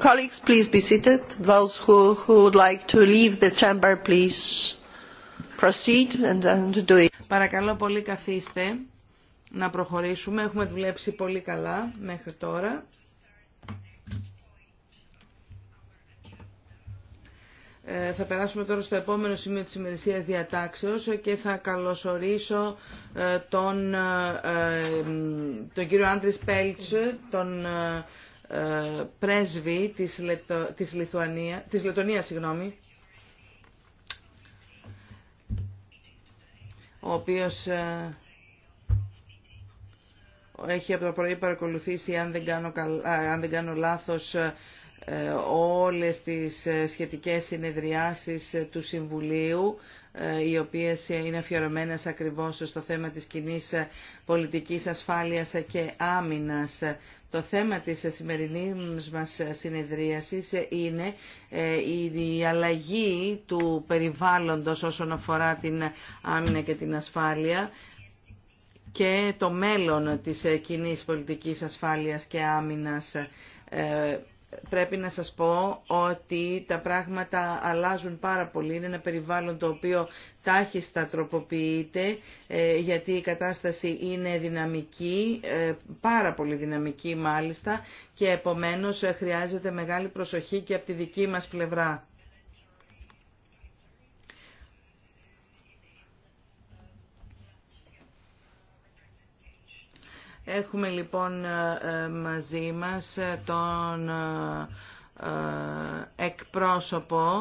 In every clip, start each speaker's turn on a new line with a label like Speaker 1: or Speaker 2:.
Speaker 1: Colleagues, please be seated. Those who would like to leave the chamber, please proceed and do it. Παρακαλώ πολύ καθίστε να προχωρήσουμε. Έχουμε δουλέψει πολύ καλά μέχρι τώρα. Ε, θα περάσουμε τώρα στο επόμενο σημείο της ημερησίας διατάξεως και θα καλωσορίσω ε, τον, ε, τον κύριο Άντρης Πέλτς, τον πρέσβη της, Λετο, της, Λιθουανία, της Λετωνίας, συγγνώμη, ο οποίος ε, έχει από το πρωί παρακολουθήσει, αν δεν κάνω, καλά, αν δεν κάνω λάθος, ε, όλες τις ε, σχετικές συνεδριάσεις του Συμβουλίου ε, οι οποίες είναι αφιερωμένες ακριβώς στο θέμα της κοινή ε, πολιτικής ασφάλειας και άμυνας. Το θέμα της σημερινής μας συνεδρίασης είναι ε, η αλλαγή του περιβάλλοντος όσον αφορά την άμυνα και την ασφάλεια και το μέλλον της κοινή πολιτικής ασφάλειας και άμυνας πρέπει να σας πω ότι τα πράγματα αλλάζουν πάρα πολύ. Είναι ένα περιβάλλον το οποίο τάχιστα τροποποιείται, ε, γιατί η κατάσταση είναι δυναμική, ε, πάρα πολύ δυναμική μάλιστα, και επομένως ε, χρειάζεται μεγάλη προσοχή και από τη δική μας πλευρά. Έχουμε λοιπόν ε, ε, μαζί μας ε, τον εκπρόσωπο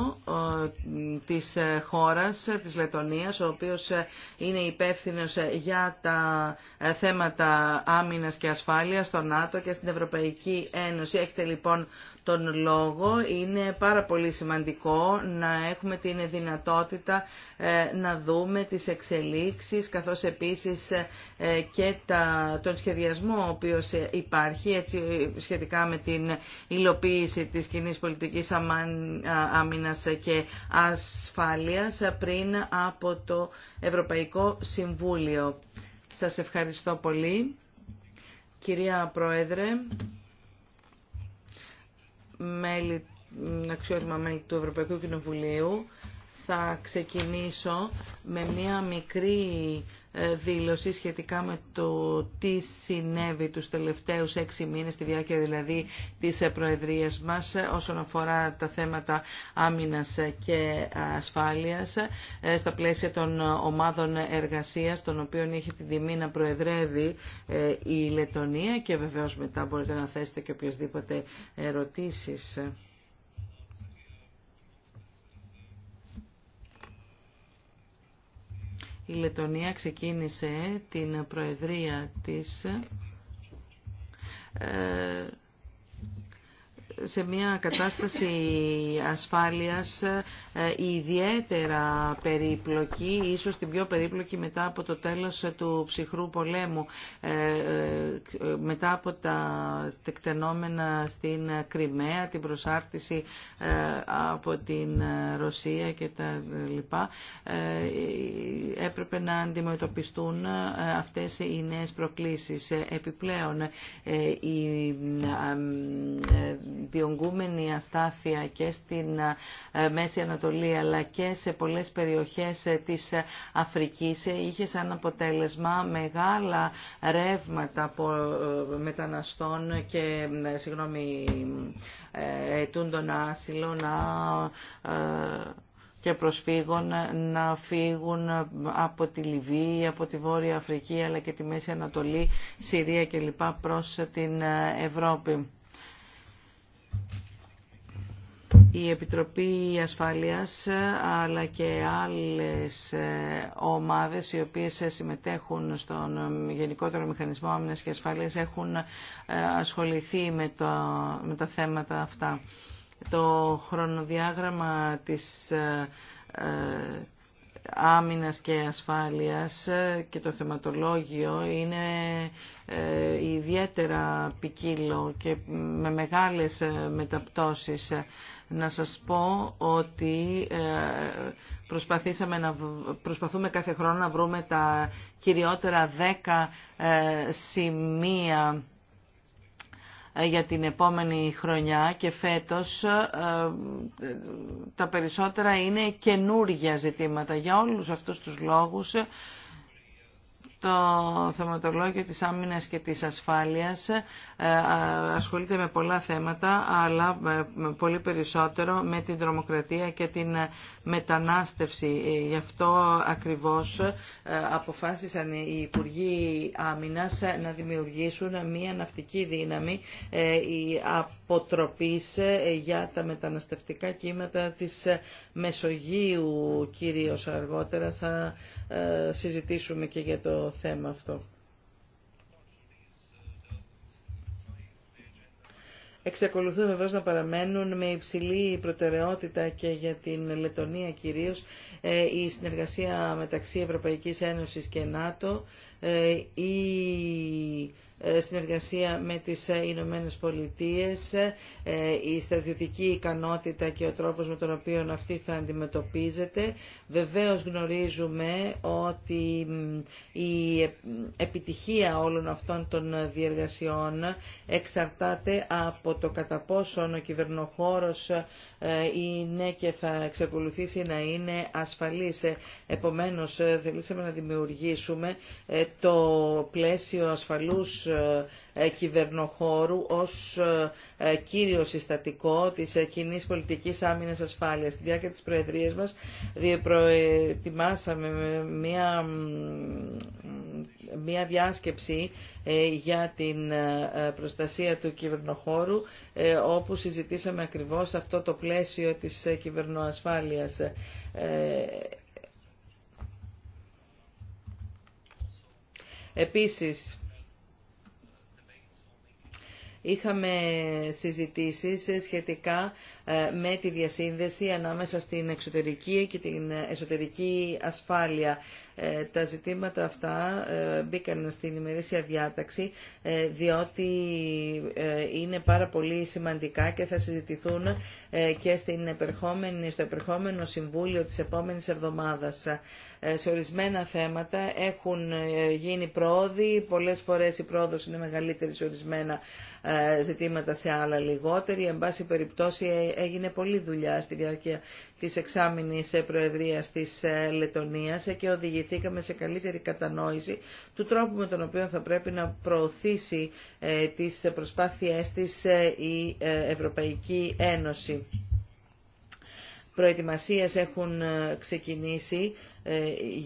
Speaker 1: της χώρας, της Λετωνίας, ο οποίος είναι υπεύθυνος για τα θέματα άμυνας και ασφάλειας στο ΝΑΤΟ και στην Ευρωπαϊκή Ένωση. Έχετε λοιπόν τον λόγο. Είναι πάρα πολύ σημαντικό να έχουμε την δυνατότητα ε, να δούμε τις εξελίξεις καθώς επίσης ε, και τα, τον σχεδιασμό ο οποίος ε, υπάρχει έτσι, σχετικά με την υλοποίηση της κοινή πολιτικής άμυνας και ασφάλειας πριν από το Ευρωπαϊκό Συμβούλιο. Σας ευχαριστώ πολύ. Κυρία Πρόεδρε, μέλη, αξιότιμα μέλη του Ευρωπαϊκού Κοινοβουλίου, θα ξεκινήσω με μία μικρή ε, δήλωση σχετικά με το τι συνέβη τους τελευταίους έξι μήνες, στη διάρκεια δηλαδή της ε, Προεδρίας μας ε, όσον αφορά τα θέματα άμυνας και ασφάλειας στα πλαίσια των ομάδων εργασίας των οποίων είχε την τιμή να προεδρεύει η Λετωνία και βεβαίως μετά μπορείτε να θέσετε και οποιασδήποτε ερωτήσεις. η Λετωνία ξεκίνησε την προεδρία της ε, σε μια κατάσταση ασφάλειας ε, ιδιαίτερα περίπλοκη, ίσως την πιο περίπλοκη μετά από το τέλος του ψυχρού πολέμου, ε, ε, μετά από τα τεκτενόμενα στην Κρυμαία, την προσάρτηση από την Ρωσία και τα λοιπά, έπρεπε να αντιμετωπιστούν αυτές οι νέες προκλήσεις. Επιπλέον, η διονγκούμενη αστάθεια και στην ε, Μέση Ανατολή αλλά και σε πολλές περιοχές ε, της ε, Αφρικής είχε σαν αποτέλεσμα μεγάλα ρεύματα μεταναστών και συγγνώμη ετούντων άσυλων να και προσφύγων να φύγουν από τη Λιβύη, από τη Βόρεια Αφρική αλλά και τη Μέση Ανατολή, Συρία κλπ. προς την Ευρώπη. η Επιτροπή Ασφάλειας αλλά και άλλες ε, ομάδες οι οποίες συμμετέχουν στον Γενικότερο Μηχανισμό Άμυνας και Ασφάλειας έχουν ε, ασχοληθεί με, το, με τα θέματα αυτά. Το χρονοδιάγραμμα της ε, άμυνας και ασφάλειας και το θεματολόγιο είναι ιδιαίτερα ποικίλο και με μεγάλες μεταπτώσεις. Να σας πω ότι ε, προσπαθήσαμε να, προσπαθούμε κάθε χρόνο να βρούμε τα κυριότερα 10 ε, σημεία ε, για την επόμενη χρονιά και φέτος τα περισσότερα είναι καινούργια ζητήματα. Για όλους αυτούς τους λόγους το θεματολόγιο της άμυνας και της ασφάλειας ε, ασχολείται με πολλά θέματα, αλλά πολύ περισσότερο με την τρομοκρατία και την μετανάστευση. Ε, γι' αυτό ακριβώς ε, αποφάσισαν οι Υπουργοί Άμυνας να δημιουργήσουν μια ναυτική δύναμη αποτροπής για τα μεταναστευτικά κύματα της Μεσογείου κυρίως αργότερα θα συζητήσουμε και για το θέμα αυτό. Εξακολουθούν βεβαίως να παραμένουν με υψηλή προτεραιότητα και για την Λετωνία κυρίως ε, η συνεργασία μεταξύ Ευρωπαϊκής Ένωσης και ΝΑΤΟ, ε, η ε, συνεργασία με τις ε, Ηνωμένε Πολιτείες, ε, η στρατιωτική ικανότητα και ο τρόπος με τον οποίο αυτή θα αντιμετωπίζεται. Βεβαίως γνωρίζουμε ότι η επιτυχία όλων αυτών των διεργασιών εξαρτάται από το κατά πόσο ο κυβερνοχώρος είναι και θα εξακολουθήσει να είναι ασφαλής. Επομένως, θελήσαμε να δημιουργήσουμε το πλαίσιο ασφαλούς ε, κυβερνοχώρου ως ε, κύριο συστατικό της ε, κοινή πολιτικής άμυνας ασφάλειας. Στη διάρκεια της Προεδρίας μας διεπροετοιμάσαμε μια, μια διάσκεψη για την προστασία του κυβερνοχώρου όπου συζητήσαμε ακριβώς αυτό το πλαίσιο της κυβερνοασφάλειας. Επίσης, Είχαμε συζητήσεις ε, σχετικά ε, με τη διασύνδεση ανάμεσα στην εξωτερική και την εσωτερική ασφάλεια. Ε, τα ζητήματα αυτά ε, μπήκαν στην ημερήσια διάταξη διότι είναι πάρα πολύ σημαντικά και θα συζητηθούν και στην στο επερχόμενο Συμβούλιο της επόμενης εβδομάδας. Σε ορισμένα θέματα έχουν γίνει πρόοδοι, πολλές φορές η πρόοδος είναι μεγαλύτερη σε ορισμένα ζητήματα, σε άλλα λιγότερη. Εν πάση περιπτώσει Έγινε πολλή δουλειά στη διάρκεια της εξάμηνης προεδρίας της ε, Λετωνίας και οδηγηθήκαμε σε καλύτερη κατανόηση του τρόπου με τον οποίο θα πρέπει να προωθήσει ε, τις προσπάθειές της ε, η Ευρωπαϊκή Ένωση. Προετοιμασίες έχουν ξεκινήσει ε,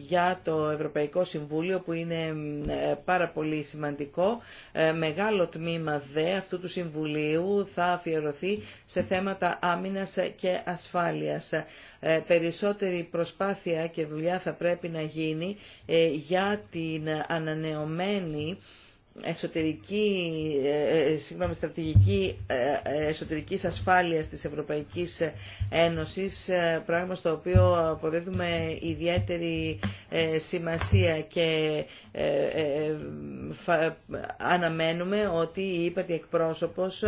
Speaker 1: για το Ευρωπαϊκό Συμβούλιο που είναι ε, πάρα πολύ σημαντικό. Ε, μεγάλο τμήμα δε αυτού του Συμβουλίου θα αφιερωθεί σε θέματα άμυνας και ασφάλειας. Περισσότερη προσπάθεια και δουλειά θα πρέπει να γίνει για την ανανεωμένη εσωτερική, ε, ε, ε, συγγνώμη, στρατηγική εσωτερικής ασφάλειας της Ευρωπαϊκής Ένωσης, πράγμα στο οποίο αποδίδουμε ιδιαίτερη σημασία και αναμένουμε ότι η ύπατη εκπρόσωπος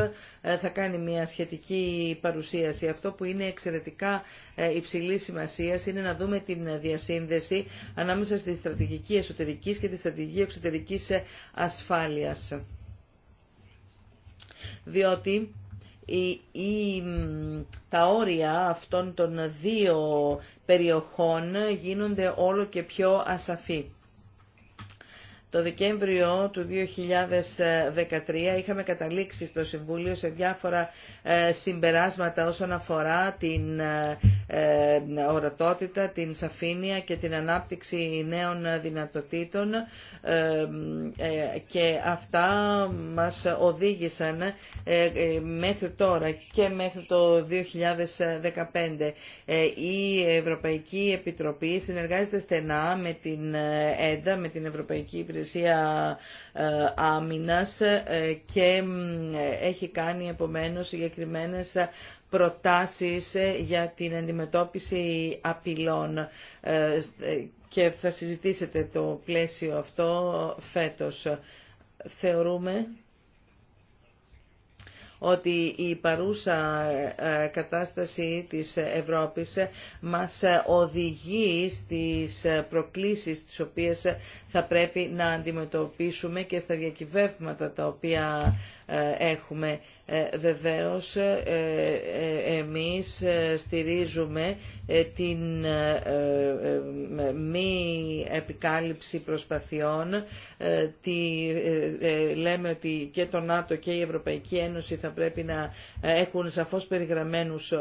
Speaker 1: θα κάνει μια σχετική παρουσίαση. Αυτό που είναι εξαιρετικά υψηλή σημασία είναι να δούμε την διασύνδεση ανάμεσα στη στρατηγική εσωτερικής και τη στρατηγική εξωτερικής ασφάλειας διότι η, η, τα όρια αυτών των δύο περιοχών γίνονται όλο και πιο ασαφή. Το Δεκέμβριο του 2013 είχαμε καταλήξει στο Συμβούλιο σε διάφορα ε, συμπεράσματα όσον αφορά την ε, ε, ορατότητα, την σαφήνεια και την ανάπτυξη νέων δυνατοτήτων και αυτά μας οδήγησαν μέχρι τώρα και μέχρι το 2015. Η Ευρωπαϊκή Επιτροπή συνεργάζεται στενά με την ΕΝΤΑ, με την Ευρωπαϊκή Υπηρεσία υπηρεσία ε, άμυνας ε, και έχει κάνει επομένως συγκεκριμένες προτάσεις για την αντιμετώπιση απειλών ε, και θα συζητήσετε το πλαίσιο αυτό φέτος. Θεωρούμε ότι η παρούσα ε, κατάσταση της Ευρώπης μας οδηγεί στις προκλήσεις τις οποίες θα πρέπει να αντιμετωπίσουμε και στα διακυβεύματα τα οποία ε, έχουμε. Ε, βεβαίως ε, εμείς στηρίζουμε την μη επικάλυψη προσπαθειών. Τη, λέμε ότι και το ΝΑΤΟ και η Ευρωπαϊκή Ένωση θα πρέπει να έχουν σαφώς περιγραμμένους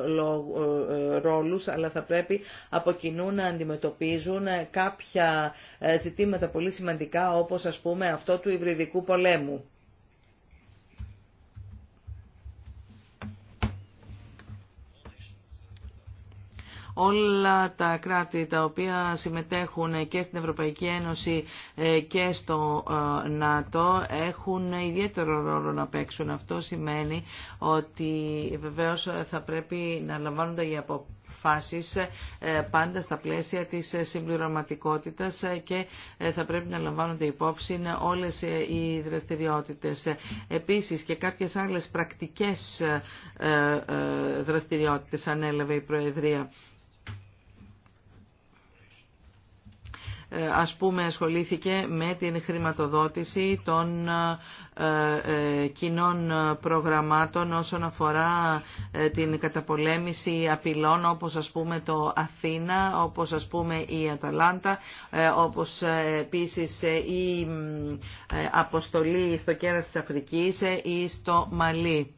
Speaker 1: ρόλους, αλλά θα πρέπει από κοινού να αντιμετωπίζουν κάποια ζητήματα πολύ σημαντικά, όπως ας πούμε αυτό του υβριδικού πολέμου. Όλα τα κράτη τα οποία συμμετέχουν και στην Ευρωπαϊκή Ένωση ε, και στο ε, ΝΑΤΟ έχουν ιδιαίτερο ρόλο να παίξουν. Αυτό σημαίνει ότι βεβαίως θα πρέπει να λαμβάνονται οι ε, πάντα στα πλαίσια της συμπληρωματικότητας και θα πρέπει να λαμβάνονται υπόψη όλες οι δραστηριότητες. Επίσης και κάποιες άλλες πρακτικές δραστηριότητες ανέλαβε η Προεδρία. Ε, ας πούμε ασχολήθηκε με την χρηματοδότηση των ε, ε, κοινών προγραμμάτων όσον αφορά την καταπολέμηση απειλών όπως ας πούμε το Αθήνα, όπως ας πούμε η Αταλάντα, όπως επίσης η αποστολή στο κέρας της Αφρικής ή στο Μαλί.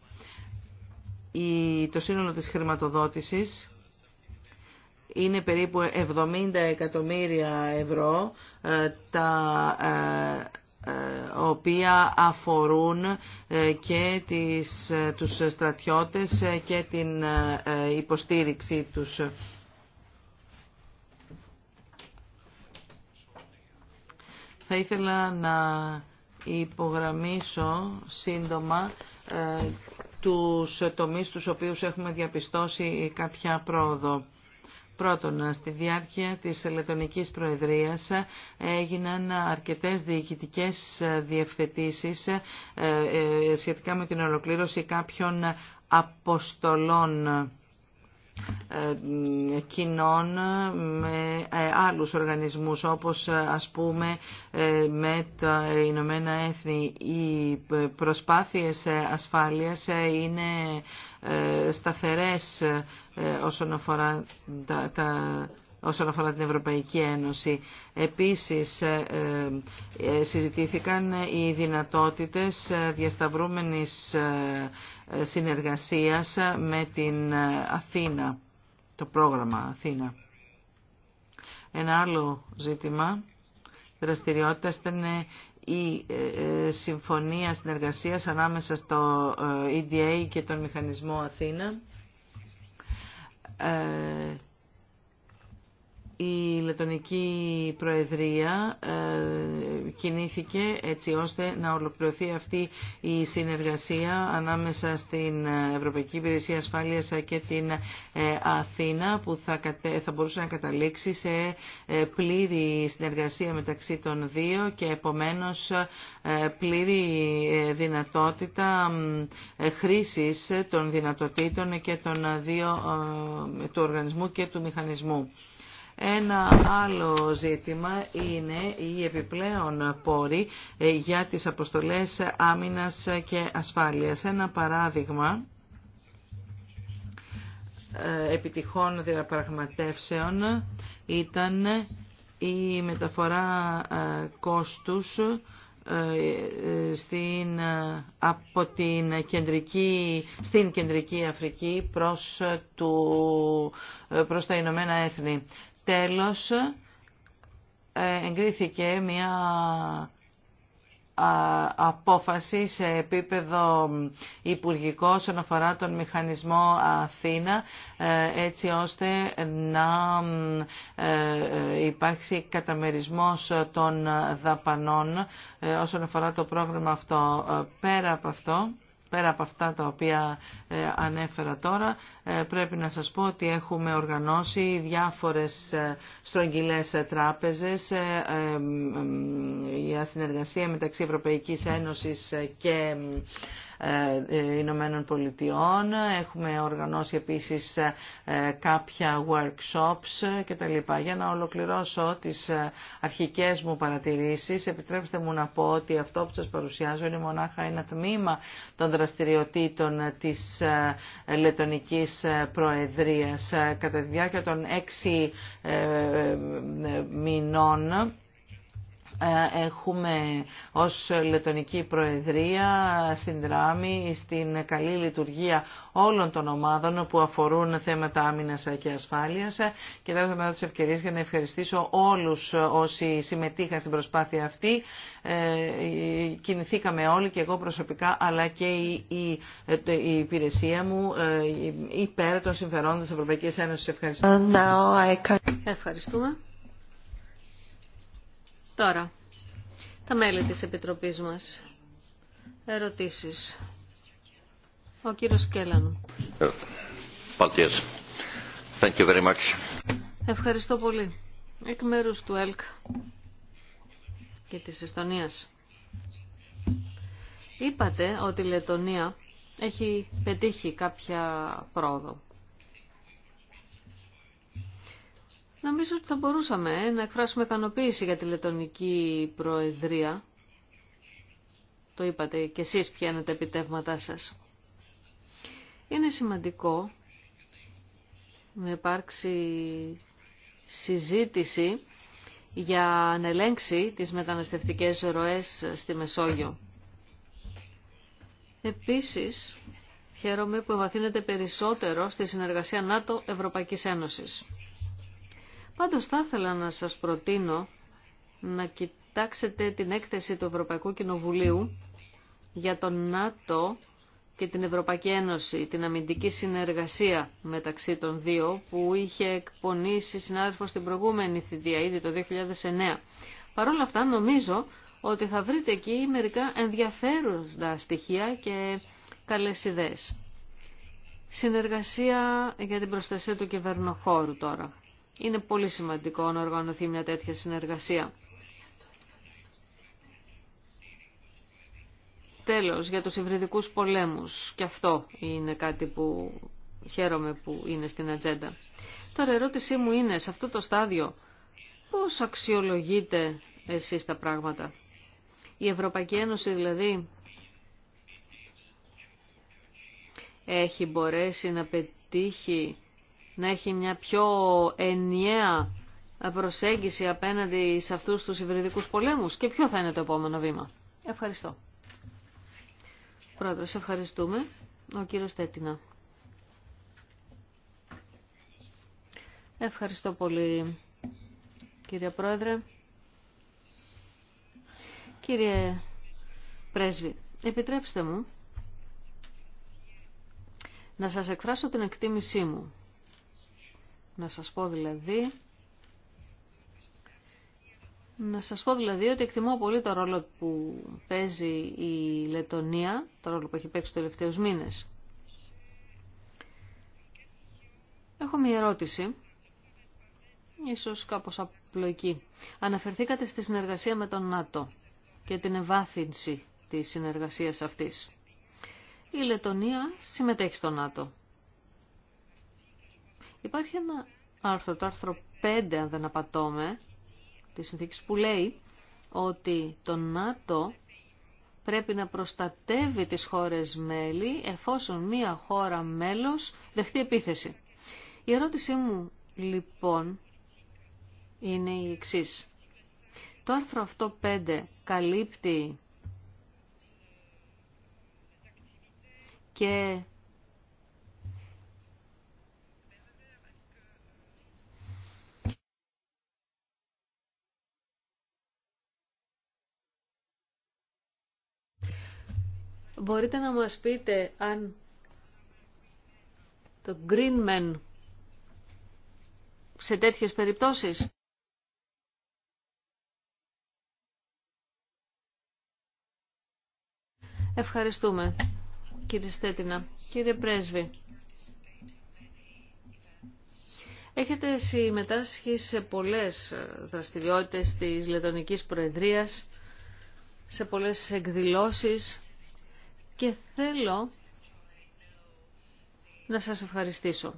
Speaker 1: Το σύνολο της χρηματοδότησης είναι περίπου 70 εκατομμύρια ευρώ ε, τα ε, ε, οποία αφορούν και τις, τους στρατιώτες και την υποστήριξή τους. Θα ήθελα να υπογραμμίσω σύντομα τους τομείς τους οποίους έχουμε διαπιστώσει κάποια πρόοδο. Πρώτον, στη διάρκεια της Λετωνικής Προεδρίας έγιναν αρκετές διοικητικές διευθετήσεις ε, ε, σχετικά με την ολοκλήρωση κάποιων αποστολών ε, κοινών με ε, άλλους οργανισμούς όπως ε, ας πούμε με τα Ηνωμένα Έθνη. Οι προσπάθειες ασφάλειας είναι σταθερές όσον αφορά τα όσον αφορά την Ευρωπαϊκή Ένωση. Επίσης ε, ε, συζητήθηκαν οι δυνατότητες διασταυρούμενης ε, συνεργασίας με την Αθήνα, το πρόγραμμα Αθήνα. Ένα άλλο ζήτημα δραστηριότητα ήταν η συμφωνία συνεργασίας ανάμεσα στο EDA και τον Μηχανισμό Αθήνα η Λετωνική Προεδρία ε, κινήθηκε έτσι ώστε να ολοκληρωθεί αυτή η συνεργασία ανάμεσα στην Ευρωπαϊκή Υπηρεσία Ασφάλειας και την ε, Αθήνα που θα, θα μπορούσε να καταλήξει σε ε, πλήρη συνεργασία μεταξύ των δύο και επομένως πλήρη δυνατότητα χρήσης των δυνατοτήτων και των δύο του οργανισμού και του μηχανισμού. Ένα άλλο ζήτημα είναι οι επιπλέον πόροι ε, για τις αποστολές άμυνας και ασφάλειας. Ένα παράδειγμα ε, επιτυχών διαπραγματεύσεων ήταν η μεταφορά ε, κόστους στην, από την κεντρική, στην κεντρική Αφρική προς, του, προς τα Ηνωμένα Έθνη. Τέλος, ε, εγκρίθηκε μια απόφαση σε επίπεδο υπουργικό όσον αφορά τον μηχανισμό Αθήνα ε, έτσι ώστε να ε, υπάρξει καταμερισμός των δαπανών όσον αφορά το πρόγραμμα αυτό. Πέρα από αυτό πέρα από αυτά τα οποία ε, ανέφερα τώρα, ε, πρέπει να σας πω ότι έχουμε οργανώσει διάφορες ε, στρογγυλές τράπεζες για συνεργασία μεταξύ Ευρωπαϊκής Ένωσης και ε, ε, Ηνωμένων Πολιτειών. Έχουμε οργανώσει επίσης ε, κάποια workshops κτλ. Για να ολοκληρώσω τις αρχικές μου παρατηρήσεις, επιτρέψτε μου να πω ότι αυτό που σας παρουσιάζω είναι μονάχα ένα τμήμα των δραστηριοτήτων της Λετωνικής Προεδρίας κατά τη διάρκεια των έξι μηνών ε, έχουμε ως Λετωνική Προεδρία συνδράμει στην καλή λειτουργία όλων των ομάδων που αφορούν θέματα άμυνας και ασφάλειας και θέλω θα με δω ευκαιρίες για να ευχαριστήσω όλους όσοι συμμετείχαν στην προσπάθεια αυτή. Ε, κινηθήκαμε όλοι και εγώ προσωπικά αλλά και η, υπηρεσία μου ε, υπέρ των συμφερόντων της Ευρωπαϊκής Ένωσης.
Speaker 2: Ευχαριστούμε. Τώρα, τα μέλη της Επιτροπής μας. Ερωτήσεις. Ο κύριος Κελανο. Ευχαριστώ πολύ. Εκ μέρους του ΕΛΚ και της Εστονίας. Είπατε ότι η Λετωνία έχει πετύχει κάποια πρόοδο. Νομίζω ότι θα μπορούσαμε ε, να εκφράσουμε ικανοποίηση για τη Λετωνική Προεδρία. Το είπατε και εσείς ποια είναι τα επιτεύγματά σας. Είναι σημαντικό να υπάρξει συζήτηση για να ελέγξει τις μεταναστευτικές ροές στη Μεσόγειο. Επίσης, χαίρομαι που εμβαθύνεται περισσότερο στη συνεργασία ΝΑΤΟ-Ευρωπαϊκής Ένωσης. Πάντως θα ήθελα να σας προτείνω να κοιτάξετε την έκθεση του Ευρωπαϊκού Κοινοβουλίου για τον ΝΑΤΟ και την Ευρωπαϊκή Ένωση, την αμυντική συνεργασία μεταξύ των δύο που είχε εκπονήσει συνάδελφος στην προηγούμενη θητεία, ήδη το 2009. Παρ' όλα αυτά νομίζω ότι θα βρείτε εκεί μερικά ενδιαφέροντα στοιχεία και καλές ιδέες. Συνεργασία για την προστασία του κυβερνοχώρου τώρα. Είναι πολύ σημαντικό να οργανωθεί μια τέτοια συνεργασία. Τέλος, για τους υβριδικούς πολέμους. Και αυτό είναι κάτι που χαίρομαι που είναι στην ατζέντα. Τώρα ερώτησή μου είναι, σε αυτό το στάδιο, πώς αξιολογείτε εσείς τα πράγματα. Η Ευρωπαϊκή Ένωση δηλαδή έχει μπορέσει να πετύχει να έχει μια πιο ενιαία προσέγγιση απέναντι σε αυτούς τους υβριδικούς πολέμους και ποιο θα είναι το επόμενο βήμα. Ευχαριστώ. Πρόεδρος, ευχαριστούμε. Ο κύριος Τέτινα. Ευχαριστώ πολύ, κύριε Πρόεδρε. Κύριε Πρέσβη, επιτρέψτε μου να σας εκφράσω την εκτίμησή μου να σας πω δηλαδή... Να σας πω δηλαδή ότι εκτιμώ πολύ το ρόλο που παίζει η Λετωνία, το ρόλο που έχει παίξει τους τελευταίους μήνες. Έχω μια ερώτηση, ίσως κάπως απλοϊκή. Αναφερθήκατε στη συνεργασία με τον ΝΑΤΟ και την ευάθυνση της συνεργασίας αυτής. Η Λετωνία συμμετέχει στο ΝΑΤΟ Υπάρχει ένα άρθρο, το άρθρο 5 αν δεν απατώμε, τη συνθήκη, που λέει ότι το ΝΑΤΟ πρέπει να προστατεύει τις χώρες μέλη εφόσον μία χώρα μέλος δεχτεί επίθεση. Η ερώτησή μου λοιπόν είναι η εξής. Το άρθρο αυτό 5 καλύπτει και Μπορείτε να μας πείτε αν το Green Greenman σε τέτοιες περιπτώσεις. Ευχαριστούμε, κύριε Στέτινα. Κύριε Πρέσβη, έχετε συμμετάσχει σε πολλές δραστηριότητες της Λετωνικής Προεδρίας, σε πολλές εκδηλώσεις και θέλω να σας ευχαριστήσω.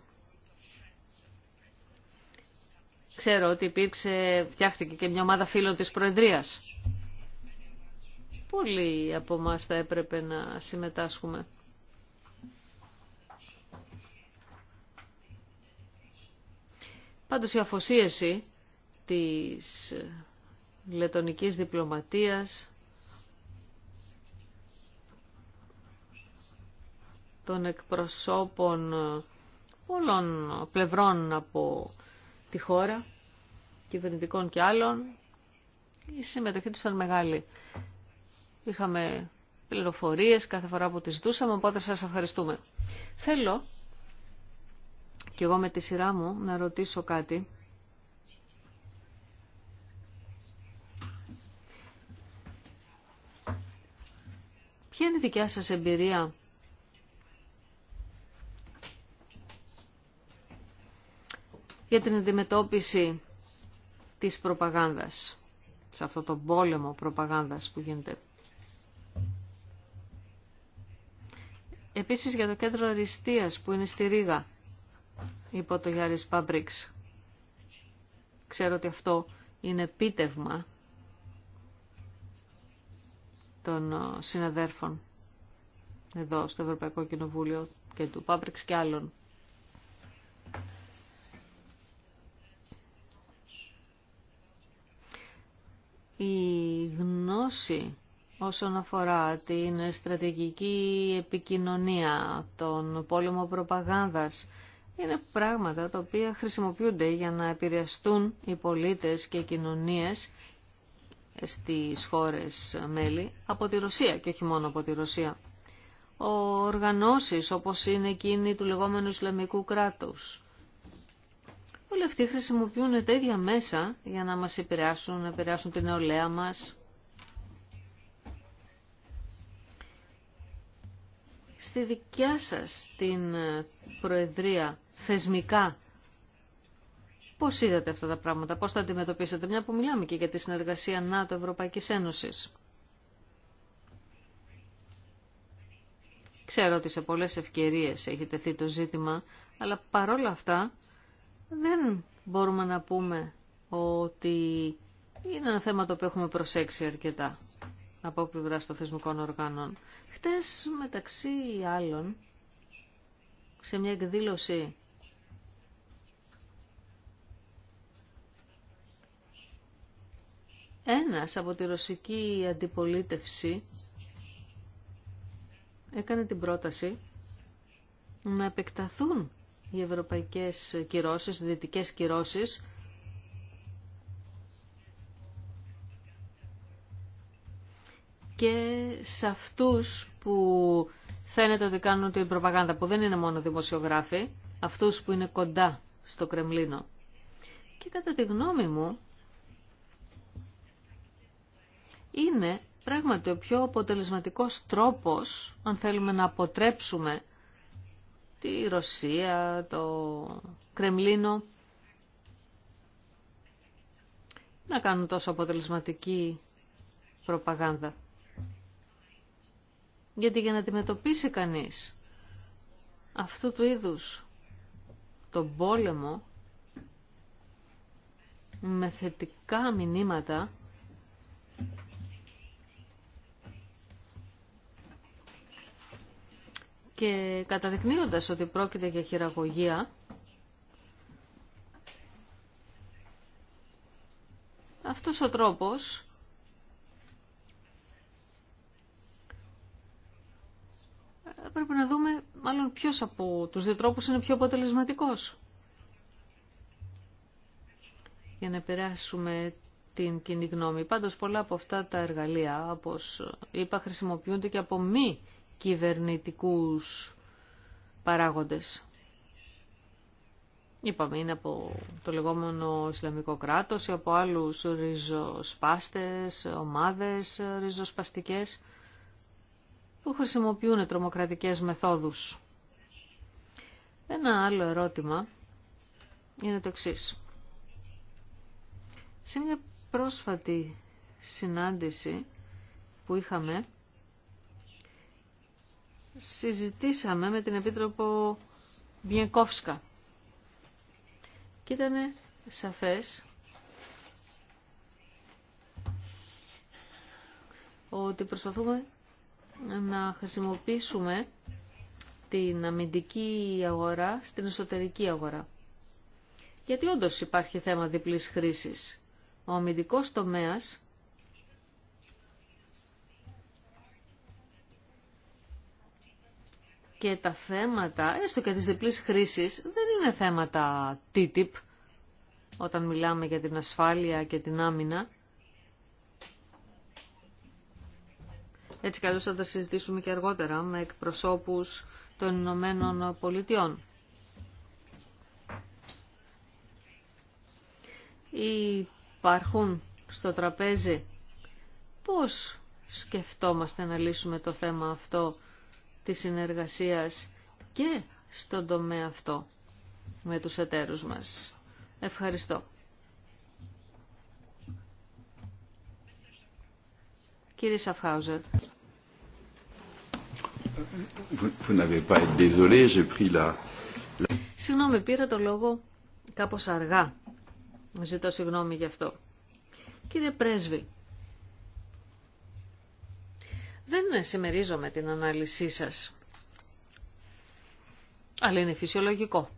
Speaker 2: Ξέρω ότι υπήρξε, φτιάχτηκε και μια ομάδα φίλων της Προεδρίας. Πολλοί από εμά θα έπρεπε να συμμετάσχουμε. Πάντως η αφοσίεση της λετονικής διπλωματίας των εκπροσώπων ε, όλων πλευρών από τη χώρα, κυβερνητικών και άλλων. Η συμμετοχή τους ήταν μεγάλη. Είχαμε πληροφορίες κάθε φορά που τις ζητούσαμε, οπότε σας ευχαριστούμε. Θέλω και εγώ με τη σειρά μου να ρωτήσω κάτι. Ποια είναι η δικιά σας εμπειρία για την αντιμετώπιση της προπαγάνδας, σε αυτό το πόλεμο προπαγάνδας που γίνεται. Επίσης για το κέντρο αριστείας που είναι στη Ρήγα, υπό το Γιάρης Παμπρίξ. Ξέρω ότι αυτό είναι πίτευμα των ε, συναδέρφων εδώ στο Ευρωπαϊκό Κοινοβούλιο και του Πάπρικς και άλλων η γνώση όσον αφορά την στρατηγική επικοινωνία, τον πόλεμο προπαγάνδας, είναι πράγματα τα οποία χρησιμοποιούνται για να επηρεαστούν οι πολίτες και οι κοινωνίες στις χώρες μέλη από τη Ρωσία και όχι μόνο από τη Ρωσία. Ο οργανώσεις όπως είναι εκείνη του λεγόμενου Ισλαμικού κράτους, Όλοι αυτοί χρησιμοποιούν τα ίδια μέσα για να μας επηρεάσουν, να επηρεάσουν την νεολαία μας. Στη δικιά σας την ε, Προεδρία θεσμικά πώς είδατε αυτά τα πράγματα, πώς τα αντιμετωπίσατε, μια που μιλάμε και για τη συνεργασία ΝΑΤΟ-Ευρωπαϊκής Ένωσης. Ξέρω ότι σε πολλές ευκαιρίες έχει τεθεί το ζήτημα, αλλά παρόλα αυτά δεν μπορούμε να πούμε ότι είναι ένα θέμα το οποίο έχουμε προσέξει αρκετά από πλευρά των θεσμικών οργάνων. Χτες μεταξύ άλλων σε μια εκδήλωση ένας από τη ρωσική αντιπολίτευση έκανε την πρόταση να επεκταθούν οι ευρωπαϊκές κυρώσεις, οι δυτικές κυρώσεις, και σε αυτούς που φαίνεται ότι κάνουν την προπαγάνδα, που δεν είναι μόνο δημοσιογράφοι, αυτούς που είναι κοντά στο Κρεμλίνο. Και κατά τη γνώμη μου, είναι πράγματι ο πιο αποτελεσματικός τρόπος, αν θέλουμε να αποτρέψουμε τη Ρωσία, το Κρεμλίνο να κάνουν τόσο αποτελεσματική προπαγάνδα. Γιατί για να αντιμετωπίσει κανείς αυτού του είδους τον πόλεμο με θετικά μηνύματα και καταδεικνύοντας ότι πρόκειται για χειραγωγία, αυτός ο τρόπος πρέπει να δούμε μάλλον ποιος από τους δύο τρόπους είναι πιο αποτελεσματικός. Για να περάσουμε την κοινή γνώμη. Πάντως πολλά από αυτά τα εργαλεία, όπως είπα, χρησιμοποιούνται και από μη κυβερνητικούς παράγοντες. Είπαμε, είναι από το λεγόμενο Ισλαμικό κράτος ή από άλλους ριζοσπάστες, ομάδες ριζοσπαστικές που χρησιμοποιούν τρομοκρατικές μεθόδους. Ένα άλλο ερώτημα είναι το εξής. Σε μια πρόσφατη συνάντηση που είχαμε συζητήσαμε με την Επίτροπο Μπιενκόφσκα. Και ήταν σαφές ότι προσπαθούμε να χρησιμοποιήσουμε την αμυντική αγορά στην εσωτερική αγορά. Γιατί όντως υπάρχει θέμα διπλής χρήσης. Ο αμυντικός τομέας Και τα θέματα, έστω και της διπλής χρήσης, δεν είναι θέματα TTIP, όταν μιλάμε για την ασφάλεια και την άμυνα. Έτσι καλώς θα τα συζητήσουμε και αργότερα με εκπροσώπους των Ηνωμένων Πολιτειών. Υπάρχουν στο τραπέζι πώς σκεφτόμαστε να λύσουμε το θέμα αυτό της συνεργασίας και στον τομέα αυτό με τους εταίρους μας. Ευχαριστώ. Κύριε Σαφχάουζερ. Συγγνώμη, πήρα το λόγο κάπως αργά. Ζητώ συγγνώμη γι' αυτό. Κύριε Πρέσβη, δεν συμμερίζομαι την ανάλυσή σας. Αλλά είναι φυσιολογικό.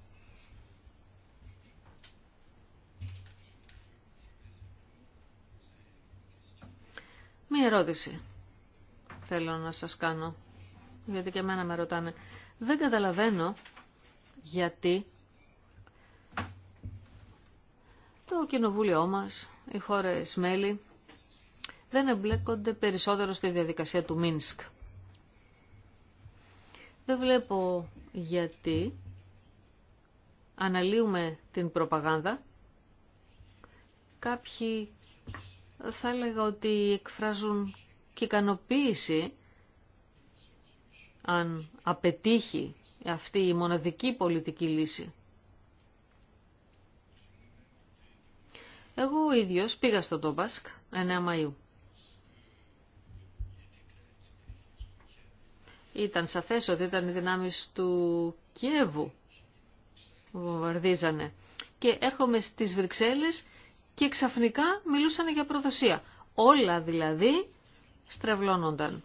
Speaker 2: Μία ερώτηση θέλω να σας κάνω, γιατί και εμένα με ρωτάνε. Δεν καταλαβαίνω γιατί το κοινοβούλιο μας, οι χώρες μέλη, δεν εμπλέκονται περισσότερο στη διαδικασία του Μίνσκ. Δεν βλέπω γιατί αναλύουμε την προπαγάνδα. Κάποιοι θα έλεγα ότι εκφράζουν και ικανοποίηση αν απετύχει αυτή η μοναδική πολιτική λύση. Εγώ ο ίδιος πήγα στο Τόμπασκ 9 Μαΐου. Ήταν σαφές ότι ήταν οι δυνάμεις του Κιέβου που βομβαρδίζανε. Και έρχομαι στις Βρυξέλλες και ξαφνικά μιλούσαν για προδοσία. Όλα δηλαδή στρεβλώνονταν.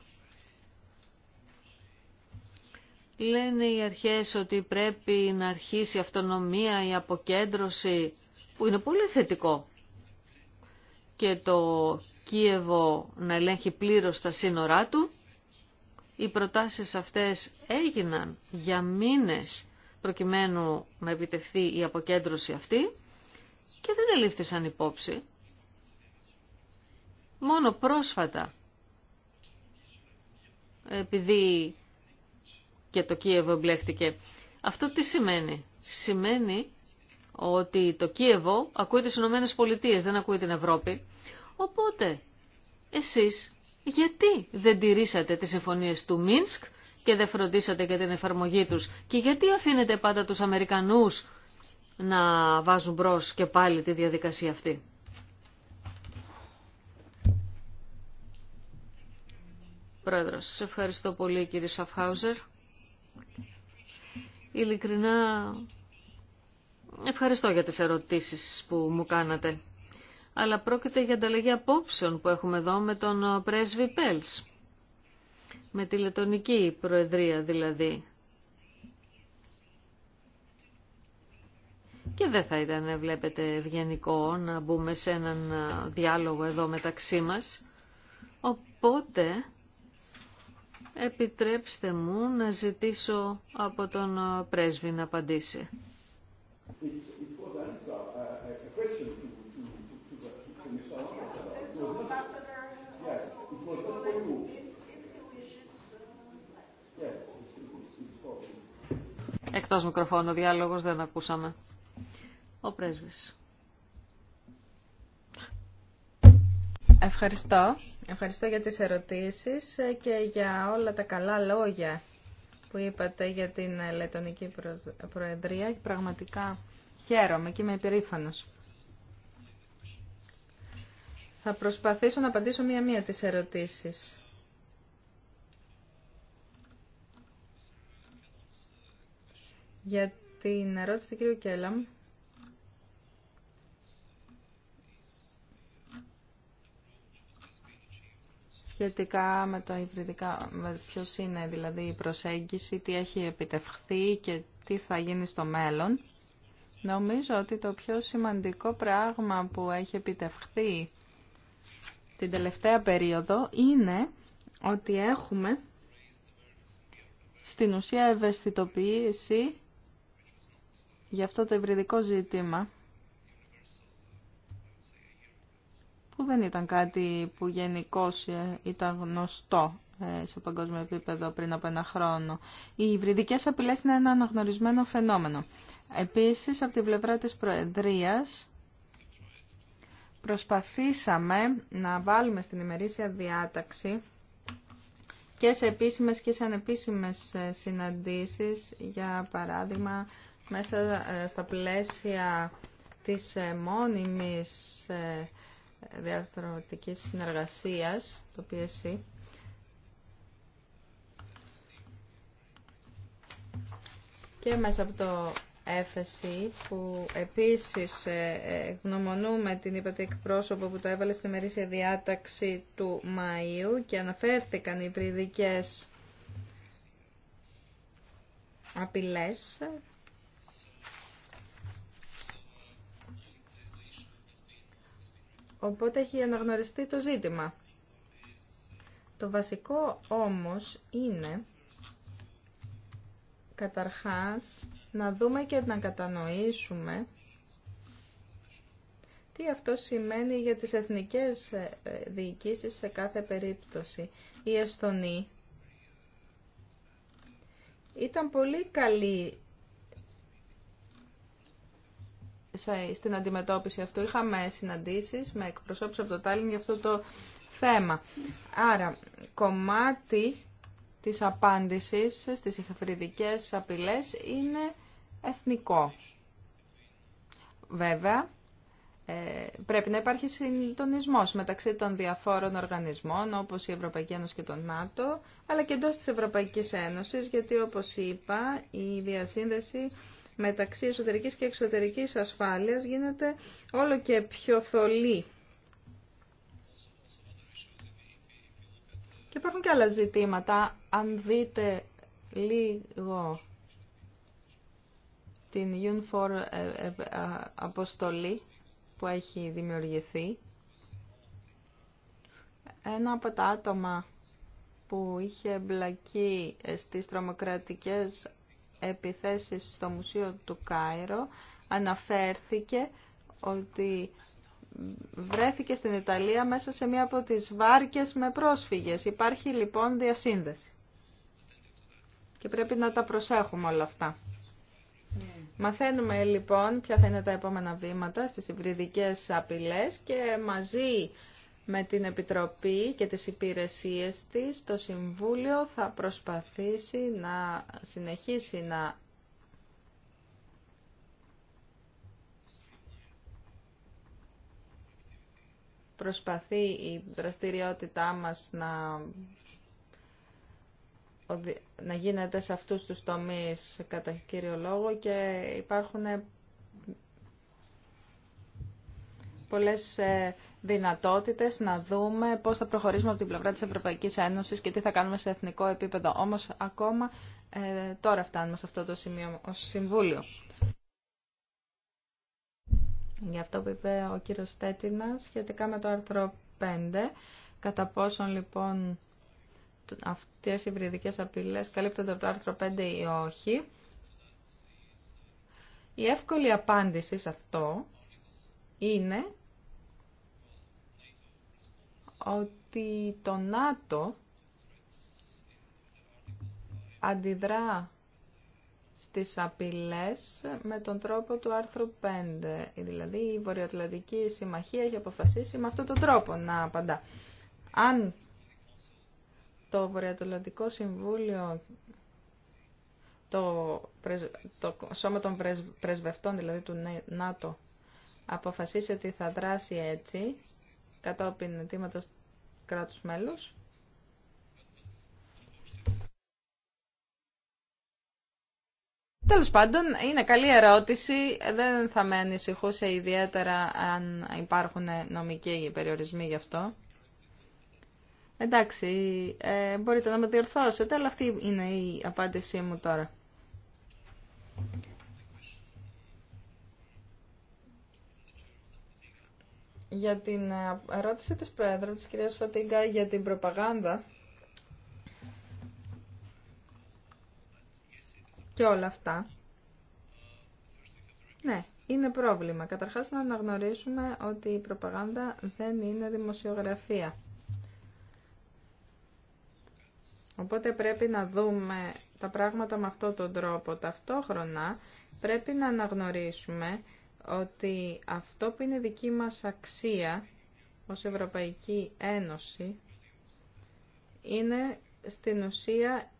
Speaker 2: Λένε οι αρχές ότι πρέπει να αρχίσει η αυτονομία, η αποκέντρωση, που είναι πολύ θετικό. Και το Κίεβο να ελέγχει πλήρως τα σύνορά του οι προτάσεις αυτές έγιναν για μήνες προκειμένου να επιτευχθεί η αποκέντρωση αυτή και δεν ελήφθησαν υπόψη. Μόνο πρόσφατα, επειδή και το Κίεβο εμπλέχτηκε. Αυτό τι σημαίνει. Σημαίνει ότι το Κίεβο ακούει τις Ηνωμένες Πολιτείες, δεν ακούει την Ευρώπη. Οπότε, εσείς γιατί δεν τηρήσατε τις συμφωνίες του Μίνσκ και δεν φροντίσατε για την εφαρμογή τους και γιατί αφήνετε πάντα τους Αμερικανούς να βάζουν μπρος και πάλι τη διαδικασία αυτή. Πρόεδρος, ευχαριστώ πολύ κύριε Σαφχάουζερ. Ειλικρινά ευχαριστώ για τις ερωτήσεις που μου κάνατε αλλά πρόκειται για ανταλλαγή απόψεων που έχουμε εδώ με τον ε, πρέσβη Πέλς. Με τη Λετωνική Προεδρία δηλαδή. Και δεν θα ήταν, ε, βλέπετε, ευγενικό να μπούμε σε έναν ε, διάλογο εδώ μεταξύ μας. Οπότε, επιτρέψτε μου να ζητήσω από τον πρέσβη να απαντήσει. Εκτός μικροφώνου διάλογος δεν
Speaker 3: ακούσαμε. Ο πρέσβης. Ευχαριστώ. Ευχαριστώ για τις ερωτήσεις και για όλα τα καλά λόγια που είπατε για την Λετωνική Προεδρία. Πραγματικά χαίρομαι και είμαι υπερήφανος. Θα προσπαθήσω να απαντήσω μία-μία τις ερωτήσεις. Για την ερώτηση του κύριου Κέλαμ, σχετικά με το υβριδικά, με ποιος είναι δηλαδή η προσέγγιση, τι έχει επιτευχθεί και τι θα γίνει στο μέλλον. Νομίζω ότι το πιο σημαντικό πράγμα που έχει επιτευχθεί την τελευταία περίοδο είναι ότι έχουμε στην ουσία ευαισθητοποίηση για αυτό το υβριδικό ζήτημα που δεν ήταν κάτι που γενικώ ε, ήταν γνωστό ε, σε παγκόσμιο επίπεδο πριν από ένα χρόνο. Οι υβριδικές απειλές είναι ένα αναγνωρισμένο φαινόμενο. Επίσης, από την πλευρά της Προεδρίας, προσπαθήσαμε να βάλουμε στην ημερήσια διάταξη και σε επίσημες και σε ανεπίσημες ε, συναντήσεις, για παράδειγμα μέσα ε, στα πλαίσια της ε, μόνιμης ε, διαρθρωτικής συνεργασίας, το PSC, και μέσα από το έφεση που επίσης γνωμονούμε την είπατε εκπρόσωπο που το έβαλε στη μερίσια διάταξη του Μαΐου και αναφέρθηκαν οι πριδικές απειλές Οπότε έχει αναγνωριστεί το ζήτημα. Το βασικό όμως είναι καταρχάς να δούμε και να κατανοήσουμε τι αυτό σημαίνει για τις εθνικές ε, διοικήσεις σε κάθε περίπτωση. Η Εστονή ήταν πολύ καλή στην αντιμετώπιση αυτού. Είχαμε συναντήσεις με εκπροσώπους από το Τάλιν για αυτό το θέμα. Άρα, κομμάτι της απάντησης στις ηχαφρυδικές απειλές είναι εθνικό. Βέβαια, ε, πρέπει να υπάρχει συντονισμός μεταξύ των διαφόρων οργανισμών όπως η Ευρωπαϊκή Ένωση και το ΝΑΤΟ αλλά και εντός της Ευρωπαϊκής Ένωσης γιατί όπως είπα η διασύνδεση μεταξύ εσωτερικής και εξωτερικής ασφάλειας γίνεται όλο και πιο θολή. Και υπάρχουν και άλλα ζητήματα. Αν δείτε λίγο την UNFOR ε, ε, ε, αποστολή που έχει δημιουργηθεί, ένα από τα άτομα που είχε εμπλακεί στις τρομοκρατικές επιθέσεις στο Μουσείο του Κάιρο αναφέρθηκε ότι βρέθηκε στην Ιταλία μέσα σε μία από τις βάρκες με πρόσφυγες. Υπάρχει λοιπόν διασύνδεση. Και πρέπει να τα προσέχουμε όλα αυτά. Ναι. Μαθαίνουμε λοιπόν ποια θα είναι τα επόμενα βήματα στις υβριδικές απειλές και μαζί με την Επιτροπή και τις υπηρεσίες της, το Συμβούλιο θα προσπαθήσει να συνεχίσει να προσπαθεί η δραστηριότητά μας να, να γίνεται σε αυτούς τους τομείς κατά κύριο λόγο και υπάρχουν ε, πολλές ε, δυνατότητες να δούμε πώς θα προχωρήσουμε από την πλευρά της Ευρωπαϊκής Ένωσης και τι θα κάνουμε σε εθνικό επίπεδο. Όμως ακόμα ε, τώρα φτάνουμε σε αυτό το σημείο Συμβούλιο. Για αυτό που είπε ο κύριος Στέτινα σχετικά με το άρθρο 5, κατά πόσον λοιπόν αυτές οι υβριδικές απειλές καλύπτονται από το άρθρο 5 ή όχι, η εύκολη απάντηση σε αυτό είναι ότι το ΝΑΤΟ αντιδρά στις απειλές με τον τρόπο του άρθρου 5. Δηλαδή η Βορειοατλαντική Συμμαχία έχει αποφασίσει με αυτόν τον τρόπο να απαντά. Αν το Βορειοατλαντικό Συμβούλιο, το, το Σώμα των Πρεσβευτών, δηλαδή του ΝΑΤΟ, αποφασίσει ότι θα δράσει έτσι, κατόπιν τίματος κράτους μέλους. Τέλος πάντων, είναι καλή ερώτηση. Δεν θα με ανησυχούσε ιδιαίτερα αν υπάρχουν νομικοί περιορισμοί γι' αυτό. Εντάξει, ε, μπορείτε να με διορθώσετε, αλλά αυτή είναι η απάντησή μου τώρα. για την ε, ερώτηση της Πρόεδρου, της κυρίας Φατίγκα, για την προπαγάνδα και όλα αυτά. Ναι, είναι πρόβλημα. Καταρχάς να αναγνωρίσουμε ότι η προπαγάνδα δεν είναι δημοσιογραφία. Οπότε πρέπει να δούμε τα πράγματα με αυτόν τον τρόπο. Ταυτόχρονα πρέπει να αναγνωρίσουμε ότι αυτό που είναι δική μας αξία ως Ευρωπαϊκή Ένωση είναι στην ουσία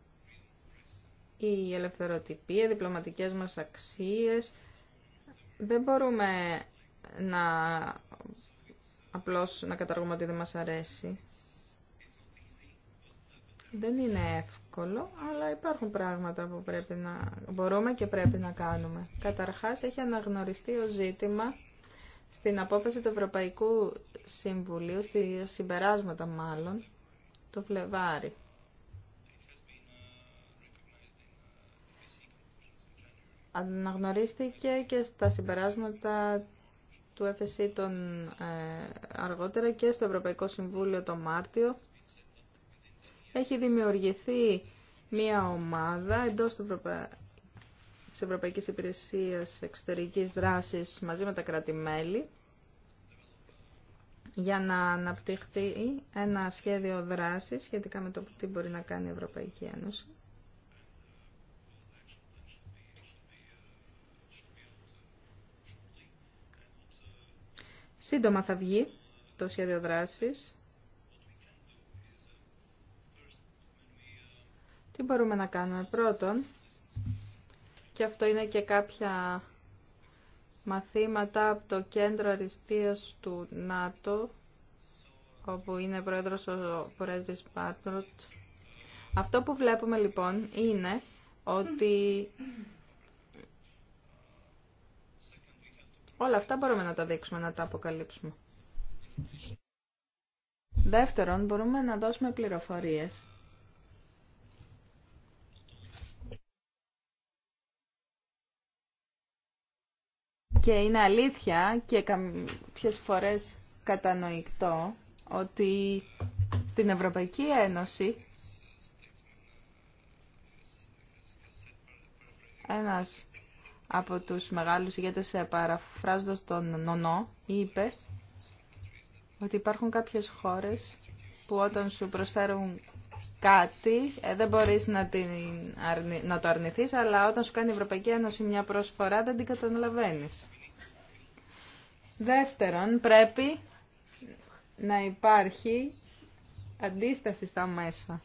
Speaker 3: η ελευθεροτυπία, οι διπλωματικές μας αξίες. Δεν μπορούμε να απλώς να καταργούμε ότι δεν μας αρέσει. Δεν είναι εύκολο αλλά υπάρχουν πράγματα που πρέπει να, μπορούμε και πρέπει να κάνουμε. Καταρχάς, έχει αναγνωριστεί ο ζήτημα στην απόφαση του Ευρωπαϊκού Συμβουλίου, στη συμπεράσματα μάλλον, το Φλεβάρι. Αναγνωρίστηκε και στα συμπεράσματα του FSC τον, ε, αργότερα και στο Ευρωπαϊκό Συμβούλιο το Μάρτιο έχει δημιουργηθεί μια ομάδα εντός του Ευρωπα... της Ευρωπαϊκής Υπηρεσίας Εξωτερικής Δράσης μαζί με τα κράτη-μέλη για να αναπτυχθεί ένα σχέδιο δράσης σχετικά με το τι μπορεί να κάνει η Ευρωπαϊκή Ένωση. Σύντομα θα βγει το σχέδιο δράσης Τι μπορούμε να κάνουμε. Πρώτον, και αυτό είναι και κάποια μαθήματα από το κέντρο αριστείας του ΝΑΤΟ, όπου είναι πρόεδρος ο πρόεδρος Πάτροτ. Αυτό που βλέπουμε λοιπόν είναι ότι όλα αυτά μπορούμε να τα δείξουμε, να τα αποκαλύψουμε. Δεύτερον, μπορούμε να δώσουμε πληροφορίες και είναι αλήθεια και κάποιες φορές κατανοητό ότι στην Ευρωπαϊκή Ένωση ένας από τους μεγάλους ηγέτες ε, παραφράζοντας τον Νονό είπε ότι υπάρχουν κάποιες χώρες που όταν σου προσφέρουν κάτι ε, δεν μπορείς να, την να το αρνηθείς αλλά όταν σου κάνει η Ευρωπαϊκή Ένωση μια προσφορά δεν την καταλαβαίνεις. Δεύτερον, πρέπει να υπάρχει αντίσταση στα μέσα.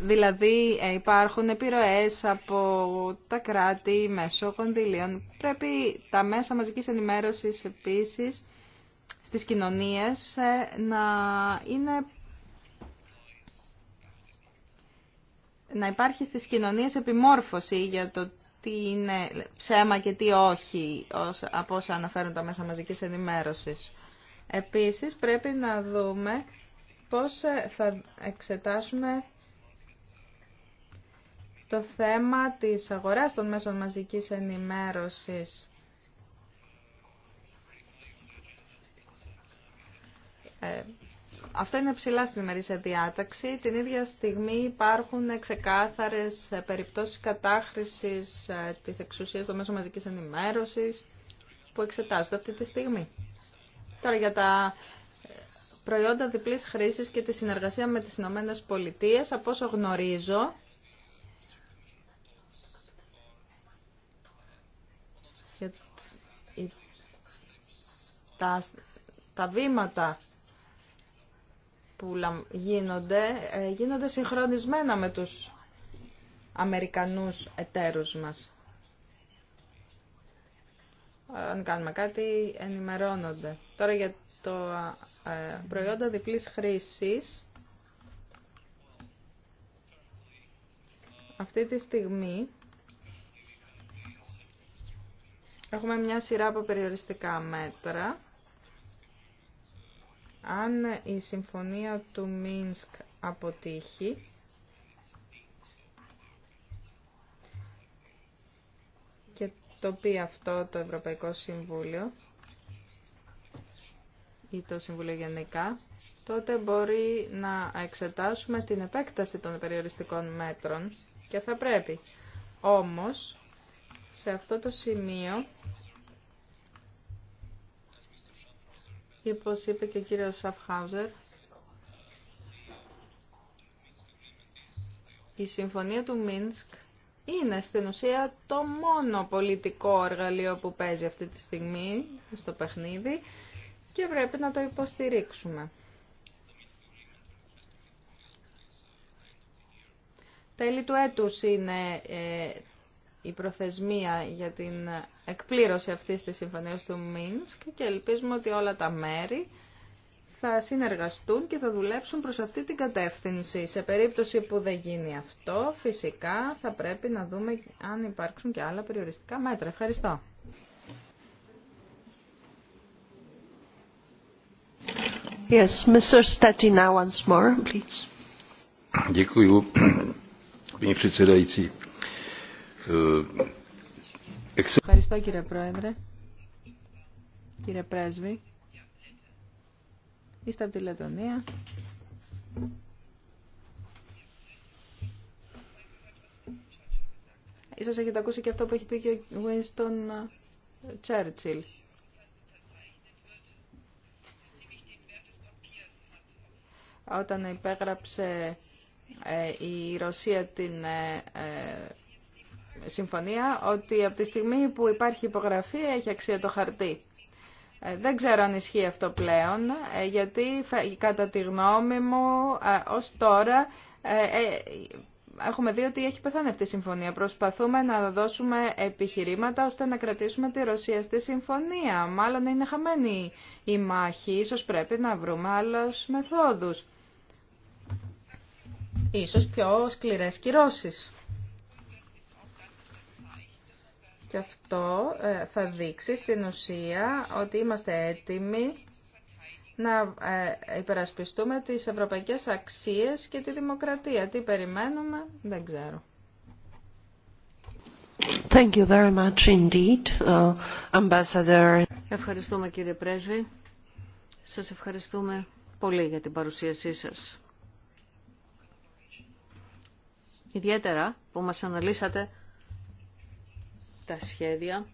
Speaker 3: Δηλαδή ε, υπάρχουν επιρροές από τα κράτη μέσω κονδυλίων. Πρέπει τα μέσα μαζικής ενημέρωσης επίσης στις κοινωνίες ε, να είναι να υπάρχει στις κοινωνίες επιμόρφωση για το τι είναι ψέμα και τι όχι από όσα αναφέρουν τα μέσα μαζικής ενημέρωσης. Επίσης πρέπει να δούμε πώς ε, θα εξετάσουμε το θέμα της αγοράς των μέσων μαζικής ενημέρωσης. Ε, αυτό είναι ψηλά στην ημερήσια διάταξη. Την ίδια στιγμή υπάρχουν ξεκάθαρες ε, περιπτώσεις κατάχρησης ε, της εξουσίας των μέσων μαζικής ενημέρωσης που εξετάζονται αυτή τη στιγμή. Τώρα για τα ε, προϊόντα διπλής χρήσης και τη συνεργασία με τις Ηνωμένε Πολιτείε, από όσο γνωρίζω, τα, τα βήματα που γίνονται, ε, γίνονται συγχρονισμένα με τους Αμερικανούς εταίρους μας. Αν κάνουμε κάτι, ενημερώνονται. Τώρα για το ε, προϊόντα διπλής χρήσης. Αυτή τη στιγμή έχουμε μια σειρά από περιοριστικά μέτρα αν η συμφωνία του Μίνσκ αποτύχει, και το πει αυτό το Ευρωπαϊκό Συμβούλιο ή το Συμβούλιο Γενικά, τότε μπορεί να εξετάσουμε την επέκταση των περιοριστικών μέτρων και θα πρέπει. Όμως, σε αυτό το σημείο Και όπως είπε και ο κύριος Σαφχάουζερ, η συμφωνία του Μίνσκ είναι στην ουσία το μόνο πολιτικό εργαλείο που παίζει αυτή τη στιγμή στο παιχνίδι και πρέπει να το υποστηρίξουμε. Τέλη του έτους είναι ε, η προθεσμία για την εκπλήρωση αυτής της συμφωνίας του Μίνσκ και ελπίζουμε ότι όλα τα μέρη θα συνεργαστούν και θα δουλέψουν προς αυτή την κατεύθυνση. Σε περίπτωση που δεν γίνει αυτό, φυσικά θα πρέπει να δούμε αν υπάρξουν και άλλα περιοριστικά μέτρα. Ευχαριστώ.
Speaker 1: Yes, Mr. once more, please.
Speaker 3: Ευχαριστώ κύριε Πρόεδρε. Κύριε Πρέσβη. Είστε από τη Λετωνία. Ίσως έχετε ακούσει και αυτό που έχει πει και ο Winston Churchill. Όταν υπέγραψε ε, η Ρωσία την ε, ε, συμφωνία ότι από τη στιγμή που υπάρχει υπογραφή έχει αξία το χαρτί. Ε, δεν ξέρω αν ισχύει αυτό πλέον, ε, γιατί κατά τη γνώμη μου ε, ως τώρα έχουμε δει ότι έχει πεθάνει αυτή η συμφωνία. Προσπαθούμε να δώσουμε επιχειρήματα ώστε να κρατήσουμε τη Ρωσία στη συμφωνία. Μάλλον είναι χαμένη η μάχη, ίσως πρέπει να βρούμε άλλους μεθόδους. Ίσως πιο σκληρές κυρώσεις. Και αυτό ε, θα δείξει στην ουσία ότι είμαστε έτοιμοι να ε, υπερασπιστούμε τις ευρωπαϊκές αξίες και τη δημοκρατία. Τι περιμένουμε, δεν ξέρω.
Speaker 1: Thank you very much indeed, uh, Ambassador.
Speaker 2: Ευχαριστούμε κύριε Πρέσβη. Σας ευχαριστούμε πολύ για την παρουσίασή σας. Ιδιαίτερα που μας αναλύσατε τα σχέδια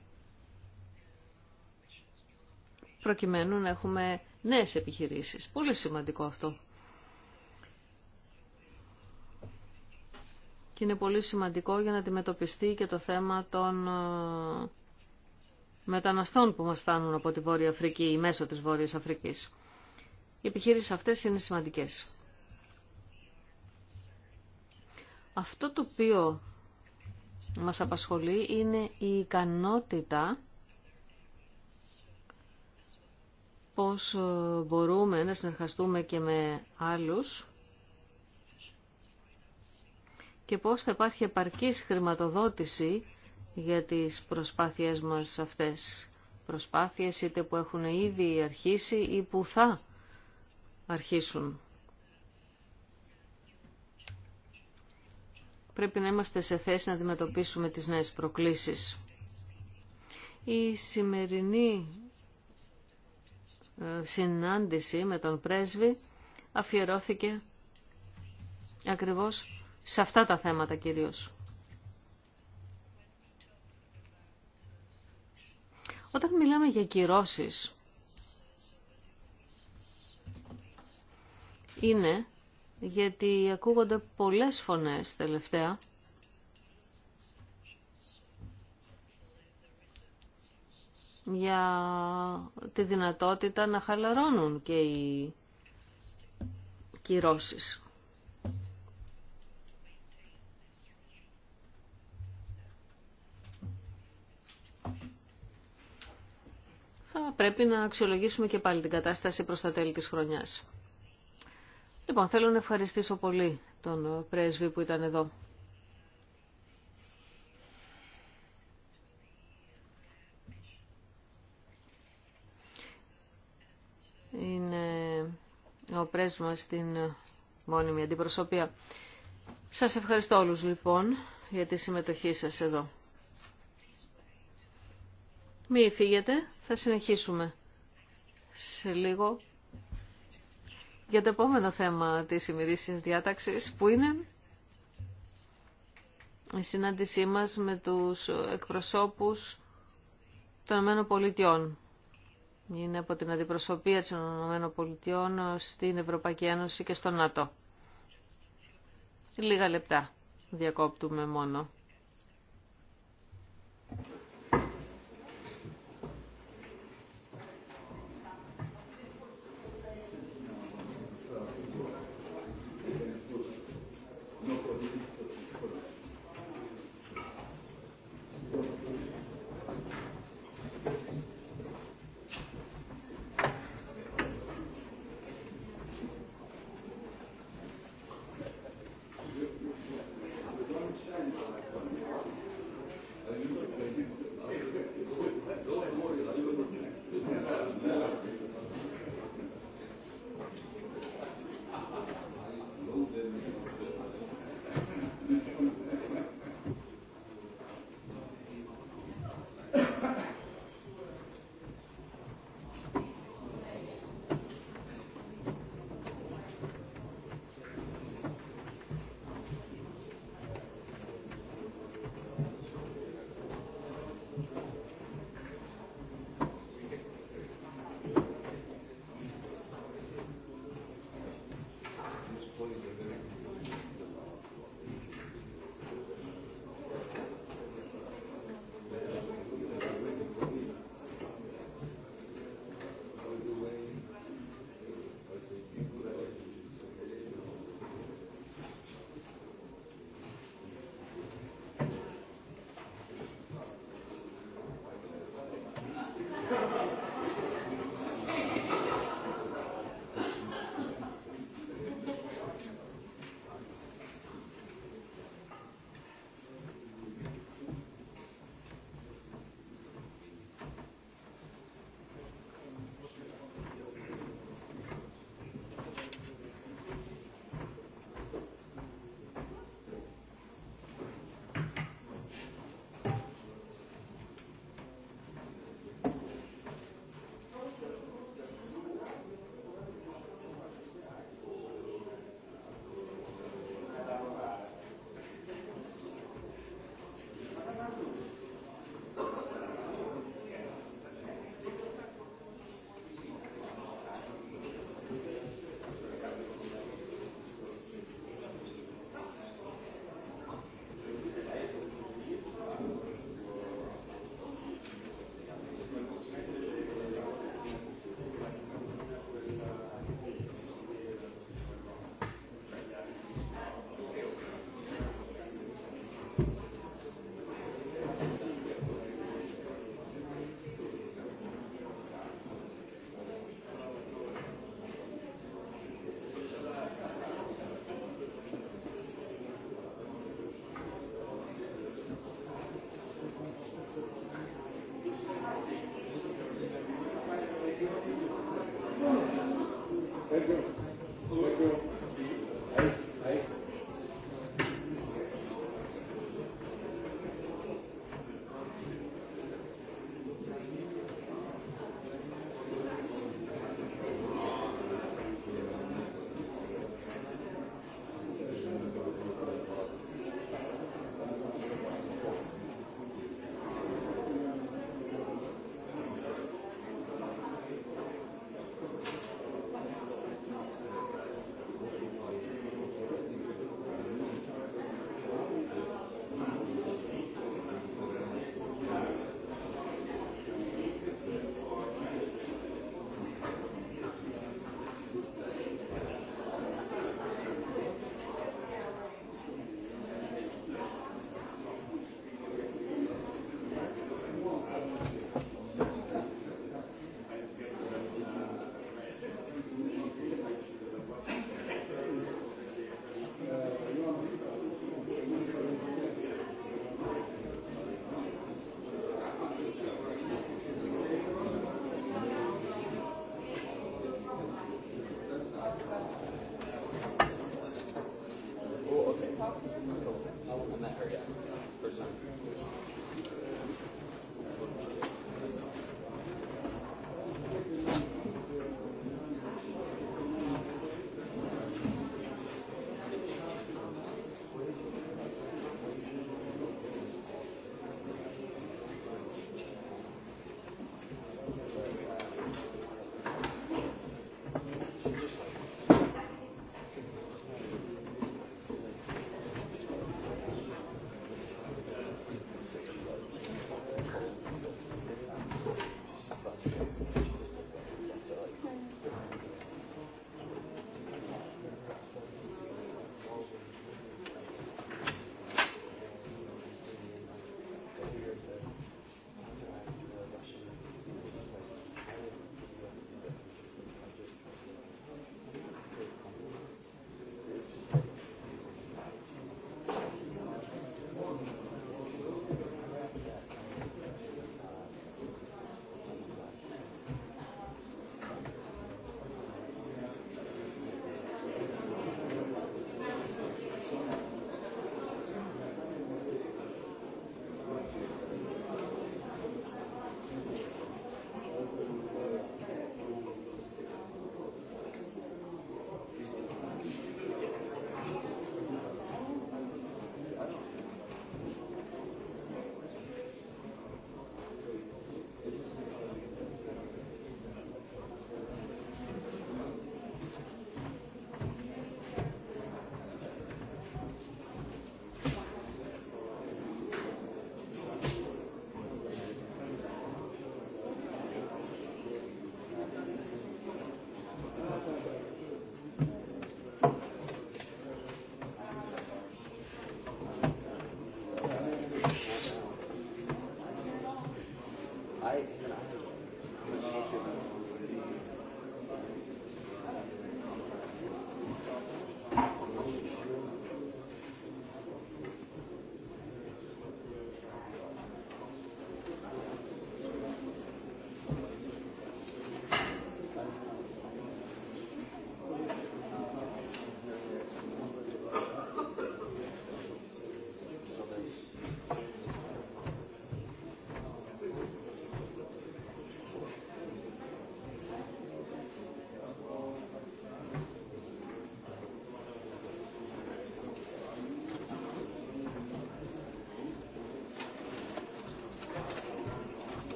Speaker 2: προκειμένου να έχουμε νέες επιχειρήσεις. Πολύ σημαντικό αυτό. Και είναι πολύ σημαντικό για να αντιμετωπιστεί και το θέμα των ε, μεταναστών που μας φτάνουν από τη Βόρεια Αφρική ή μέσω της Βόρειας Αφρικής. Οι επιχειρήσεις αυτές είναι σημαντικές. Αυτό το οποίο μας απασχολεί είναι η ικανότητα πώς ε, μπορούμε να συνεργαστούμε και με άλλους και πώς θα υπάρχει επαρκής χρηματοδότηση για τις προσπάθειές μας αυτές. Προσπάθειες είτε που έχουν ήδη αρχίσει ή που θα αρχίσουν. πρέπει να είμαστε σε θέση να αντιμετωπίσουμε τις νέες προκλήσεις. Η σημερινή ε, συνάντηση με τον πρέσβη αφιερώθηκε ακριβώς σε αυτά τα θέματα κυρίως. Όταν μιλάμε για κυρώσεις, είναι γιατί ακούγονται πολλές φωνές τελευταία για τη δυνατότητα να χαλαρώνουν και οι κυρώσεις. Θα πρέπει να αξιολογήσουμε και πάλι την κατάσταση προς τα τέλη της χρονιάς. Λοιπόν, θέλω να ευχαριστήσω πολύ τον πρέσβη που ήταν εδώ. Είναι ο πρέσβης μας στην μόνιμη αντιπροσωπεία. Σας ευχαριστώ όλους λοιπόν για τη συμμετοχή σας εδώ. Μη φύγετε, θα συνεχίσουμε σε λίγο για το επόμενο θέμα της ημερήσιας διάταξης που είναι η συνάντησή μας με τους εκπροσώπους των ΗΠΑ. Είναι από την αντιπροσωπεία των ΗΠΑ στην Ευρωπαϊκή Ένωση και στο ΝΑΤΟ. Λίγα λεπτά διακόπτουμε μόνο. Thank you.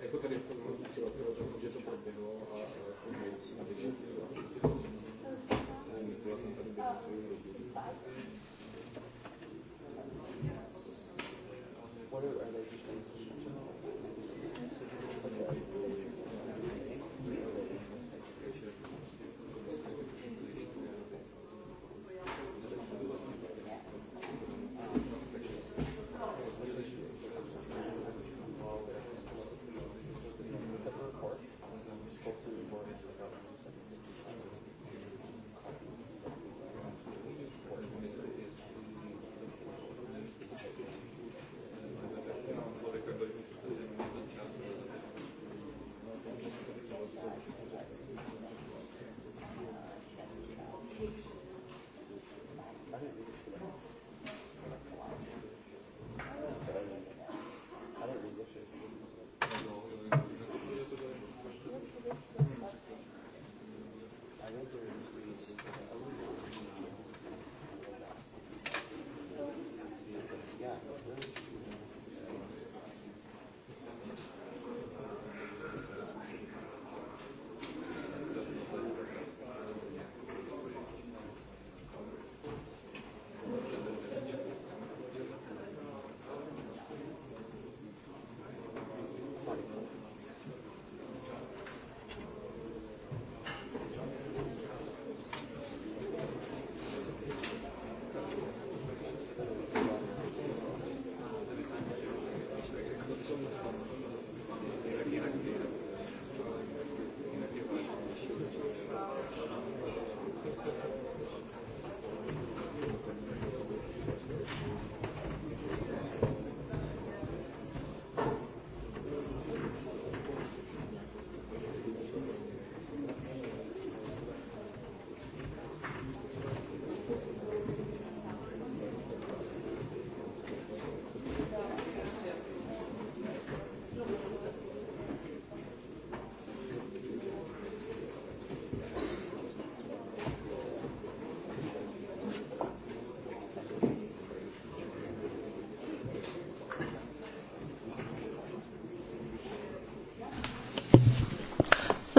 Speaker 2: Ecco, per il problema che ho detto, però,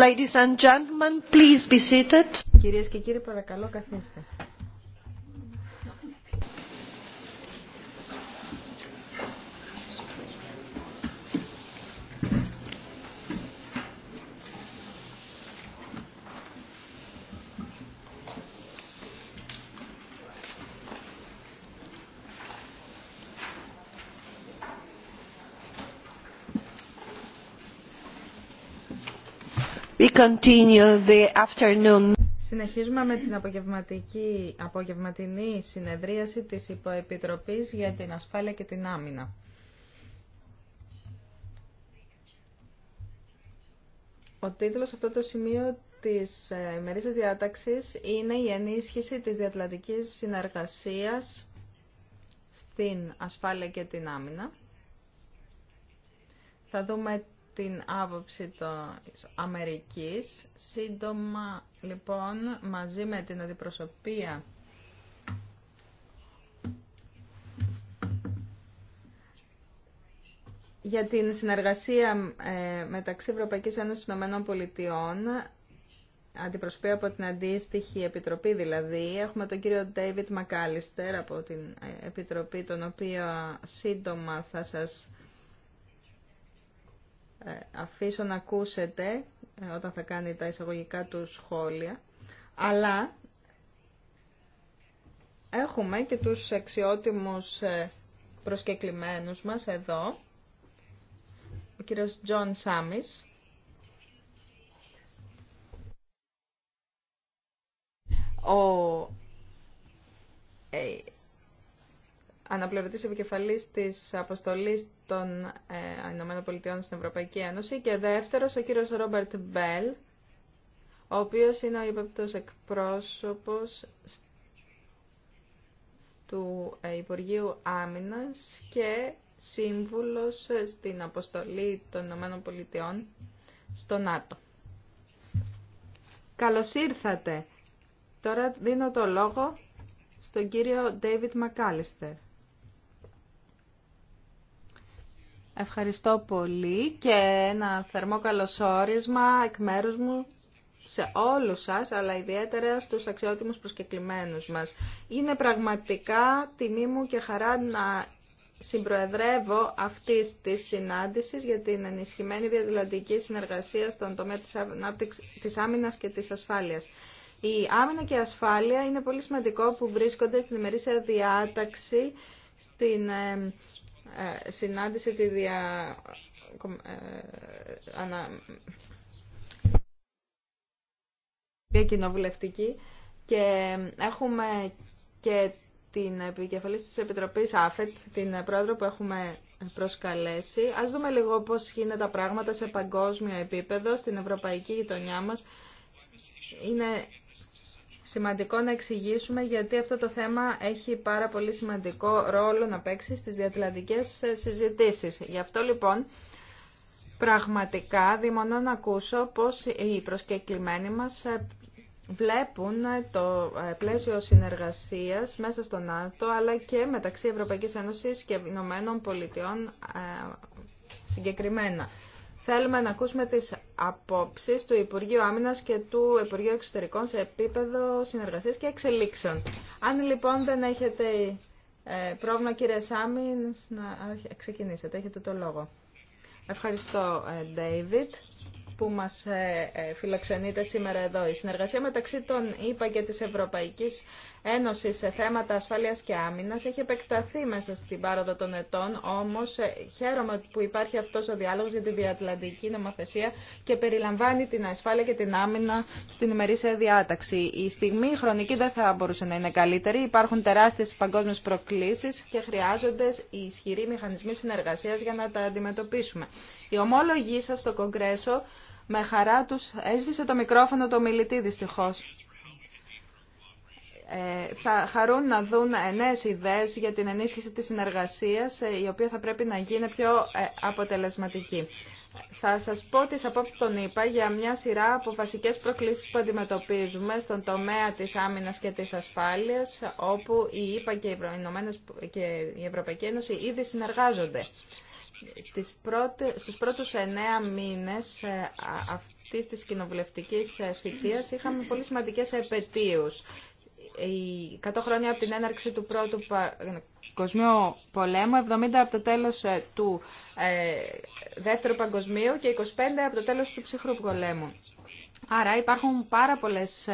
Speaker 2: Ladies and gentlemen,
Speaker 3: please be seated. Κυρίες και κύριοι, παρακαλώ καθίστε. Συνεχίζουμε με την απογευματική, απογευματινή συνεδρίαση της Υποεπιτροπής για την Ασφάλεια και την Άμυνα. Ο τίτλος αυτό το σημείο της ε, ημερήσιας διάταξης είναι η ενίσχυση της διατλαντικής συνεργασίας στην ασφάλεια και την άμυνα. Θα δούμε την άποψη της Αμερικής. Σύντομα, λοιπόν, μαζί με την αντιπροσωπεία για την συνεργασία ε, μεταξύ Ευρωπαϊκής Ένωσης και Ηνωμένων Πολιτειών, αντιπροσωπεία από την αντίστοιχη επιτροπή δηλαδή, έχουμε τον κύριο David McAllister από την ε, επιτροπή, τον οποίο σύντομα θα σας ε, αφήσω να ακούσετε ε, όταν θα κάνει τα εισαγωγικά του σχόλια. Αλλά έχουμε και τους αξιότιμους ε, προσκεκλημένους μας εδώ. Ο κύριος Τζον Σάμις. Ο αναπληρωτής επικεφαλή της αποστολής των ε, Ηνωμένων Πολιτειών στην Ευρωπαϊκή Ένωση και δεύτερο ο κύριος Ρόμπερτ Μπέλ, ο οποίος είναι ο υπεπτός εκπρόσωπος του ε, Υπουργείου Άμυνα και σύμβουλος ε, στην αποστολή των Ηνωμένων Πολιτειών στο ΝΑΤΟ. Καλώς ήρθατε. Τώρα δίνω το λόγο στον κύριο David McAllister. Ευχαριστώ πολύ και ένα θερμό καλωσόρισμα εκ μέρους μου σε όλους σας, αλλά ιδιαίτερα στους αξιότιμους προσκεκλημένους μας. Είναι πραγματικά τιμή μου και χαρά να συμπροεδρεύω αυτή τη συνάντηση για την ενισχυμένη διαδηλαντική συνεργασία στον τομέα της άμυνας και της ασφάλειας. Η άμυνα και η ασφάλεια είναι πολύ σημαντικό που βρίσκονται στην ημερήσια διάταξη στην ε, ε, συνάντησε τη δια... Ε, ανα... διακοινοβουλευτική και έχουμε και την επικεφαλής της Επιτροπής ΑΦΕΤ, την πρόεδρο που έχουμε προσκαλέσει. Ας δούμε λίγο πώς γίνεται τα πράγματα σε παγκόσμιο επίπεδο, στην ευρωπαϊκή γειτονιά μας. Είναι σημαντικό να εξηγήσουμε γιατί αυτό το θέμα έχει πάρα πολύ σημαντικό ρόλο να παίξει στις διατλαντικές συζητήσεις. Γι' αυτό λοιπόν πραγματικά δημονώ να ακούσω πώς οι προσκεκλημένοι μας ε, βλέπουν ε, το ε, πλαίσιο συνεργασίας μέσα στο ΝΑΤΟ αλλά και μεταξύ Ευρωπαϊκής Ένωσης και Ηνωμένων Πολιτειών συγκεκριμένα. Θέλουμε να ακούσουμε τις απόψεις του Υπουργείου Άμυνας και του Υπουργείου Εξωτερικών σε επίπεδο συνεργασίας και εξελίξεων. Αν λοιπόν δεν έχετε ε, πρόβλημα κύριε Σάμιν, να ξεκινήσετε, έχετε το λόγο. Ευχαριστώ, ε, David που μας ε, ε, φιλοξενείτε σήμερα εδώ. Η συνεργασία μεταξύ των ΗΠΑ και της Ευρωπαϊκής Ένωσης σε θέματα ασφάλειας και άμυνας έχει επεκταθεί μέσα στην πάροδο των ετών, όμως ε, χαίρομαι που υπάρχει αυτός ο διάλογος για τη διατλαντική νομοθεσία και περιλαμβάνει την ασφάλεια και την άμυνα στην ημερήσια διάταξη. Η στιγμή η χρονική δεν θα μπορούσε να είναι καλύτερη. Υπάρχουν τεράστιες παγκόσμιες προκλήσεις και χρειάζονται ισχυροί μηχανισμοί συνεργασίας για να τα αντιμετωπίσουμε. Η ομόλογή σας στο Κογκρέσο με χαρά τους έσβησε το μικρόφωνο το μιλητή δυστυχώς. Ε, θα χαρούν να δουν ε, νέε ιδέες για την ενίσχυση της συνεργασίας ε, η οποία θα πρέπει να γίνει πιο ε, αποτελεσματική. Θα σας πω τις απόψεις των ΗΠΑ για μια σειρά από βασικές προκλήσεις που αντιμετωπίζουμε στον τομέα της άμυνας και της ασφάλειας, όπου οι ΗΠΑ και η Ευρωπαϊκή Ένωση ήδη συνεργάζονται. Στις στους πρώτους εννέα μήνες ε, αυτής της κοινοβουλευτικής ε, θητείας είχαμε πολύ σημαντικές επαιτίους. 100 χρόνια από την έναρξη του πρώτου Παγκοσμίου Πολέμου, 70 από το τέλος ε, του Δεύτερου Παγκοσμίου και 25 από το τέλος του Ψυχρού Πολέμου. Άρα υπάρχουν πάρα πολλές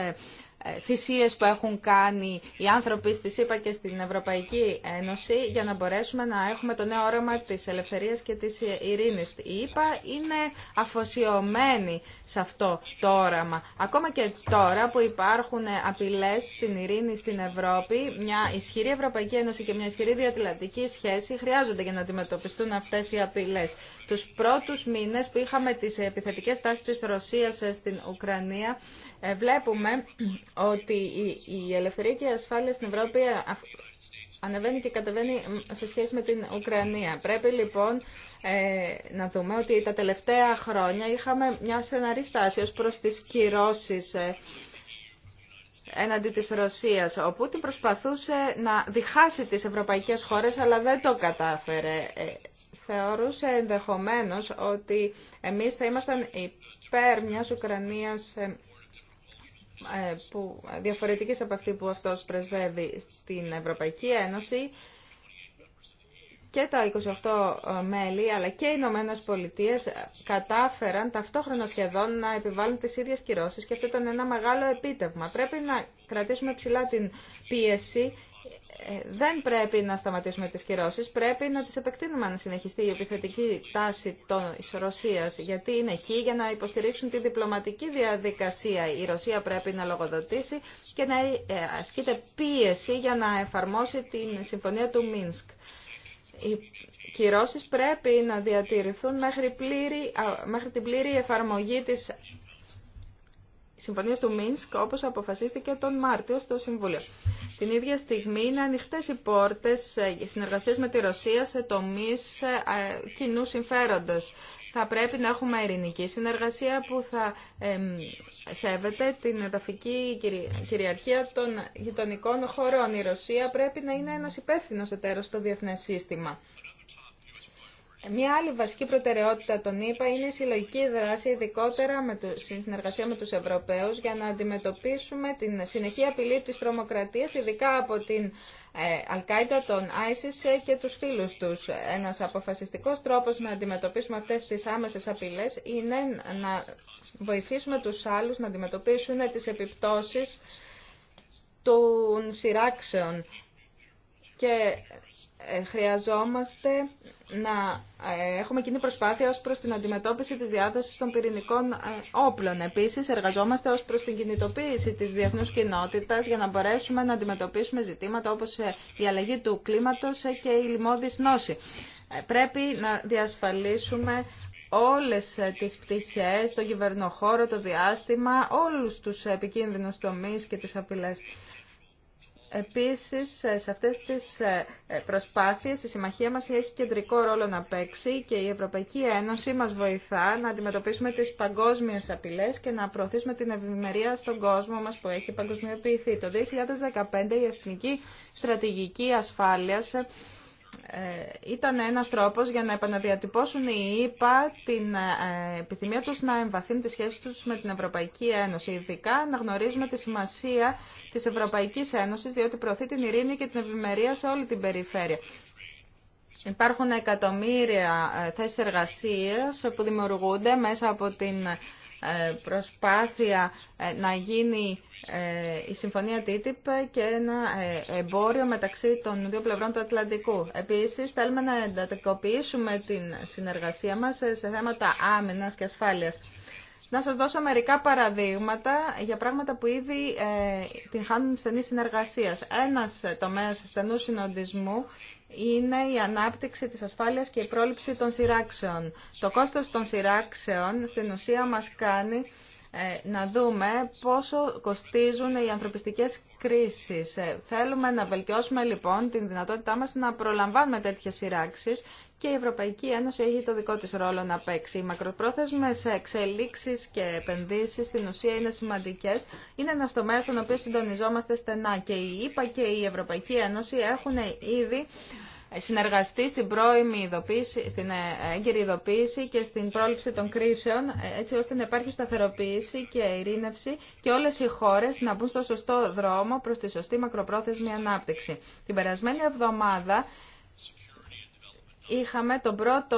Speaker 3: ε, θυσίες που έχουν κάνει οι άνθρωποι στη ΣΥΠΑ και στην Ευρωπαϊκή Ένωση για να μπορέσουμε να έχουμε το νέο όραμα της ελευθερίας και της ειρήνης. Η ΕΠΑ είναι αφοσιωμένη σε αυτό το όραμα. Ακόμα και τώρα που υπάρχουν απειλές στην ειρήνη στην Ευρώπη, μια ισχυρή Ευρωπαϊκή Ένωση και μια ισχυρή διατηλατική σχέση χρειάζονται για να αντιμετωπιστούν αυτές οι απειλές. Τους πρώτους μήνες που είχαμε τις επιθετικές τάσει της Ρωσίας στην Ουκρανία, ε, βλέπουμε ότι η ελευθερία και η ασφάλεια στην Ευρώπη ανεβαίνει και κατεβαίνει σε σχέση με την Ουκρανία. Πρέπει λοιπόν ε, να δούμε ότι τα τελευταία χρόνια είχαμε μια στεναρή στάση ως προς τις κυρώσεις έναντι ε, της Ρωσίας, όπου την προσπαθούσε να διχάσει τις ευρωπαϊκές χώρες, αλλά δεν το κατάφερε. Ε, θεωρούσε ενδεχομένως ότι εμείς θα ήμασταν υπέρ μιας Ουκρανίας ε, που, διαφορετικής από αυτή που αυτός πρεσβεύει στην Ευρωπαϊκή Ένωση και τα 28 ε, μέλη αλλά και οι Ηνωμένε Πολιτείε κατάφεραν ταυτόχρονα σχεδόν να επιβάλλουν τις ίδιες κυρώσεις και αυτό ήταν ένα μεγάλο επίτευγμα. Πρέπει να κρατήσουμε ψηλά την πίεση ε, δεν πρέπει να σταματήσουμε τις κυρώσεις, πρέπει να τις επεκτείνουμε να συνεχιστεί η επιθετική τάση της Ρωσίας, γιατί είναι εκεί για να υποστηρίξουν τη διπλωματική διαδικασία. Η Ρωσία πρέπει να λογοδοτήσει και να ε, ασκείται πίεση για να εφαρμόσει την συμφωνία του Μίνσκ. Οι κυρώσεις πρέπει να διατηρηθούν μέχρι, πλήρη, μέχρι την πλήρη εφαρμογή της συμφωνία του Μίνσκ, όπω αποφασίστηκε τον Μάρτιο στο Συμβούλιο. Την ίδια στιγμή είναι ανοιχτέ οι πόρτε ε, συνεργασία με τη Ρωσία σε τομείς ε, κοινού συμφέροντος. Θα πρέπει να έχουμε ειρηνική συνεργασία που θα σέβεται την εδαφική κυριαρχία των γειτονικών χωρών. Η Ρωσία πρέπει να είναι ένας υπεύθυνος εταίρος στο διεθνές σύστημα. Μία άλλη βασική προτεραιότητα των ΗΠΑ είναι η συλλογική δράση, ειδικότερα με το, συνεργασία με τους Ευρωπαίους, για να αντιμετωπίσουμε την συνεχή απειλή της τρομοκρατίας, ειδικά από την ε, Αλκάιντα, τον ISIS και τους φίλους τους. Ένας αποφασιστικός τρόπος να αντιμετωπίσουμε αυτές τις άμεσες απειλές είναι να βοηθήσουμε τους άλλους να αντιμετωπίσουν τις επιπτώσεις των σειράξεων και ε, χρειαζόμαστε να ε, έχουμε κοινή προσπάθεια ως προς την αντιμετώπιση της διάθεσης των πυρηνικών ε, όπλων. Επίσης, εργαζόμαστε ως προς την κινητοποίηση της διεθνούς κοινότητας για να μπορέσουμε να αντιμετωπίσουμε ζητήματα όπως η αλλαγή του κλίματος και η λιμώδης νόση. Πρέπει να διασφαλίσουμε όλες τις πτυχές, τον κυβερνοχώρο, το διάστημα, όλους τους επικίνδυνους τομείς και τις απειλές. Επίσης, σε αυτές τις ε, ε, προσπάθειες η συμμαχία μας έχει κεντρικό ρόλο να παίξει και η Ευρωπαϊκή Ένωση μας βοηθά να αντιμετωπίσουμε τις παγκόσμιες απειλές και να προωθήσουμε την ευημερία στον κόσμο μας που έχει παγκοσμιοποιηθεί. Το 2015 η Εθνική Στρατηγική Ασφάλειας ε, ε, ήταν ένας τρόπος για να επαναδιατυπώσουν οι ΙΠΑ την ε, επιθυμία τους να εμβαθύνουν τις σχέσεις τους με την Ευρωπαϊκή Ένωση. Ειδικά να γνωρίζουμε τη σημασία της Ευρωπαϊκής Ένωσης, διότι προωθεί την ειρήνη και την ευημερία σε όλη την περιφέρεια. Υπάρχουν εκατομμύρια ε, θέσεις εργασίας που δημιουργούνται μέσα από την προσπάθεια να γίνει ε, η συμφωνία TTIP και ένα ε, εμπόριο μεταξύ των δύο πλευρών του Ατλαντικού. Επίσης, θέλουμε να εντατικοποιήσουμε την συνεργασία μας σε θέματα άμυνας και ασφάλειας. Να σας δώσω μερικά παραδείγματα για πράγματα που ήδη ε, την χάνουν στενή συνεργασία. Ένας τομέας στενού συνοντισμού είναι η ανάπτυξη της ασφάλειας και η πρόληψη των σειράξεων. Το κόστος των σειράξεων στην ουσία μας κάνει ε, να δούμε πόσο κοστίζουν οι ανθρωπιστικές κρίσεις. Ε, θέλουμε να βελτιώσουμε λοιπόν την δυνατότητά μας να προλαμβάνουμε τέτοιες σειράξεις και η Ευρωπαϊκή Ένωση έχει το δικό της ρόλο να παίξει. Οι μακροπρόθεσμες εξελίξεις και επενδύσεις στην ουσία είναι σημαντικές. Είναι ένας τομέας στον οποίο συντονιζόμαστε στενά και η ΕΠΑ και η Ευρωπαϊκή Ένωση έχουν ήδη συνεργαστεί στην πρώιμη ειδοποίηση, στην ε, έγκαιρη ειδοποίηση και στην πρόληψη των κρίσεων, ε, έτσι ώστε να υπάρχει σταθεροποίηση και ειρήνευση και όλες οι χώρες να μπουν στο σωστό δρόμο προς τη σωστή μακροπρόθεσμη ανάπτυξη. Την περασμένη εβδομάδα Είχαμε τον πρώτο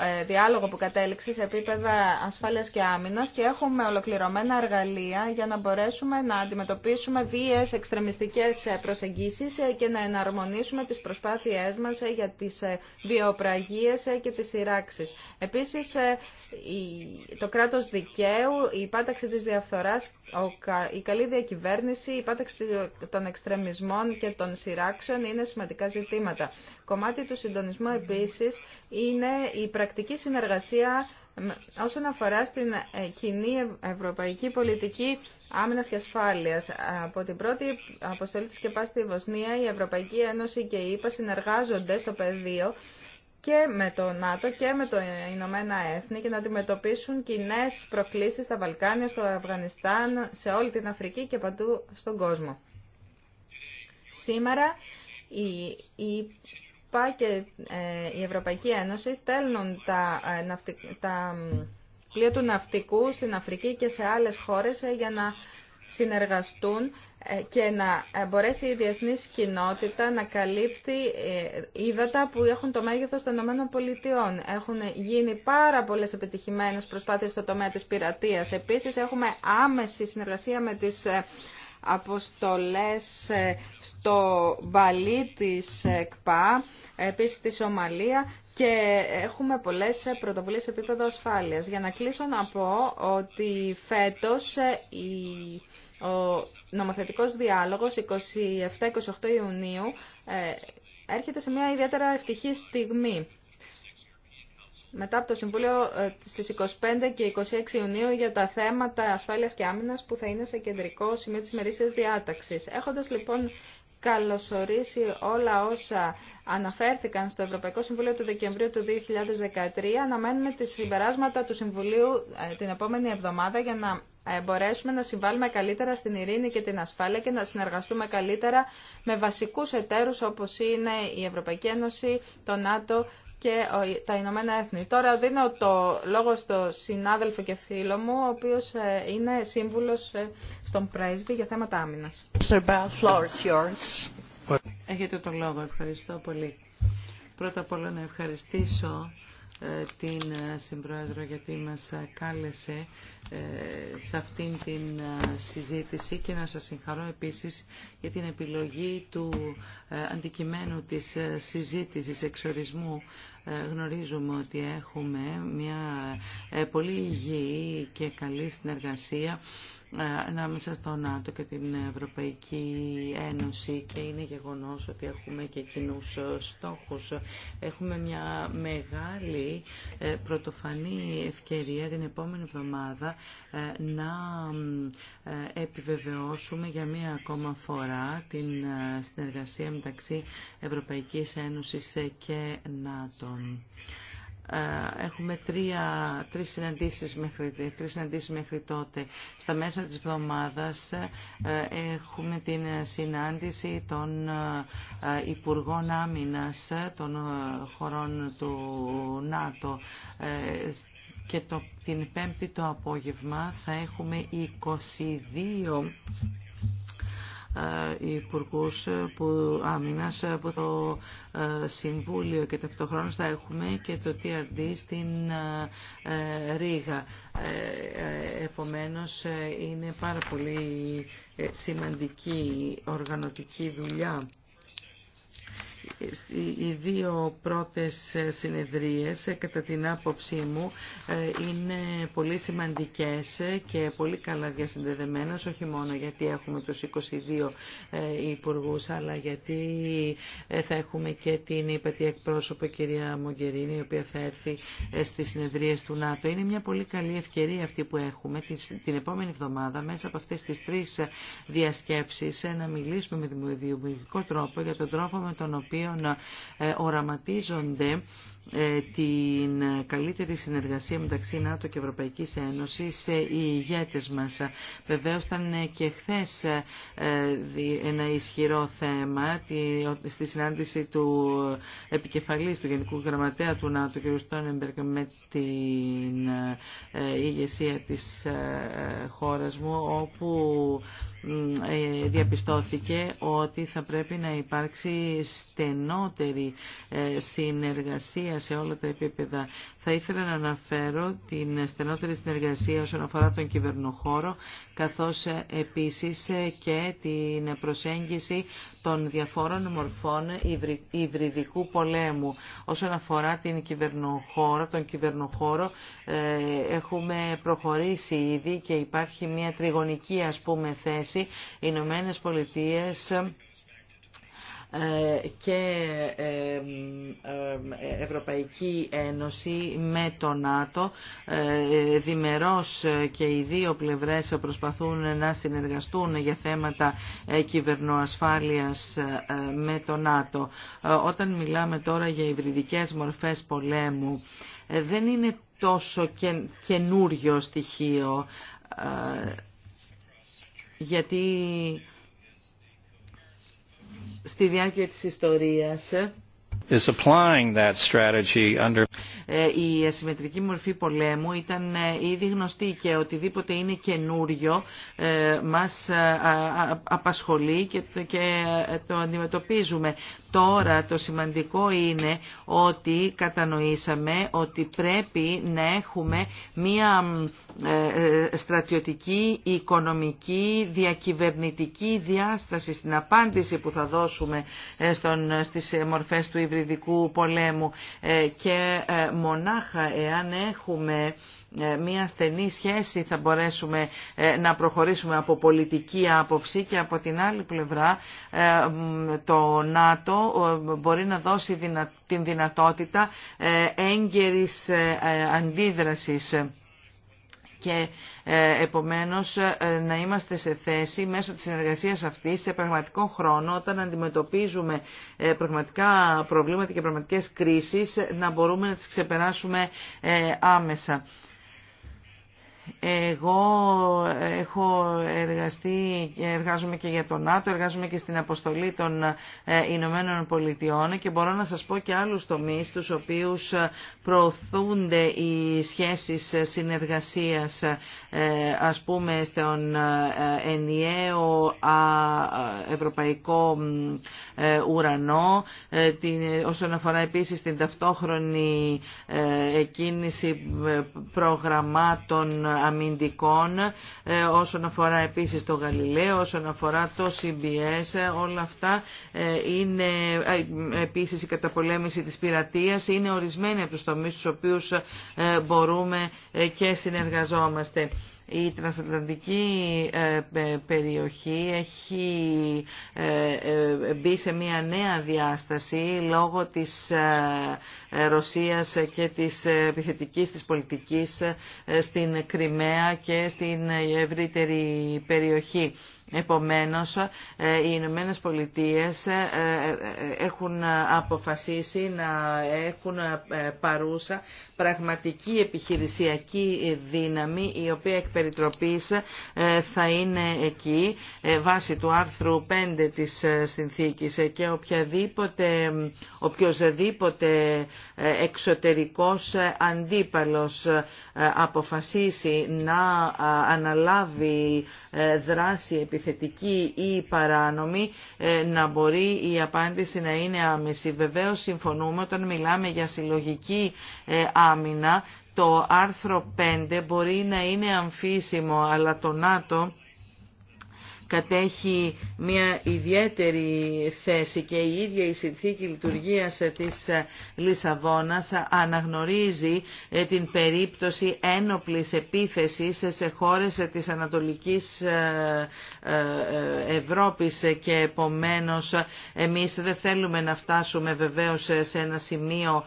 Speaker 3: ε, διάλογο που κατέληξε σε επίπεδα ασφάλειας και άμυνας και έχουμε ολοκληρωμένα εργαλεία για να μπορέσουμε να αντιμετωπίσουμε βίες εξτρεμιστικές προσεγγίσεις ε, και να εναρμονίσουμε τις προσπάθειές μας ε, για τις βιοπραγίες και τις σειράξεις. Επίσης, το κράτος δικαίου, η πάταξη της διαφθοράς, η καλή διακυβέρνηση, η πάταξη των εξτρεμισμών και των σειράξεων είναι σημαντικά ζητήματα. Κομμάτι του συντονισμού είναι η πρακτική συνεργασία όσον αφορά στην ε, κοινή ευρωπαϊκή πολιτική άμυνας και ασφάλειας. Από την πρώτη αποστολή της ΚΕΠΑ στη Βοσνία, η Ευρωπαϊκή Ένωση και η ΕΠΑ συνεργάζονται στο πεδίο και με το ΝΑΤΟ και με το Ηνωμένα Έθνη και να αντιμετωπίσουν κοινέ προκλήσεις στα Βαλκάνια, στο Αφγανιστάν, σε όλη την Αφρική και παντού στον κόσμο. Σήμερα η, Πάκε και ε, η Ευρωπαϊκή Ένωση στέλνουν τα, ε, τα πλοία του ναυτικού στην Αφρική και σε άλλες χώρες ε, για να συνεργαστούν και να μπορέσει η διεθνής κοινότητα να καλύπτει ύδατα που έχουν το μέγεθος των ΗΠΑ. Έχουν γίνει πάρα πολλές επιτυχημένες προσπάθειες στο τομέα της πειρατείας. Επίσης έχουμε άμεση συνεργασία με τις αποστολές ε, στο Μπαλί της ΕΚΠΑ, επίσης στη Σομαλία και έχουμε πολλές πρωτοβουλίες σε επίπεδο ασφάλειας. Για να κλείσω να πω ότι φέτος ε, η ο νομοθετικός διάλογος 27-28 Ιουνίου ε, έρχεται σε μια ιδιαίτερα ευτυχή στιγμή μετά από το Συμβούλιο ε, στις 25 και 26 Ιουνίου για τα θέματα ασφάλειας και άμυνας που θα είναι σε κεντρικό σημείο της μερίσιας διάταξης. Έχοντας λοιπόν καλωσορίσει όλα όσα αναφέρθηκαν στο Ευρωπαϊκό Συμβούλιο του Δεκεμβρίου του 2013, αναμένουμε τις συμπεράσματα του Συμβουλίου ε, την επόμενη εβδομάδα για να ε, μπορέσουμε να συμβάλλουμε καλύτερα στην ειρήνη και την ασφάλεια και να συνεργαστούμε καλύτερα με βασικούς εταίρους όπως είναι η Ευρωπαϊκή Ένωση, το ΝΑΤΟ και τα Ηνωμένα Έθνη. Τώρα δίνω το λόγο στο συνάδελφο και φίλο μου, ο οποίος ε, είναι σύμβουλος ε, στον πρέσβη για θέματα άμυνας.
Speaker 1: Έχετε το λόγο. Ευχαριστώ πολύ. Πρώτα απ' όλα να ευχαριστήσω ε, την ε, Συμπρόεδρο γιατί μας ε, κάλεσε σε αυτήν την συζήτηση και να σας συγχαρώ επίσης για την επιλογή του αντικειμένου της συζήτησης εξορισμού. Γνωρίζουμε ότι έχουμε μια πολύ υγιή και καλή συνεργασία ε, ανάμεσα στο ΝΑΤΟ και την Ευρωπαϊκή Ένωση και είναι γεγονός ότι έχουμε και κοινού στόχους. Έχουμε μια μεγάλη ε, πρωτοφανή ευκαιρία την επόμενη εβδομάδα ε, να επιβεβαιώσουμε για μία ακόμα φορά την συνεργασία μεταξύ Ευρωπαϊκής Ένωσης και ΝΑΤΟ έχουμε τρία, τρεις, συναντήσεις μέχρι, τρεις συναντήσεις μέχρι τότε. Στα μέσα της εβδομάδας ε, έχουμε την συνάντηση των ε, Υπουργών Άμυνας ε, των χωρών του ΝΑΤΟ και το, την πέμπτη το απόγευμα θα έχουμε 22 ε, υπουργού ε, που Άμυνα από ε, το Συμβούλιο και ταυτόχρονα θα έχουμε και το TRD στην Ρήγα. Επομένως είναι πάρα πολύ σημαντική οργανωτική δουλειά οι δύο πρώτες συνεδρίες κατά την άποψή μου είναι πολύ σημαντικές και πολύ καλά διασυνδεδεμένες όχι μόνο γιατί έχουμε τους 22 ε, υπουργούς αλλά γιατί ε, θα έχουμε και την υπατή εκπρόσωπο κυρία Μογκερίνη η οποία θα έρθει ε, στις συνεδρίες του ΝΑΤΟ. Είναι μια πολύ καλή ευκαιρία αυτή που έχουμε την επόμενη εβδομάδα μέσα από αυτές τις τρεις διασκέψεις να μιλήσουμε με δημιουργικό τρόπο για τον τρόπο με τον οποίο οποίων ε, οραματίζονται ε, την καλύτερη συνεργασία μεταξύ ΝΑΤΟ και Ευρωπαϊκής Ένωσης ε, οι ηγέτες μας. Βεβαίως ήταν ε, και χθες ένα ισχυρό θέμα στη συνάντηση του επικεφαλής του Γενικού Γραμματέα του ΝΑΤΟ κ. Στόνεμπεργκ με την ηγεσία της χώρας μου όπου διαπιστώθηκε ότι θα πρέπει να υπάρξει στενότερη συνεργασία σε όλα τα επίπεδα. Θα ήθελα να αναφέρω την στενότερη συνεργασία όσον αφορά τον κυβερνοχώρο, καθώς ε, επίσης ε, και την προσέγγιση των διαφόρων μορφών υβριδικού πολέμου. Όσον αφορά την κυβερνοχώρο, τον κυβερνοχώρο ε, έχουμε προχωρήσει ήδη και υπάρχει μια τριγωνική ας πούμε θέση. Οι Ηνωμένε Πολιτείες ε, και Ευρωπαϊκή Ένωση με το ΝΑΤΟ ε, διμερώς και οι δύο πλευρές προσπαθούν να συνεργαστούν για θέματα ε, κυβερνοασφάλειας με το ΝΑΤΟ. Όταν μιλάμε τώρα για υβριδικές μορφές πολέμου δεν είναι τόσο καινούριο στοιχείο γιατί στη διάρκεια της ιστορίας. Is applying that strategy under... Ε, η ασυμμετρική μορφή πολέμου ήταν ε, ήδη γνωστή και οτιδήποτε είναι καινούριο ε, μας απασχολεί και το αντιμετωπίζουμε. Τώρα το σημαντικό είναι ότι κατανοήσαμε ότι πρέπει να έχουμε μία στρατιωτική, οικονομική, διακυβερνητική διάσταση στην απάντηση που θα δώσουμε στις μορφές του υβριδικού πολέμου και μονάχα εάν έχουμε ε, μια στενή σχέση θα μπορέσουμε ε, να προχωρήσουμε από πολιτική άποψη και από την άλλη πλευρά ε, το ΝΑΤΟ μπορεί να δώσει την δυνατότητα έγκαιρης αντίδρασης και ε, επομένως ε, να είμαστε σε θέση μέσω της συνεργασίας αυτής σε πραγματικό χρόνο όταν αντιμετωπίζουμε ε, πραγματικά προβλήματα και πραγματικές κρίσεις να μπορούμε να τις ξεπεράσουμε άμεσα. Εγώ έχω εργαστεί και εργάζομαι και για τον ΝΑΤΟ, εργάζομαι και στην αποστολή των ε, Ηνωμένων Πολιτειών και μπορώ να σας πω και άλλους τομείς τους οποίους ε, προωθούνται οι σχέσεις ε, συνεργασίας ας πούμε στον ενιαίο ευρωπαϊκό ουρανό όσον αφορά επίσης την ταυτόχρονη κίνηση προγραμμάτων αμυντικών, ε, όσον αφορά επίσης το Γαλιλαίο, όσον αφορά το CBS, όλα αυτά ε, είναι ε, επίσης η καταπολέμηση της πειρατείας, είναι ορισμένοι από τους τομείς στους οποίους μπορούμε και συνεργαζόμαστε. Η τρανσατλαντική ε, περιοχή έχει ε, ε, μπει σε μια νέα διάσταση λόγω της Ρωσίας και της επιθετικής της πολιτικής στην Κρυμαία και στην ευρύτερη περιοχή. Επομένως, ε, οι Ηνωμένε Πολιτείε ε, ε, έχουν αποφασίσει να έχουν παρούσα πραγματική επιχειρησιακή δύναμη, η οποία εκ θα είναι εκεί, βάσει του άρθρου 5 της συνθήκης και οποιαδήποτε, οποιοδήποτε εξωτερικός αντίπαλος αποφασίσει να αναλάβει δράση επιθετική ή παράνομη ε, να μπορεί η απάντηση να είναι άμεση. Βεβαίως συμφωνούμε όταν μιλάμε για συλλογική ε, άμυνα το άρθρο 5 μπορεί να ειναι αμεση βεβαιω συμφωνουμε οταν μιλαμε αμφίσιμο αλλά το ΝΑΤΟ κατέχει μια ιδιαίτερη θέση και η ίδια η συνθήκη λειτουργίας της Λισαβόνας αναγνωρίζει ε, την περίπτωση ένοπλης επίθεσης σε χώρες της Ανατολικής ε, ε, Ευρώπης και επομένως εμείς δεν θέλουμε να φτάσουμε βεβαίως σε ένα σημείο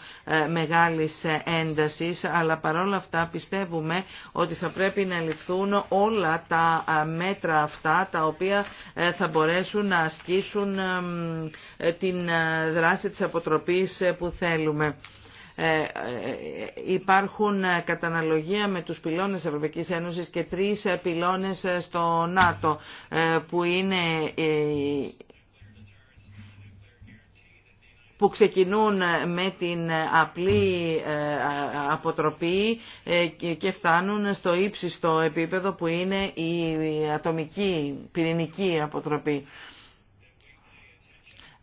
Speaker 1: μεγάλης έντασης αλλά παρόλα αυτά πιστεύουμε ότι θα πρέπει να ληφθούν όλα τα μέτρα αυτά τα οποία ε, θα μπορέσουν να ασκήσουν ε, ε, την δράση της αποτροπής που θέλουμε. Υπάρχουν κατά αναλογία με τους πυλώνες Ευρωπαϊκής Ένωσης και τρεις πυλώνες στο ΝΑΤΟ που είναι που ξεκινούν με την απλή ε, αποτροπή ε, και φτάνουν στο ύψιστο επίπεδο που είναι η ατομική πυρηνική αποτροπή.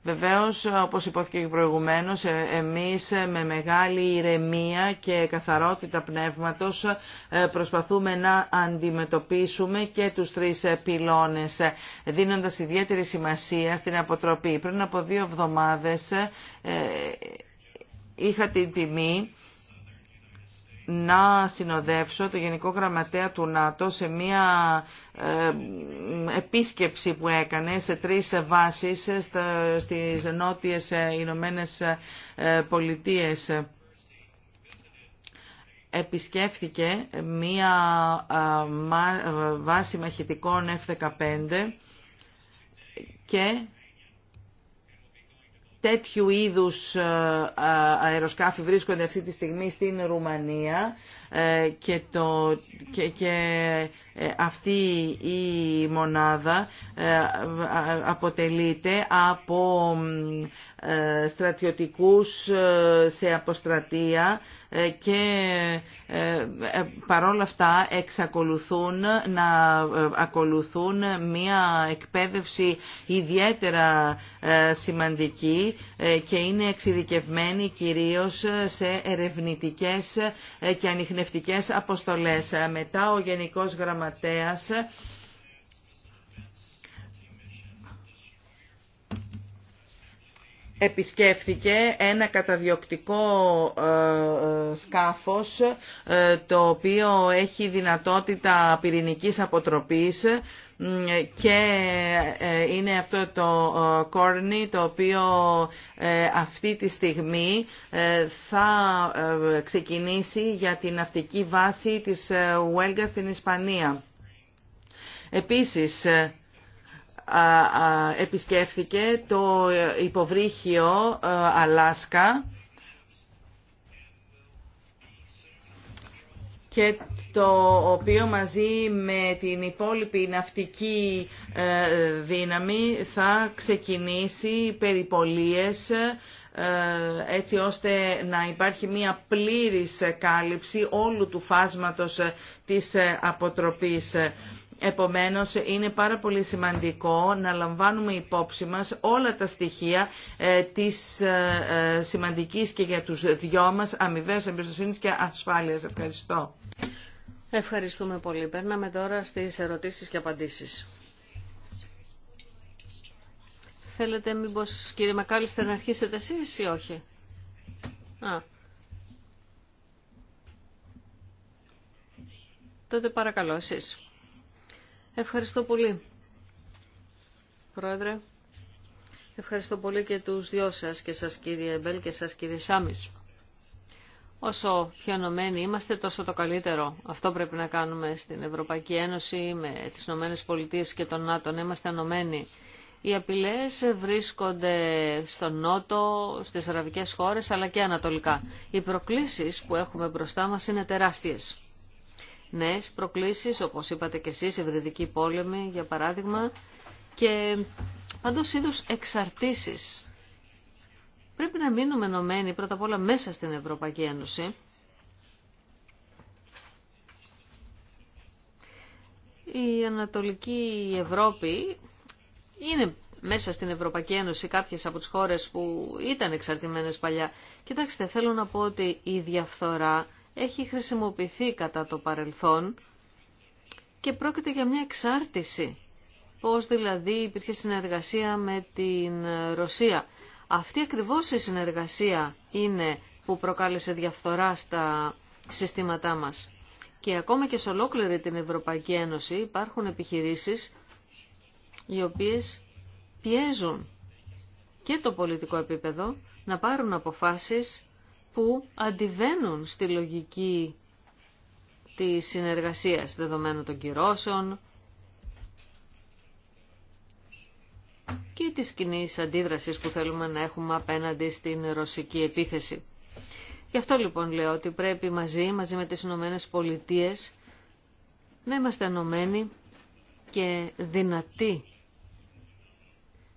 Speaker 1: Βεβαίως, όπως υπόθηκε και προηγουμένως, ε, εμείς ε, με μεγάλη ηρεμία και καθαρότητα πνεύματος ε, προσπαθούμε να αντιμετωπίσουμε και τους τρεις πυλώνες, δίνοντας ιδιαίτερη σημασία στην αποτροπή. Πριν από δύο εβδομάδες είχα την τιμή να συνοδεύσω το Γενικό Γραμματέα του ΝΑΤΟ σε μια ε, επίσκεψη που έκανε σε τρεις βάσεις στις νότιες Ηνωμένε ε, Πολιτείες. Επισκέφθηκε μία ε, βάση μαχητικών F-15 και τέτοιου είδους ε, ε, αεροσκάφη βρίσκονται αυτή τη στιγμή στην Ρουμανία ε, και, το, και, και αυτή η μονάδα ε, αποτελείται από ε, στρατιωτικούς ε, σε αποστρατεία και παρόλα αυτά εξακολουθούν να ακολουθούν μια εκπαίδευση ιδιαίτερα σημαντική και είναι εξειδικευμένοι κυρίως σε ερευνητικές και ανιχνευτικές αποστολές. Μετά ο Γενικός Γραμματικός Γραμματέας επισκέφθηκε ένα καταδιοκτικό ε, ε, σκάφος ε, το οποίο έχει δυνατότητα πυρηνικής αποτροπής και ε, είναι αυτό το ε, κόρνι το οποίο ε, αυτή τη στιγμή θα ξεκινήσει για την ναυτική βάση της Ουέλγα στην Ισπανία. Επίσης, επισκέφθηκε το υποβρύχιο Αλάσκα και το οποίο μαζί με την υπόλοιπη ναυτική ε, δύναμη θα ξεκινήσει περιπολίες ε, έτσι ώστε να υπάρχει μία πλήρης κάλυψη όλου του φάσματος ε, της αποτροπής. Επομένως, είναι πάρα πολύ σημαντικό να λαμβάνουμε υπόψη μας όλα τα στοιχεία της σημαντικής και για τους δυο μας αμοιβές εμπιστοσύνης και ασφάλειας. Ευχαριστώ.
Speaker 2: Ευχαριστούμε πολύ. Περνάμε τώρα στις ερωτήσεις και απαντήσεις. Θέλετε μήπως κύριε Μακάλιστερ να αρχίσετε εσείς ή όχι. Α. Τότε παρακαλώ εσείς. Ευχαριστώ πολύ. Πρόεδρε, ευχαριστώ πολύ και τους δυο σας και σας κύριε Μπέλ και σας κύριε Σάμις. Όσο πιο ενωμένοι είμαστε, τόσο το καλύτερο. Αυτό πρέπει να κάνουμε στην Ευρωπαϊκή Ένωση, με τις Ηνωμένες Πολιτείες και τον ΝΑΤΟ, είμαστε ενωμένοι. Οι απειλές βρίσκονται στον Νότο, στις αραβικές χώρες, αλλά και ανατολικά. Οι προκλήσεις που έχουμε μπροστά μας είναι τεράστιες. Νέες προκλήσεις, όπως είπατε και εσείς, ευρυδική πόλεμη, για παράδειγμα, και παντός είδους εξαρτήσεις Πρέπει να μείνουμε ενωμένοι πρώτα απ' όλα μέσα στην Ευρωπαϊκή Ένωση. Η Ανατολική Ευρώπη είναι μέσα στην Ευρωπαϊκή Ένωση κάποιες από τις χώρες που ήταν εξαρτημένες παλιά. Κοιτάξτε, θέλω να πω ότι η διαφθορά έχει χρησιμοποιηθεί κατά το παρελθόν και πρόκειται για μια εξάρτηση. Πώς δηλαδή υπήρχε συνεργασία με την Ρωσία. Αυτή ακριβώς η συνεργασία είναι που προκάλεσε διαφθορά στα συστήματά μας. Και ακόμα και σε ολόκληρη την Ευρωπαϊκή Ένωση υπάρχουν επιχειρήσεις οι οποίες πιέζουν και το πολιτικό επίπεδο να πάρουν αποφάσεις που αντιβαίνουν στη λογική της συνεργασίας δεδομένου των κυρώσεων, και της κοινή αντίδρασης που θέλουμε να έχουμε απέναντι στην ρωσική επίθεση. Γι' αυτό λοιπόν λέω ότι πρέπει μαζί, μαζί με τις Ηνωμένε Πολιτείε να είμαστε ενωμένοι και δυνατοί.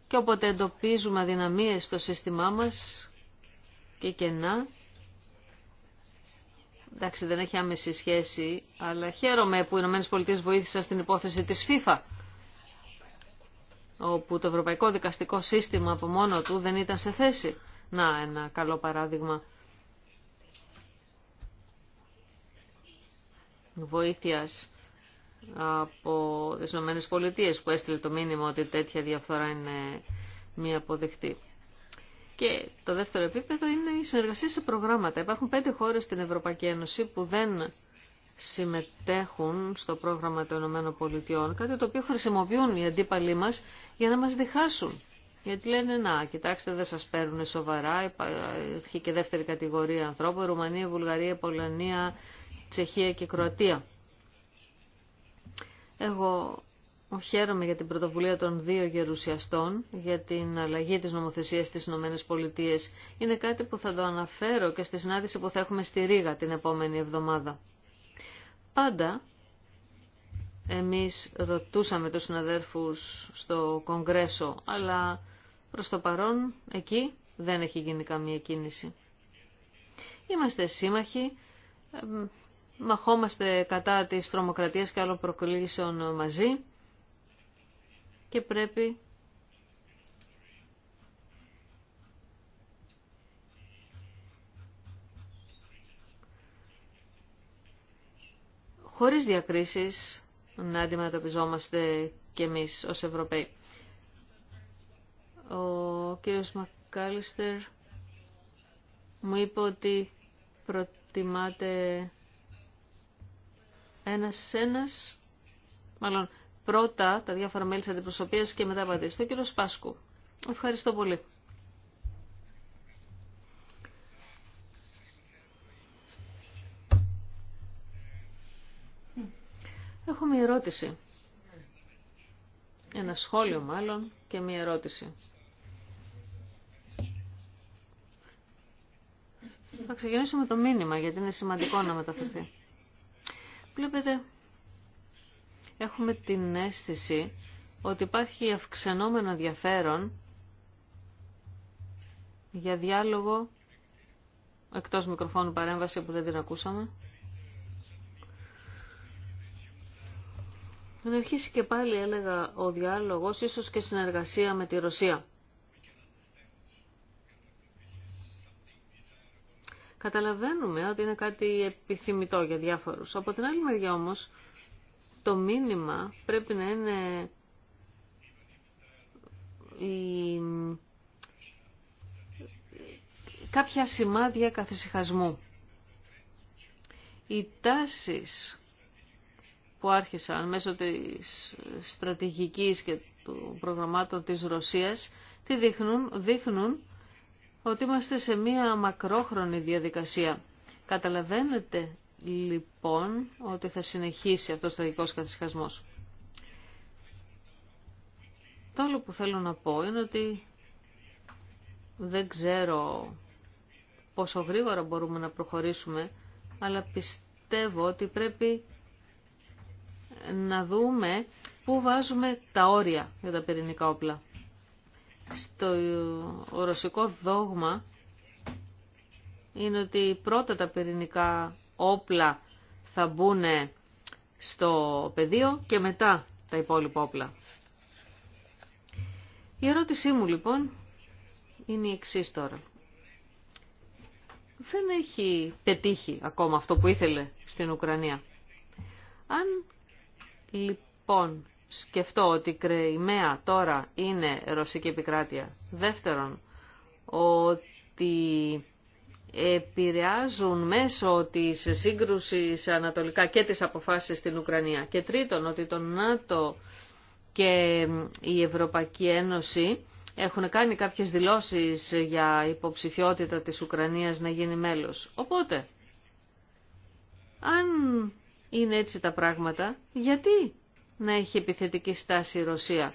Speaker 2: Και όποτε εντοπίζουμε αδυναμίες στο σύστημά μας και κενά, εντάξει δεν έχει άμεση σχέση, αλλά χαίρομαι που οι Ηνωμένε Πολιτείε βοήθησαν στην υπόθεση της FIFA όπου το Ευρωπαϊκό Δικαστικό Σύστημα από μόνο του δεν ήταν σε θέση. Να, ένα καλό παράδειγμα. Βοήθειας από τις ΗΠΑ που έστειλε το μήνυμα ότι τέτοια διαφθορά είναι μία αποδεκτή. Και το δεύτερο επίπεδο είναι η συνεργασία σε προγράμματα. Υπάρχουν πέντε χώρες στην Ευρωπαϊκή Ένωση που δεν συμμετέχουν στο πρόγραμμα των ΗΠΑ, κάτι το οποίο χρησιμοποιούν οι αντίπαλοι μας για να μας διχάσουν. Γιατί λένε, να, κοιτάξτε, δεν σας παίρνουν σοβαρά, έχει και δεύτερη κατηγορία ανθρώπων, Ρουμανία, Βουλγαρία, Πολωνία, Τσεχία και Κροατία. Εγώ χαίρομαι για την πρωτοβουλία των δύο γερουσιαστών για την αλλαγή της νομοθεσίας στις ΗΠΑ. Είναι κάτι που θα το αναφέρω και στη συνάντηση που θα έχουμε στη Ρήγα την επόμενη εβδομάδα. Πάντα εμείς ρωτούσαμε τους συναδέρφους στο Κογκρέσο, αλλά προς το παρόν εκεί δεν έχει γίνει καμία κίνηση. Είμαστε σύμμαχοι, μαχόμαστε κατά της τρομοκρατίας και άλλων προκλήσεων μαζί και πρέπει χωρίς διακρίσεις να αντιμετωπιζόμαστε κι εμείς ως Ευρωπαίοι. Ο κύριος Μακάλιστερ μου είπε ότι προτιμάτε ένας-ένας, μάλλον πρώτα τα διάφορα μέλη της αντιπροσωπείας και μετά απαντήσει. Το κύριο Σπάσκου. Ευχαριστώ πολύ. Έχω μια ερώτηση. Ένα σχόλιο μάλλον και μια ερώτηση. Θα με το μήνυμα γιατί είναι σημαντικό να μεταφερθεί. Βλέπετε, έχουμε την αίσθηση ότι υπάρχει αυξανόμενο ενδιαφέρον για διάλογο εκτός μικροφώνου παρέμβαση που δεν την ακούσαμε. Να αρχίσει και πάλι έλεγα ο διάλογος, ίσως και συνεργασία με τη Ρωσία. Καταλαβαίνουμε ότι είναι κάτι επιθυμητό για διάφορους. Από την άλλη μεριά όμως, το μήνυμα πρέπει να είναι κάποια σημάδια καθησυχασμού. Οι τάσεις που άρχισαν μέσω της στρατηγικής και του προγραμμάτων της Ρωσίας, τι δείχνουν, δείχνουν ότι είμαστε σε μία μακρόχρονη διαδικασία. Καταλαβαίνετε λοιπόν ότι θα συνεχίσει αυτός ο τραγικός καθισχασμός. Το άλλο που θέλω να πω είναι ότι δεν ξέρω πόσο γρήγορα μπορούμε να προχωρήσουμε, αλλά πιστεύω ότι πρέπει να δούμε πού βάζουμε τα όρια για τα πυρηνικά όπλα. Στο ρωσικό δόγμα είναι ότι πρώτα τα πυρηνικά όπλα θα μπουν στο πεδίο και μετά τα υπόλοιπα όπλα. Η ερώτησή μου λοιπόν είναι η εξή τώρα. Δεν έχει πετύχει ακόμα αυτό που ήθελε στην Ουκρανία. Αν Λοιπόν, σκεφτώ ότι η Κρεϊμαία τώρα είναι ρωσική επικράτεια. Δεύτερον, ότι επηρεάζουν μέσω της σύγκρουσης ανατολικά και της αποφάσεις στην Ουκρανία. Και τρίτον, ότι το ΝΑΤΟ και η Ευρωπαϊκή Ένωση έχουν κάνει κάποιες δηλώσεις για υποψηφιότητα της Ουκρανίας να γίνει μέλος. Οπότε, αν είναι έτσι τα πράγματα, γιατί να έχει επιθετική στάση η Ρωσία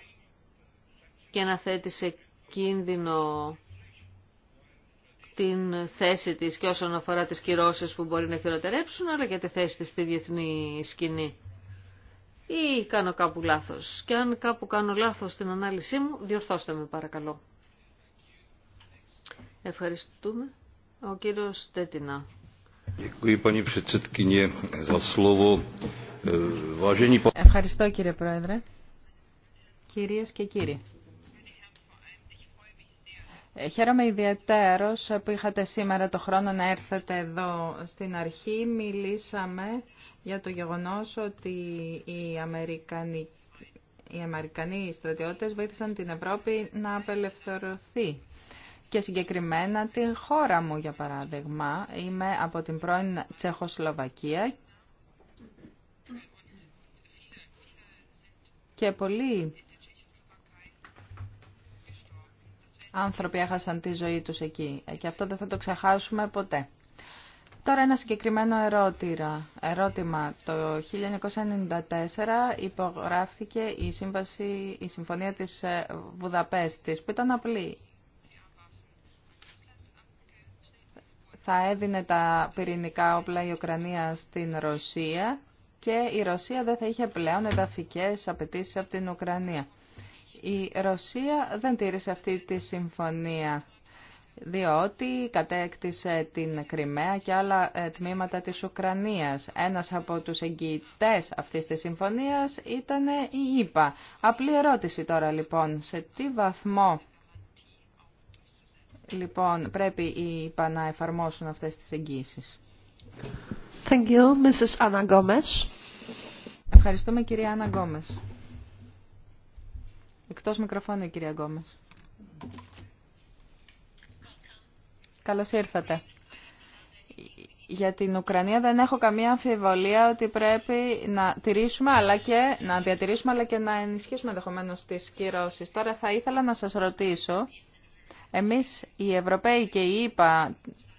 Speaker 2: και να θέτει σε κίνδυνο την θέση της και όσον αφορά τις κυρώσεις που μπορεί να χειροτερέψουν, αλλά και τη θέση της στη διεθνή σκηνή. Ή κάνω κάπου λάθος. Και αν κάπου κάνω λάθος στην ανάλυση μου, διορθώστε με παρακαλώ. Ευχαριστούμε. Ο κύριος Τέτινα.
Speaker 1: E,
Speaker 3: Ευχαριστώ κύριε Πρόεδρε. Κυρίες και κύριοι. Ε, χαίρομαι ιδιαίτερος που είχατε σήμερα το χρόνο να έρθετε εδώ. Στην αρχή μιλήσαμε για το γεγονός ότι οι Αμερικανοί, οι Αμερικανοί στρατιώτες βοήθησαν την Ευρώπη να απελευθερωθεί και συγκεκριμένα τη χώρα μου, για παράδειγμα. Είμαι από την πρώην Τσεχοσλοβακία και πολλοί άνθρωποι έχασαν τη ζωή τους εκεί και αυτό δεν θα το ξεχάσουμε ποτέ. Τώρα ένα συγκεκριμένο ερώτημα. Το 1994 υπογράφτηκε η, σύμβαση, η Συμφωνία της ε, Βουδαπέστης, που ήταν απλή. θα έδινε τα πυρηνικά όπλα η Ουκρανία στην Ρωσία και η Ρωσία δεν θα είχε πλέον εδαφικές απαιτήσει από την Ουκρανία. Η Ρωσία δεν τήρησε αυτή τη συμφωνία διότι κατέκτησε την Κρυμαία και άλλα ε, τμήματα της Ουκρανίας. Ένας από τους εγγυητές αυτής της συμφωνίας ήταν η ΙΠΑ. Απλή ερώτηση τώρα λοιπόν, σε τι βαθμό Λοιπόν, πρέπει οι ΙΠΑ να εφαρμόσουν αυτές τις εγγύησεις. Thank you, Mrs. Anna Gomez. Ευχαριστούμε, κυρία Άννα Γκόμες. Εκτός μικροφώνου, κυρία Γκόμες. Καλώς ήρθατε. Για την Ουκρανία δεν έχω καμία αμφιβολία ότι πρέπει να τηρήσουμε αλλά και να διατηρήσουμε αλλά και να ενισχύσουμε ενδεχομένω τις κυρώσεις. Τώρα θα ήθελα να σας ρωτήσω εμείς οι Ευρωπαίοι και οι ΙΠΑ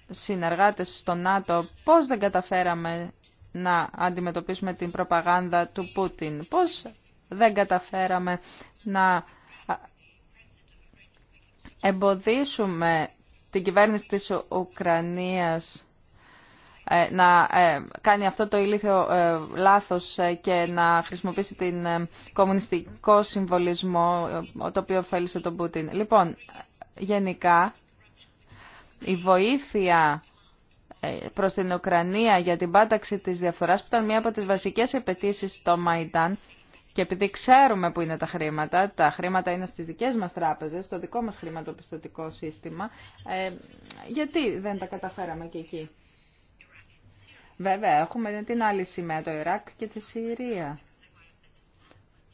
Speaker 3: συνεργάτες στο ΝΑΤΟ πώς δεν καταφέραμε να αντιμετωπίσουμε την προπαγάνδα του Πούτιν. Πώς δεν καταφέραμε να εμποδίσουμε την κυβέρνηση της Ουκρανίας ε, να ε, κάνει αυτό το ηλίθιο ε, λάθος και να χρησιμοποιήσει την κομμουνιστικό συμβολισμό το οποίο ωφέλησε τον Πούτιν. Λοιπόν, γενικά η βοήθεια ε, προς την Ουκρανία για την πάταξη της διαφοράς που ήταν μία από τις βασικές επαιτήσεις στο Μαϊντάν και επειδή ξέρουμε που είναι τα χρήματα, τα χρήματα είναι στις δικές μας τράπεζες, στο δικό μας χρηματοπιστωτικό σύστημα, ε, γιατί δεν τα καταφέραμε και εκεί. Βέβαια, έχουμε την άλλη σημαία, το Ιράκ και τη Συρία,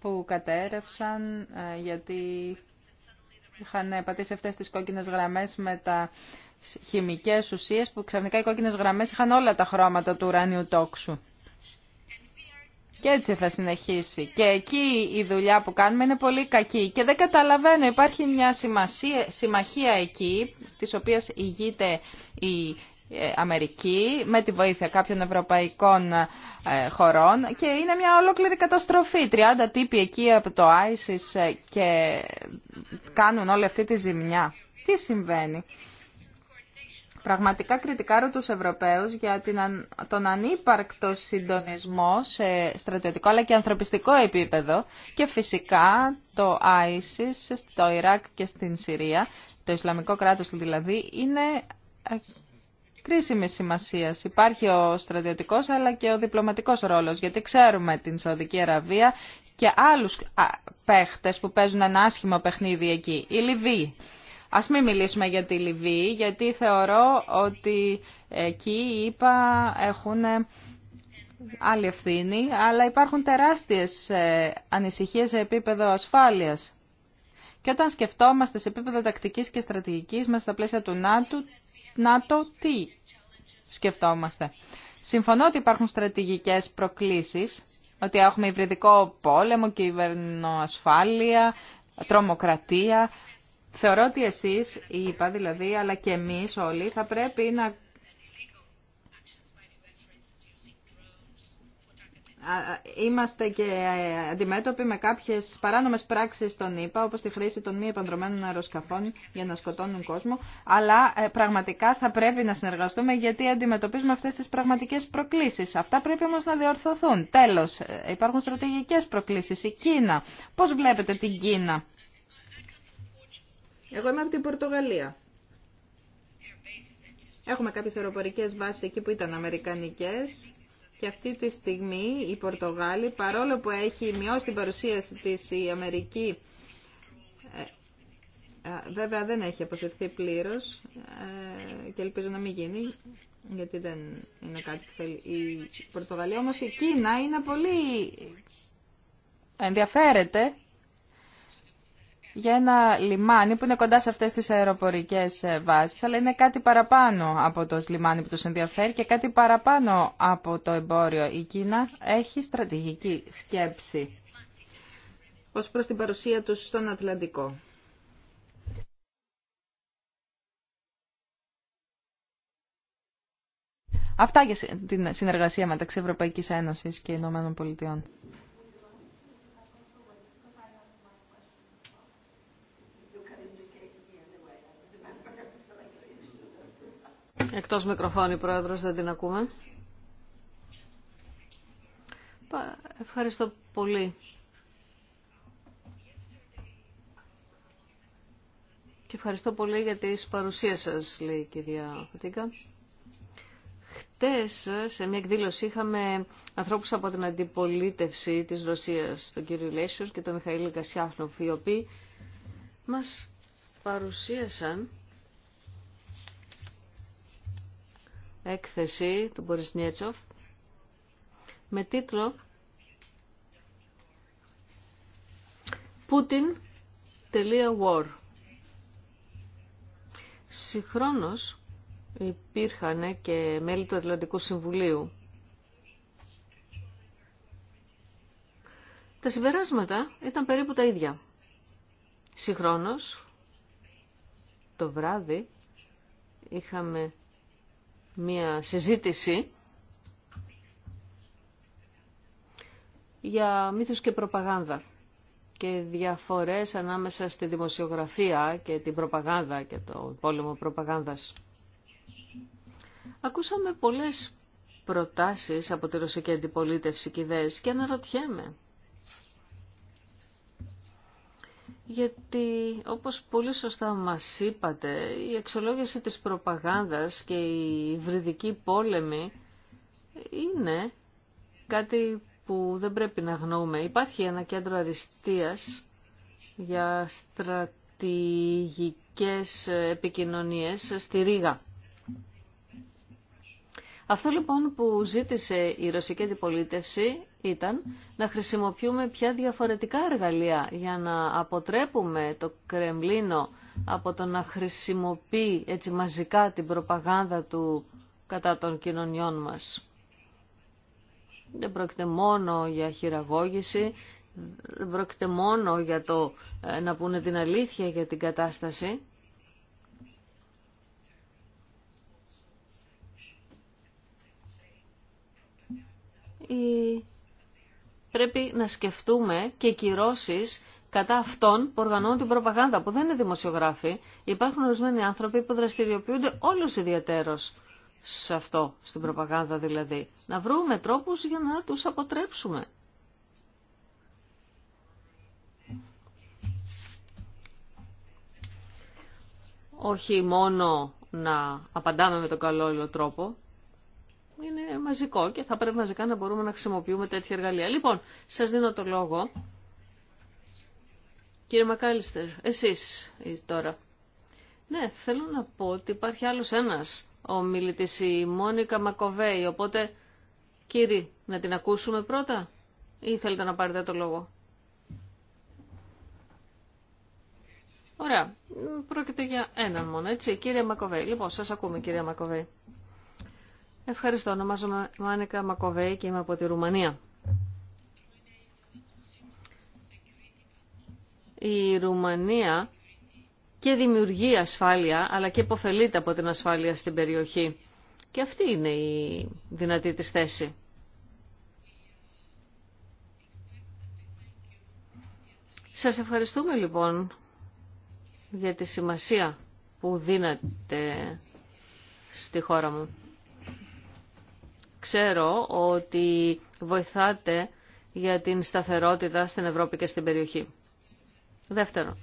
Speaker 3: που κατέρευσαν ε, γιατί είχαν πατήσει αυτές τις κόκκινες γραμμές με τα χημικές ουσίες που ξαφνικά οι κόκκινες γραμμές είχαν όλα τα χρώματα του ουράνιου τόξου. Και έτσι θα συνεχίσει. Και εκεί η δουλειά που κάνουμε είναι πολύ κακή. Και δεν καταλαβαίνω, υπάρχει μια συμμαχία εκεί, της οποίας ηγείται η ε, Αμερική με τη βοήθεια κάποιων ευρωπαϊκών ε, χωρών και είναι μια ολόκληρη καταστροφή. 30 τύποι εκεί από το ISIS ε, και κάνουν όλη αυτή τη ζημιά. Τι συμβαίνει. Πραγματικά κριτικάρω τους Ευρωπαίους για τον ανύπαρκτο συντονισμό σε στρατιωτικό αλλά και ανθρωπιστικό επίπεδο και φυσικά το ISIS στο Ιράκ και στην Συρία, το Ισλαμικό κράτος δηλαδή, είναι κρίσιμη σημασία. Υπάρχει ο στρατιωτικός αλλά και ο διπλωματικό ρόλος, γιατί ξέρουμε την Σαουδική Αραβία και άλλους παίχτε που παίζουν ένα άσχημο παιχνίδι εκεί. Η Λιβύη. Ας μην μιλήσουμε για τη Λιβύη, γιατί θεωρώ ότι εκεί είπα έχουν ε, άλλη ευθύνη, αλλά υπάρχουν τεράστιες ε, ανησυχίες σε επίπεδο ασφάλειας. Και όταν σκεφτόμαστε σε επίπεδο τακτικής και στρατηγικής μας στα πλαίσια του ΝΑΤΟ, ΝΑΤΟ τι σκεφτόμαστε. Συμφωνώ ότι υπάρχουν στρατηγικές προκλήσεις, ότι έχουμε υβριδικό πόλεμο, κυβερνοασφάλεια, τρομοκρατία. Θεωρώ ότι εσείς, είπα δηλαδή, αλλά και εμείς όλοι, θα πρέπει να είμαστε και ε, αντιμέτωποι με κάποιες παράνομες πράξεις των ΗΠΑ, όπως τη χρήση των μη επανδρομένων αεροσκαφών για να σκοτώνουν κόσμο, αλλά ε, πραγματικά θα πρέπει να συνεργαστούμε γιατί αντιμετωπίζουμε αυτές τις πραγματικέ προκλήσεις. Αυτά πρέπει όμω να διορθωθούν. Τέλος, ε, υπάρχουν στρατηγικέ προκλήσει. Η Κίνα. Πώ βλέπετε την Κίνα. Εγώ είμαι από την Πορτογαλία. Έχουμε κάποιες αεροπορικές βάσεις εκεί που ήταν αμερικανικές και αυτή τη στιγμή η Πορτογάλη, παρόλο που έχει μειώσει την παρουσία της η Αμερική, ε, ε, βέβαια δεν έχει αποσυρθεί πλήρως ε, και ελπίζω να μην γίνει, γιατί δεν είναι κάτι που θέλει η Πορτογαλία. Όμως η Κίνα είναι πολύ ενδιαφέρεται για ένα λιμάνι που είναι κοντά σε αυτές τις αεροπορικές ε, βάσεις, αλλά είναι κάτι παραπάνω από το λιμάνι που τους ενδιαφέρει και κάτι παραπάνω από το εμπόριο. Η Κίνα έχει στρατηγική σκέψη ως προς την παρουσία τους στον Ατλαντικό. Αυτά για την συνεργασία μεταξύ Ευρωπαϊκής Ένωσης και Ηνωμένων Πολιτειών.
Speaker 2: Εκτός μικροφώνη, Πρόεδρος, δεν την ακούμε. Ευχαριστώ πολύ. Και ευχαριστώ πολύ για τις παρουσίες σας, λέει η κυρία Φωτίκα. Χτες, σε μια εκδήλωση, είχαμε ανθρώπους από την αντιπολίτευση της Ρωσίας, τον κύριο Λέσιος και τον Μιχαήλ Κασιάχνοφ, οι οποίοι μας παρουσίασαν έκθεση του Μπορίς με τίτλο Πούτιν τελεία war. Συγχρόνως υπήρχαν και μέλη του Ατλαντικού Συμβουλίου. Τα συμπεράσματα ήταν περίπου τα ίδια. Συγχρόνως το βράδυ είχαμε μία συζήτηση για μύθους και προπαγάνδα και διαφορές ανάμεσα στη δημοσιογραφία και την προπαγάνδα και το πόλεμο προπαγάνδας. Ακούσαμε πολλές προτάσεις από τη ρωσική αντιπολίτευση και ιδέες και αναρωτιέμαι γιατί όπως πολύ σωστά μας είπατε, η εξολόγηση της προπαγάνδας και η βρυδική πόλεμη είναι κάτι που δεν πρέπει να γνώμε. Υπάρχει ένα κέντρο αριστείας για στρατηγικές επικοινωνίες στη Ρήγα. Αυτό λοιπόν που ζήτησε η ρωσική αντιπολίτευση ήταν να χρησιμοποιούμε πια διαφορετικά εργαλεία για να αποτρέπουμε το Κρεμλίνο από το να χρησιμοποιεί έτσι μαζικά την προπαγάνδα του κατά των κοινωνιών μας. Δεν πρόκειται μόνο για χειραγώγηση, δεν πρόκειται μόνο για το ε, να πούνε την αλήθεια για την κατάσταση, πρέπει να σκεφτούμε και κυρώσει κατά αυτών που οργανώνουν την προπαγάνδα, που δεν είναι δημοσιογράφοι. Υπάρχουν ορισμένοι άνθρωποι που δραστηριοποιούνται όλο ιδιαίτερος σε αυτό, στην προπαγάνδα δηλαδή. Να βρούμε τρόπους για να τους αποτρέψουμε. Όχι μόνο να απαντάμε με τον καλό τρόπο, είναι μαζικό και θα πρέπει μαζικά να μπορούμε να χρησιμοποιούμε τέτοια εργαλεία. Λοιπόν, σας δίνω το λόγο. Κύριε Μακάλιστερ, εσείς ε, τώρα. Ναι, θέλω να πω ότι υπάρχει άλλος ένας ομιλητής, η Μόνικα Μακοβέη, οπότε κύριε, να την ακούσουμε πρώτα ή θέλετε να πάρετε το λόγο. Ωραία. Πρόκειται για έναν μόνο, έτσι. Κύριε Μακοβέη. Λοιπόν, σας ακούμε, κύριε Μακοβέη. Ευχαριστώ. Ονομάζομαι Μάνικα Μακοβέη και είμαι από τη Ρουμανία. Η Ρουμανία και δημιουργεί ασφάλεια, αλλά και υποφελείται από την ασφάλεια στην περιοχή. Και αυτή είναι η δυνατή της θέση. Σας ευχαριστούμε λοιπόν για τη σημασία που δίνατε στη χώρα μου ξέρω ότι βοηθάτε για την σταθερότητα στην Ευρώπη και στην περιοχή. Δεύτερον,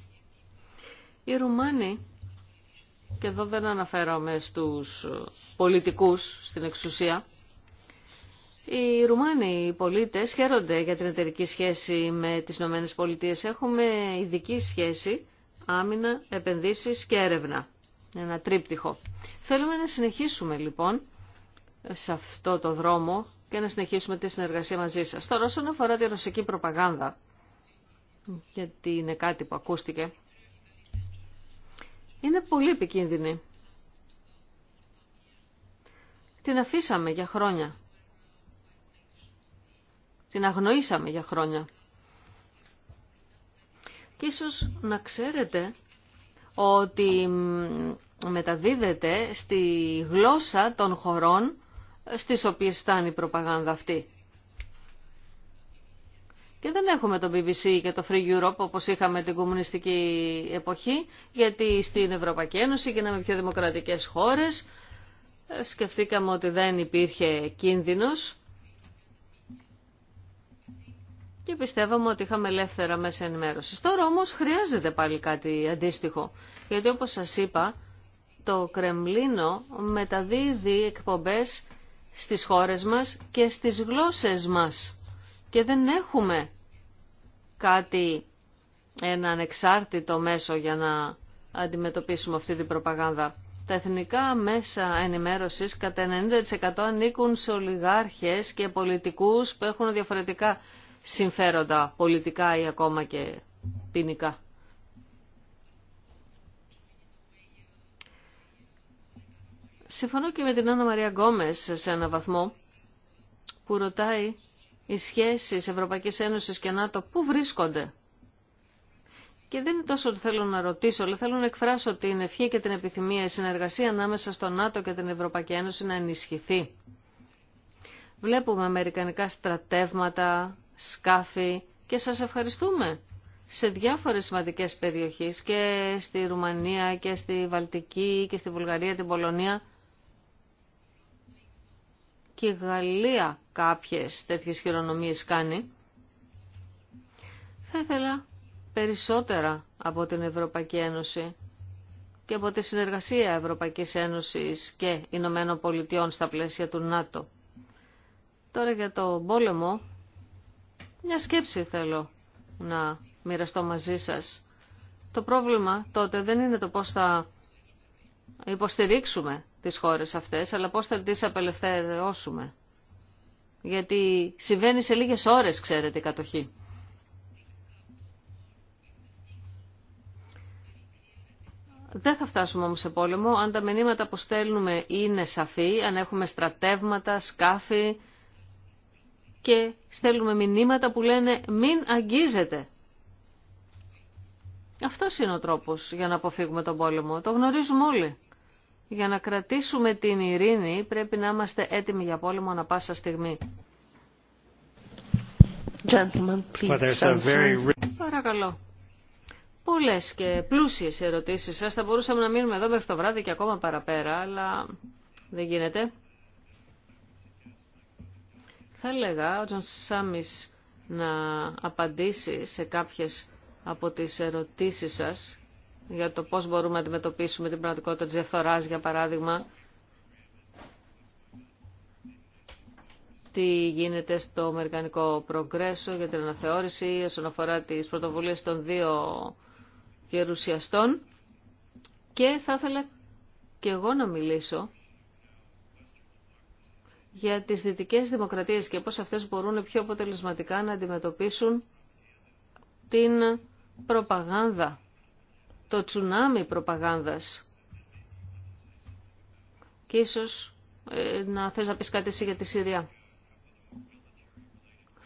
Speaker 2: οι Ρουμάνοι, και εδώ δεν αναφέρομαι στους πολιτικούς στην εξουσία, οι Ρουμάνοι οι πολίτες χαίρονται για την εταιρική σχέση με τις Ηνωμένες Πολιτείες. Έχουμε ειδική σχέση άμυνα, επενδύσεις και έρευνα. Ένα τρίπτυχο. Θέλουμε να συνεχίσουμε λοιπόν σε αυτό το δρόμο και να συνεχίσουμε τη συνεργασία μαζί σας. Τώρα όσον αφορά τη ρωσική προπαγάνδα, γιατί είναι κάτι που ακούστηκε, είναι πολύ επικίνδυνη. Την αφήσαμε για χρόνια. Την αγνοήσαμε για χρόνια. Και ίσως να ξέρετε ότι μεταδίδεται στη γλώσσα των χωρών στις οποίες στάνει η προπαγάνδα αυτή. Και δεν έχουμε το BBC και το Free Europe όπως είχαμε την κομμουνιστική εποχή, γιατί στην Ευρωπαϊκή Ένωση γίναμε πιο δημοκρατικές χώρες, ε, σκεφτήκαμε ότι δεν υπήρχε κίνδυνος και πιστεύαμε ότι είχαμε ελεύθερα μέσα ενημέρωση. Τώρα όμως χρειάζεται πάλι κάτι αντίστοιχο, γιατί όπως σας είπα, το Κρεμλίνο μεταδίδει εκπομπές στις χώρες μας και στις γλώσσες μας. Και δεν έχουμε κάτι, ένα ανεξάρτητο μέσο για να αντιμετωπίσουμε αυτή την προπαγάνδα. Τα εθνικά μέσα ενημέρωσης κατά 90% ανήκουν σε ολιγάρχες και πολιτικούς που έχουν διαφορετικά συμφέροντα πολιτικά ή ακόμα και ποινικά. Συμφωνώ και με την Άννα Μαρία Γκόμες σε ένα βαθμό που ρωτάει οι σχέσεις Ευρωπαϊκής Ένωσης και ΝΑΤΟ πού βρίσκονται. Και δεν είναι τόσο ότι θέλω να ρωτήσω, αλλά θέλω να εκφράσω την ευχή και την επιθυμία η συνεργασία ανάμεσα στο ΝΑΤΟ και την Ευρωπαϊκή Ένωση να ενισχυθεί. Βλέπουμε αμερικανικά στρατεύματα, σκάφη και σας ευχαριστούμε σε διάφορες σημαντικές περιοχές και στη Ρουμανία και στη Βαλτική και στη Βουλγαρία, την Πολωνία και η Γαλλία κάποιες τέτοιες χειρονομίες κάνει. Θα ήθελα περισσότερα από την Ευρωπαϊκή Ένωση και από τη συνεργασία Ευρωπαϊκής Ένωσης και Ηνωμένων Πολιτειών στα πλαίσια του ΝΑΤΟ. Τώρα για το πόλεμο, μια σκέψη θέλω να μοιραστώ μαζί σας. Το πρόβλημα τότε δεν είναι το πώς θα υποστηρίξουμε τις χώρες αυτές, αλλά πώς θα τις απελευθερώσουμε. Γιατί συμβαίνει σε λίγες ώρες, ξέρετε, η κατοχή. Δεν θα φτάσουμε όμως σε πόλεμο αν τα μηνύματα που στέλνουμε είναι σαφή, αν έχουμε στρατεύματα, σκάφη και στέλνουμε μηνύματα που λένε μην αγγίζετε. Αυτός είναι ο τρόπος για να αποφύγουμε τον πόλεμο. Το γνωρίζουμε όλοι. Για να κρατήσουμε την ειρήνη πρέπει να είμαστε έτοιμοι για πόλεμο ανα πάσα στιγμή. Παρακαλώ. Πολλέ και πλούσιες ερωτήσεις σα. Θα μπορούσαμε να μείνουμε εδώ μέχρι το βράδυ και ακόμα παραπέρα, αλλά δεν γίνεται. Θα έλεγα ο Τζον Σάμις να απαντήσει σε κάποιες από τις ερωτήσεις σας για το πώς μπορούμε να αντιμετωπίσουμε την πραγματικότητα της διαφθοράς, για παράδειγμα, τι γίνεται στο Αμερικανικό Προγκρέσο για την αναθεώρηση όσον αφορά τις πρωτοβουλίες των δύο γερουσιαστών. Και θα ήθελα και εγώ να μιλήσω για τις δυτικές δημοκρατίες και πώς αυτές μπορούν πιο αποτελεσματικά να αντιμετωπίσουν την προπαγάνδα το τσουνάμι προπαγάνδας. Και ίσως ε, να θες να πεις κάτι εσύ για τη Συρία.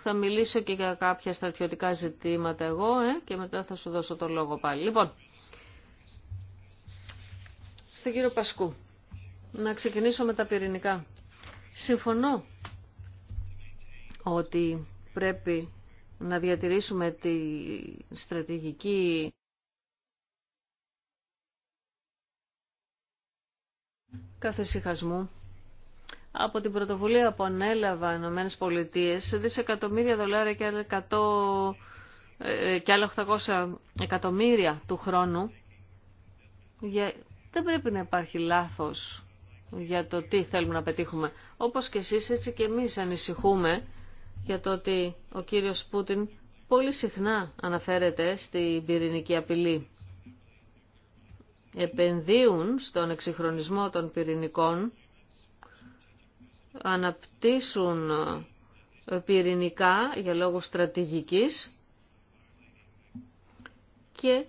Speaker 2: Θα μιλήσω και για κάποια στρατιωτικά ζητήματα εγώ ε, και μετά θα σου δώσω το λόγο πάλι. Λοιπόν, στον κύριο Πασκού, να ξεκινήσω με τα πυρηνικά. Συμφωνώ ότι πρέπει να διατηρήσουμε τη στρατηγική Κάθε σύγχασμου από την πρωτοβουλία που ανέλαβα οι ΗΠΑ σε δισεκατομμύρια δολάρια και, 100, ε, και άλλα 800 εκατομμύρια του χρόνου για... δεν πρέπει να υπάρχει λάθος για το τι θέλουμε να πετύχουμε. Όπως και εσείς έτσι και εμείς ανησυχούμε για το ότι ο κύριος Πούτιν πολύ συχνά αναφέρεται στην πυρηνική απειλή επενδύουν στον εξυγχρονισμό των πυρηνικών, αναπτύσσουν ε, πυρηνικά για λόγους στρατηγικής και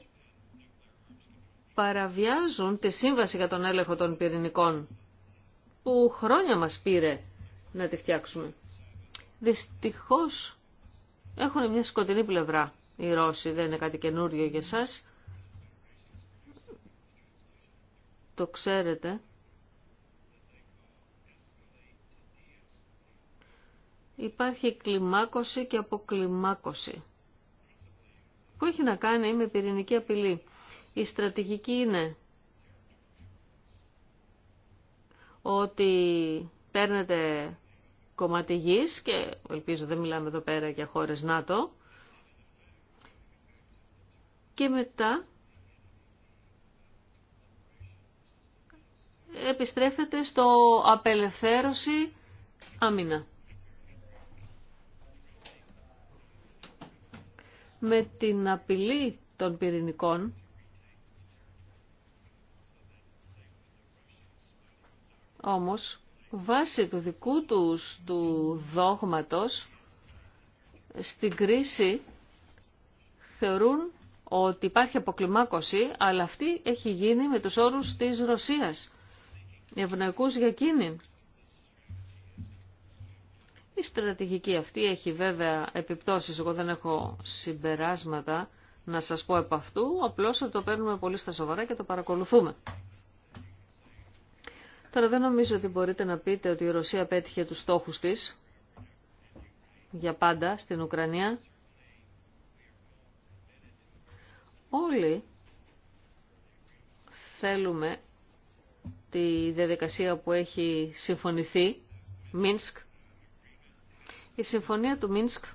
Speaker 2: παραβιάζουν τη σύμβαση για τον έλεγχο των πυρηνικών που χρόνια μας πήρε να τη φτιάξουμε. Δυστυχώς έχουν μια σκοτεινή πλευρά οι Ρώσοι, δεν είναι κάτι καινούριο για σας. το ξέρετε, υπάρχει κλιμάκωση και αποκλιμάκωση που έχει να κάνει με πυρηνική απειλή. Η στρατηγική είναι ότι παίρνετε κομμάτι γης και ελπίζω δεν μιλάμε εδώ πέρα για χώρες ΝΑΤΟ και μετά επιστρέφεται στο απελευθέρωση άμυνα. Με την απειλή των πυρηνικών, όμως, βάσει του δικού τους του δόγματος, στην κρίση θεωρούν ότι υπάρχει αποκλιμάκωση, αλλά αυτή έχει γίνει με τους όρους της Ρωσίας ευνακούς για εκείνη. Η στρατηγική αυτή έχει βέβαια επιπτώσεις. Εγώ δεν έχω συμπεράσματα να σας πω επ' αυτού, απλώς ότι το παίρνουμε πολύ στα σοβαρά και το παρακολουθούμε. Τώρα δεν νομίζω ότι μπορείτε να πείτε ότι η Ρωσία πέτυχε τους στόχους της για πάντα στην Ουκρανία. Όλοι θέλουμε τη διαδικασία που έχει συμφωνηθεί, Μίνσκ. Η συμφωνία του Μίνσκ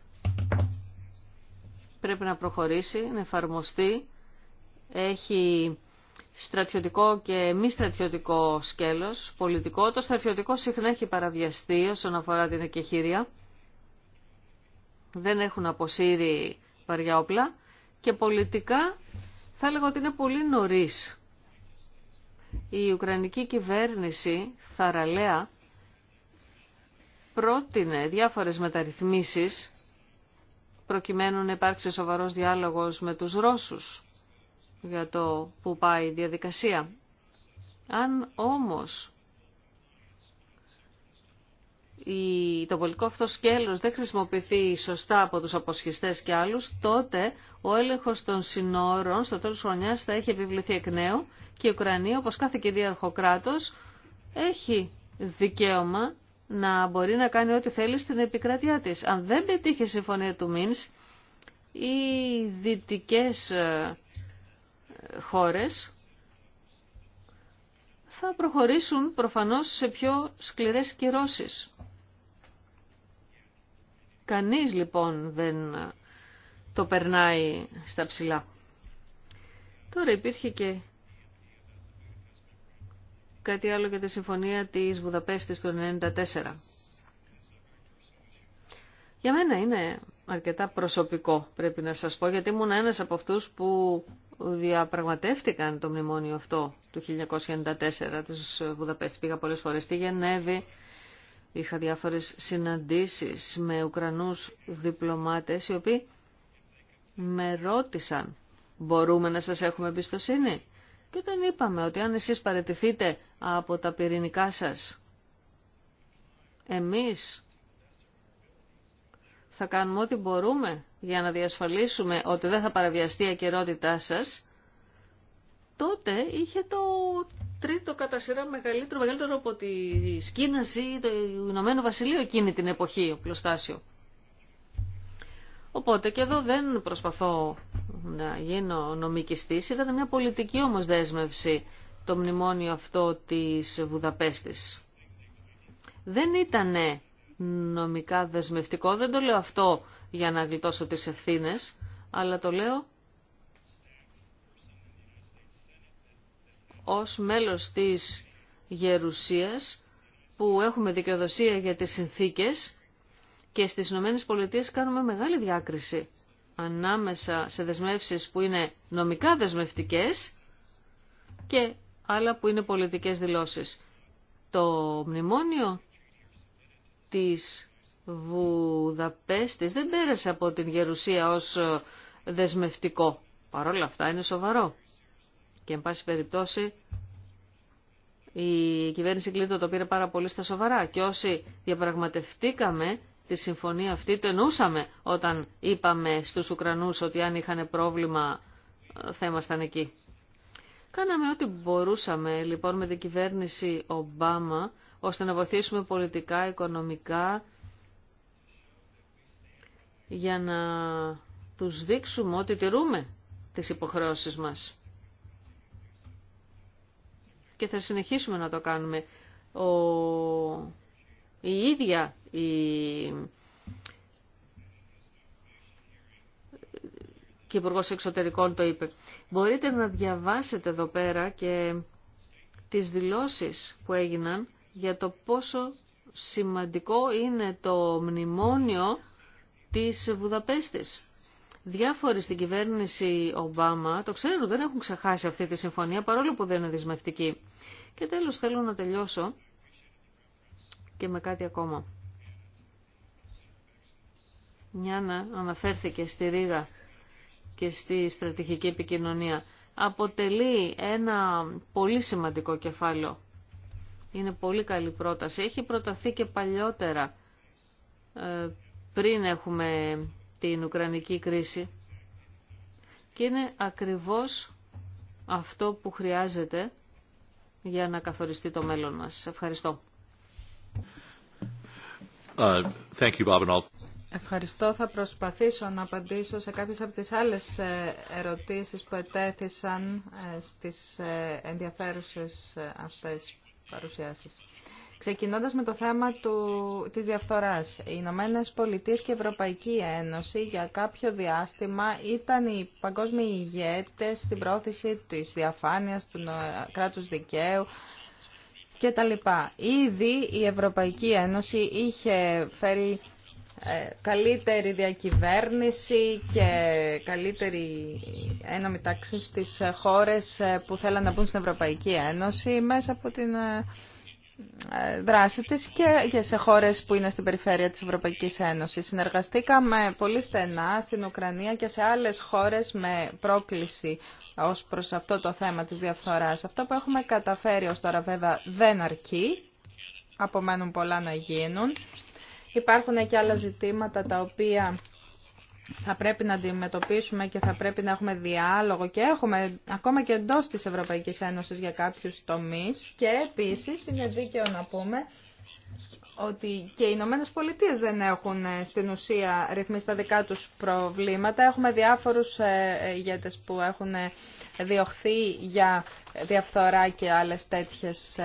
Speaker 2: πρέπει να προχωρήσει, να εφαρμοστεί. Έχει στρατιωτικό και μη στρατιωτικό σκέλος, πολιτικό. Το στρατιωτικό συχνά έχει παραβιαστεί όσον αφορά την εκεχήρια. Δεν έχουν αποσύρει βαριά όπλα. Και πολιτικά θα έλεγα ότι είναι πολύ νωρίς η Ουκρανική κυβέρνηση θαραλέα πρότεινε διάφορες μεταρρυθμίσεις προκειμένου να υπάρξει σοβαρός διάλογος με τους Ρώσους για το που πάει η διαδικασία. Αν όμως το πολιτικό αυτό σκέλος δεν χρησιμοποιηθεί σωστά από τους αποσχιστές και άλλους, τότε ο έλεγχος των συνόρων στο τέλος χρονιάς θα έχει επιβληθεί εκ νέου και η Ουκρανία, όπως κάθε κυρίαρχο κράτος, έχει δικαίωμα να μπορεί να κάνει ό,τι θέλει στην επικράτειά της. Αν δεν πετύχει η συμφωνία του Μίνς, οι δυτικές ε, χώρες θα προχωρήσουν προφανώς σε πιο σκληρές κυρώσεις. Κανείς λοιπόν δεν το περνάει στα ψηλά. Τώρα υπήρχε και κάτι άλλο για τη συμφωνία της Βουδαπέστης του 1994. Για μένα είναι αρκετά προσωπικό πρέπει να σας πω γιατί ήμουν ένας από αυτούς που διαπραγματεύτηκαν το μνημόνιο αυτό του 1994 της Βουδαπέστης. Πήγα πολλές φορές στη Γενέβη, Είχα διάφορες συναντήσεις με Ουκρανούς διπλωμάτες οι οποίοι με ρώτησαν «Μπορούμε να σας έχουμε εμπιστοσύνη» και όταν είπαμε ότι αν εσείς παραιτηθείτε από τα πυρηνικά σας εμείς θα κάνουμε ό,τι μπορούμε για να διασφαλίσουμε ότι δεν θα παραβιαστεί η ακερότητά σας, τότε είχε το τρίτο κατά σειρά μεγαλύτερο, μεγαλύτερο από τη Σκίναση ή το Ηνωμένο Βασιλείο εκείνη την εποχή, ο πλωστάσιο. Οπότε και εδώ δεν προσπαθώ να γίνω νομικιστής, ήταν μια πολιτική όμως δέσμευση το μνημόνιο αυτό της Βουδαπέστης. Δεν ήταν νομικά δεσμευτικό, δεν το λέω αυτό για να γλιτώσω τις ευθύνες, αλλά το λέω ως μέλος της Γερουσίας που έχουμε δικαιοδοσία για τις συνθήκες και στις Ηνωμένες Πολιτείες κάνουμε μεγάλη διάκριση ανάμεσα σε δεσμεύσεις που είναι νομικά δεσμευτικές και άλλα που είναι πολιτικές δηλώσεις. Το μνημόνιο της Βουδαπέστης δεν πέρασε από την Γερουσία ως δεσμευτικό. Παρ' όλα αυτά είναι σοβαρό. Και εν πάση περιπτώσει η κυβέρνηση Κλίντο το πήρε πάρα πολύ στα σοβαρά και όσοι διαπραγματευτήκαμε τη συμφωνία αυτή το όταν είπαμε στους Ουκρανούς ότι αν είχαν πρόβλημα ε, θα ήμασταν εκεί. Κάναμε ό,τι μπορούσαμε λοιπόν με την κυβέρνηση Ομπάμα ώστε να βοηθήσουμε πολιτικά, οικονομικά για να τους δείξουμε ότι τηρούμε τις υποχρεώσεις μας και θα συνεχίσουμε να το κάνουμε. Ο... Η ίδια η... και Εξωτερικών το είπε. Μπορείτε να διαβάσετε εδώ πέρα και τις δηλώσεις που έγιναν για το πόσο σημαντικό είναι το μνημόνιο της Βουδαπέστης διάφοροι στην κυβέρνηση Ομπάμα το ξέρουν, δεν έχουν ξεχάσει αυτή τη συμφωνία παρόλο που δεν είναι δυσμευτική. Και τέλος θέλω να τελειώσω και με κάτι ακόμα. Νιάννα αναφέρθηκε στη Ρήγα και στη στρατηγική επικοινωνία. Αποτελεί ένα πολύ σημαντικό κεφάλαιο. Είναι πολύ καλή πρόταση. Έχει προταθεί και παλιότερα ε, πριν έχουμε την Ουκρανική κρίση. Και είναι ακριβώς αυτό που χρειάζεται για να καθοριστεί το μέλλον μας. Ευχαριστώ.
Speaker 1: Uh,
Speaker 3: Ευχαριστώ. Θα προσπαθήσω να απαντήσω σε κάποιες από τις άλλες ε, ερωτήσεις που ετέθησαν ε, στις ε, ενδιαφέρουσες αυτές παρουσιάσεις. Ξεκινώντας με το θέμα του, της διαφθοράς, οι Ηνωμένε Πολιτείε και η Ευρωπαϊκή Ένωση για κάποιο διάστημα ήταν οι παγκόσμιοι ηγέτες στην πρόθεση της διαφάνειας, του κράτους δικαίου και τα λοιπά. Ήδη η Ευρωπαϊκή Ένωση είχε φέρει ε, καλύτερη διακυβέρνηση και καλύτερη ένωμη τάξη στις χώρες ε, που θέλαν να μπουν στην Ευρωπαϊκή Ένωση μέσα από την ε, δράση της και σε χώρες που είναι στην περιφέρεια της Ευρωπαϊκής Ένωσης. Συνεργαστήκαμε πολύ στενά στην Ουκρανία και σε άλλες χώρες με πρόκληση ως προς αυτό το θέμα της διαφθοράς. Αυτό που έχουμε καταφέρει ως τώρα βέβαια δεν αρκεί, απομένουν πολλά να γίνουν. Υπάρχουν και άλλα ζητήματα τα οποία θα πρέπει να αντιμετωπίσουμε και θα πρέπει να έχουμε διάλογο και έχουμε ακόμα και εντός της Ευρωπαϊκής Ένωσης για κάποιους τομείς και επίσης είναι δίκαιο να πούμε ότι και οι Ηνωμένε Πολιτείε δεν έχουν ε, στην ουσία ρυθμίσει τα δικά τους προβλήματα. Έχουμε διάφορους ε, ε, ηγέτες που έχουν διωχθεί για διαφθορά και άλλες τέτοιες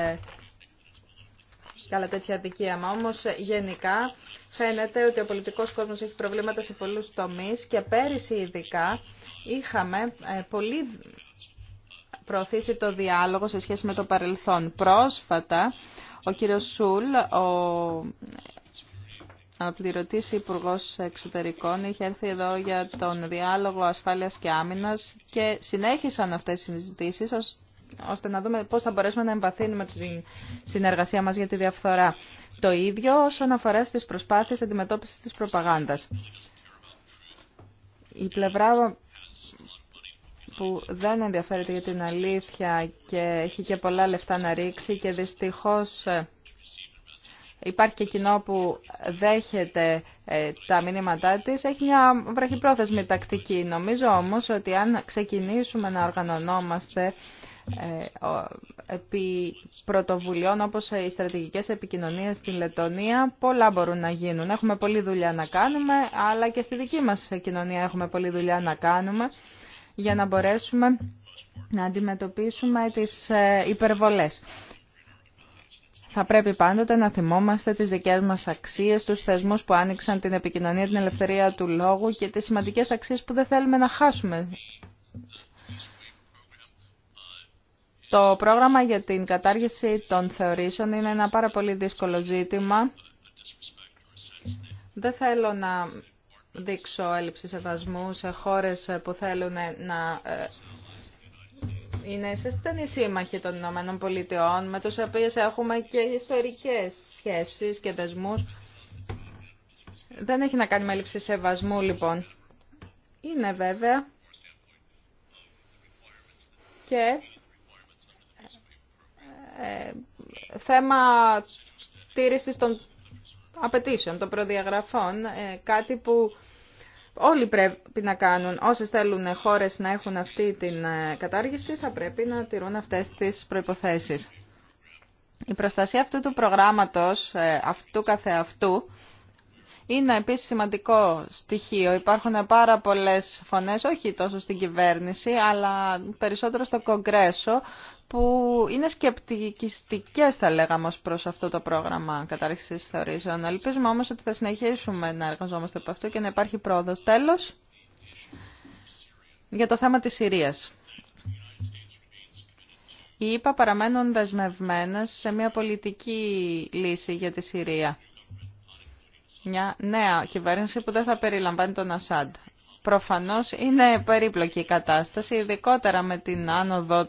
Speaker 3: Καλα τέτοια δικαίωμα. Όμως γενικά φαίνεται ότι ο πολιτικός κόσμος έχει προβλήματα σε πολλούς τομείς και πέρυσι ειδικά είχαμε ε, πολύ προωθήσει το διάλογο σε σχέση με το παρελθόν. Πρόσφατα ο κύριο Σούλ, ο αναπληρωτή υπουργό Εξωτερικών, είχε έρθει εδώ για τον διάλογο ασφάλειας και άμυνας και συνέχισαν αυτές οι συζητήσεις ώστε να δούμε πώς θα μπορέσουμε να εμβαθύνουμε τη συνεργασία μας για τη διαφθορά. Το ίδιο όσον αφορά στις προσπάθειες αντιμετώπισης της προπαγάνδας. Η πλευρά που δεν ενδιαφέρεται για την αλήθεια και έχει και πολλά λεφτά να ρίξει και δυστυχώς ε, υπάρχει και κοινό που δέχεται ε, τα μηνύματά της, έχει μια βραχυπρόθεσμη τακτική. Νομίζω όμως ότι αν ξεκινήσουμε να οργανωνόμαστε ε, επί πρωτοβουλειών όπως οι στρατηγικές επικοινωνίες στην Λετωνία πολλά μπορούν να γίνουν. Έχουμε πολλή δουλειά να κάνουμε αλλά και στη δική μας κοινωνία έχουμε πολλή δουλειά να κάνουμε για να μπορέσουμε να αντιμετωπίσουμε τις ε, υπερβολές. Θα πρέπει πάντοτε να θυμόμαστε τις δικές μας αξίες, τους θεσμούς που άνοιξαν την επικοινωνία, την ελευθερία του λόγου και τις σημαντικές αξίες που δεν θέλουμε να χάσουμε το πρόγραμμα για την κατάργηση των θεωρήσεων είναι ένα πάρα πολύ δύσκολο ζήτημα. Δεν θέλω να δείξω έλλειψη σεβασμού σε χώρες που θέλουν να ε, είναι σε στενή σύμμαχη των Ηνωμένων Πολιτειών, με τους οποίες έχουμε και ιστορικές σχέσεις και δεσμούς. Δεν έχει να κάνει με έλλειψη σεβασμού, λοιπόν. Είναι βέβαια και ε, θέμα τήρησης των απαιτήσεων, των προδιαγραφών, ε, κάτι που όλοι πρέπει να κάνουν. Όσες θέλουν χώρες να έχουν αυτή την ε, κατάργηση θα πρέπει να τηρούν αυτές τις προϋποθέσεις. Η προστασία αυτού του προγράμματος, αυτού καθεαυτού, είναι επίσης σημαντικό στοιχείο. Υπάρχουν πάρα πολλές φωνές, όχι τόσο στην κυβέρνηση, αλλά περισσότερο στο Κογκρέσο, που είναι σκεπτικιστικές θα λέγαμε ως προς αυτό το πρόγραμμα κατάρριξης θεωρήσεων. Ελπίζουμε όμως ότι θα συνεχίσουμε να εργαζόμαστε από αυτό και να υπάρχει πρόοδος. τέλο για το θέμα της Συρίας. Οι ΗΠΑ παραμένουν δεσμευμένε σε μια πολιτική λύση για τη Συρία. Μια νέα κυβέρνηση που δεν θα περιλαμβάνει τον Ασάντ. Προφανώς είναι περίπλοκη η κατάσταση, ειδικότερα με την άνοδο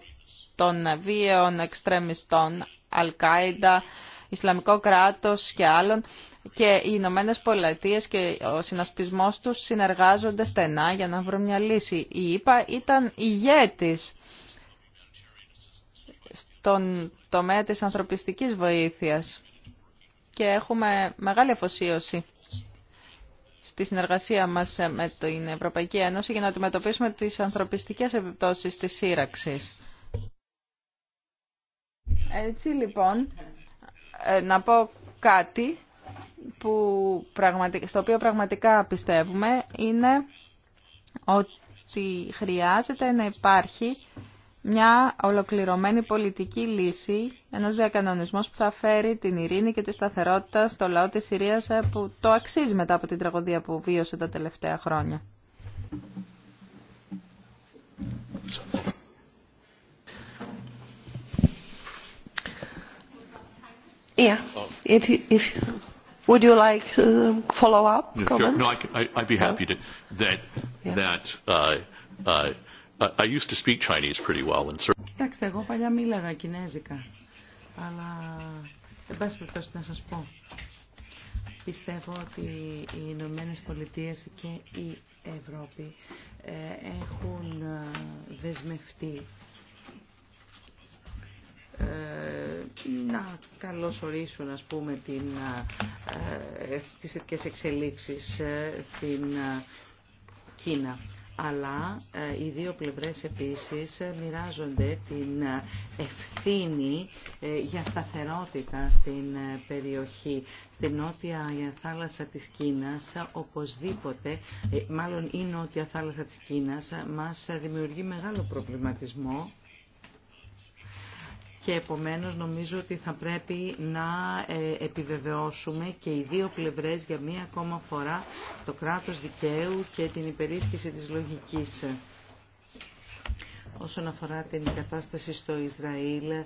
Speaker 3: των βίαιων εξτρεμιστών, Αλ-Κάιντα Ισλαμικό κράτος και άλλων και οι Ηνωμένε Πολιτείε και ο συνασπισμός τους συνεργάζονται στενά για να βρουν μια λύση. Η ΙΠΑ ήταν ηγέτης στον τομέα της ανθρωπιστικής βοήθειας και έχουμε μεγάλη αφοσίωση στη συνεργασία μας με την Ευρωπαϊκή Ένωση για να αντιμετωπίσουμε τις ανθρωπιστικές επιπτώσεις της σύραξης. Έτσι λοιπόν, ε, να πω κάτι που στο οποίο πραγματικά πιστεύουμε είναι ότι χρειάζεται να υπάρχει μια ολοκληρωμένη πολιτική λύση, ένας διακανονισμός που θα φέρει την ειρήνη και τη σταθερότητα στο λαό της Συρίας ε, που το αξίζει μετά από την τραγωδία που βίωσε τα τελευταία χρόνια. Yeah. If would you like to follow up?
Speaker 1: No, I'd be happy to. That that uh, uh, I used to speak Chinese pretty well in Κοιτάξτε, εγώ παλιά μίλαγα κινέζικα, αλλά δεν πάση περιπτώσει να σα πω. Πιστεύω ότι οι Ηνωμένε Πολιτείε και η Ευρώπη ε, έχουν ε, δεσμευτεί ε, να καλωσορίσουν ας πούμε την, ε, τις εξελίξεις ε, στην Κίνα αλλά ε, οι δύο πλευρές επίσης μοιράζονται την ευθύνη για σταθερότητα στην περιοχή. Στην νότια θάλασσα της Κίνας, οπωσδήποτε, μάλλον η νότια θάλασσα της Κίνας, μας δημιουργεί μεγάλο προβληματισμό και επομένως νομίζω ότι θα πρέπει να ε, επιβεβαιώσουμε και οι δύο πλευρές για μία ακόμα φορά το κράτος δικαίου και την υπερίσχυση της λογικής. Όσον αφορά την κατάσταση στο Ισραήλ, ε,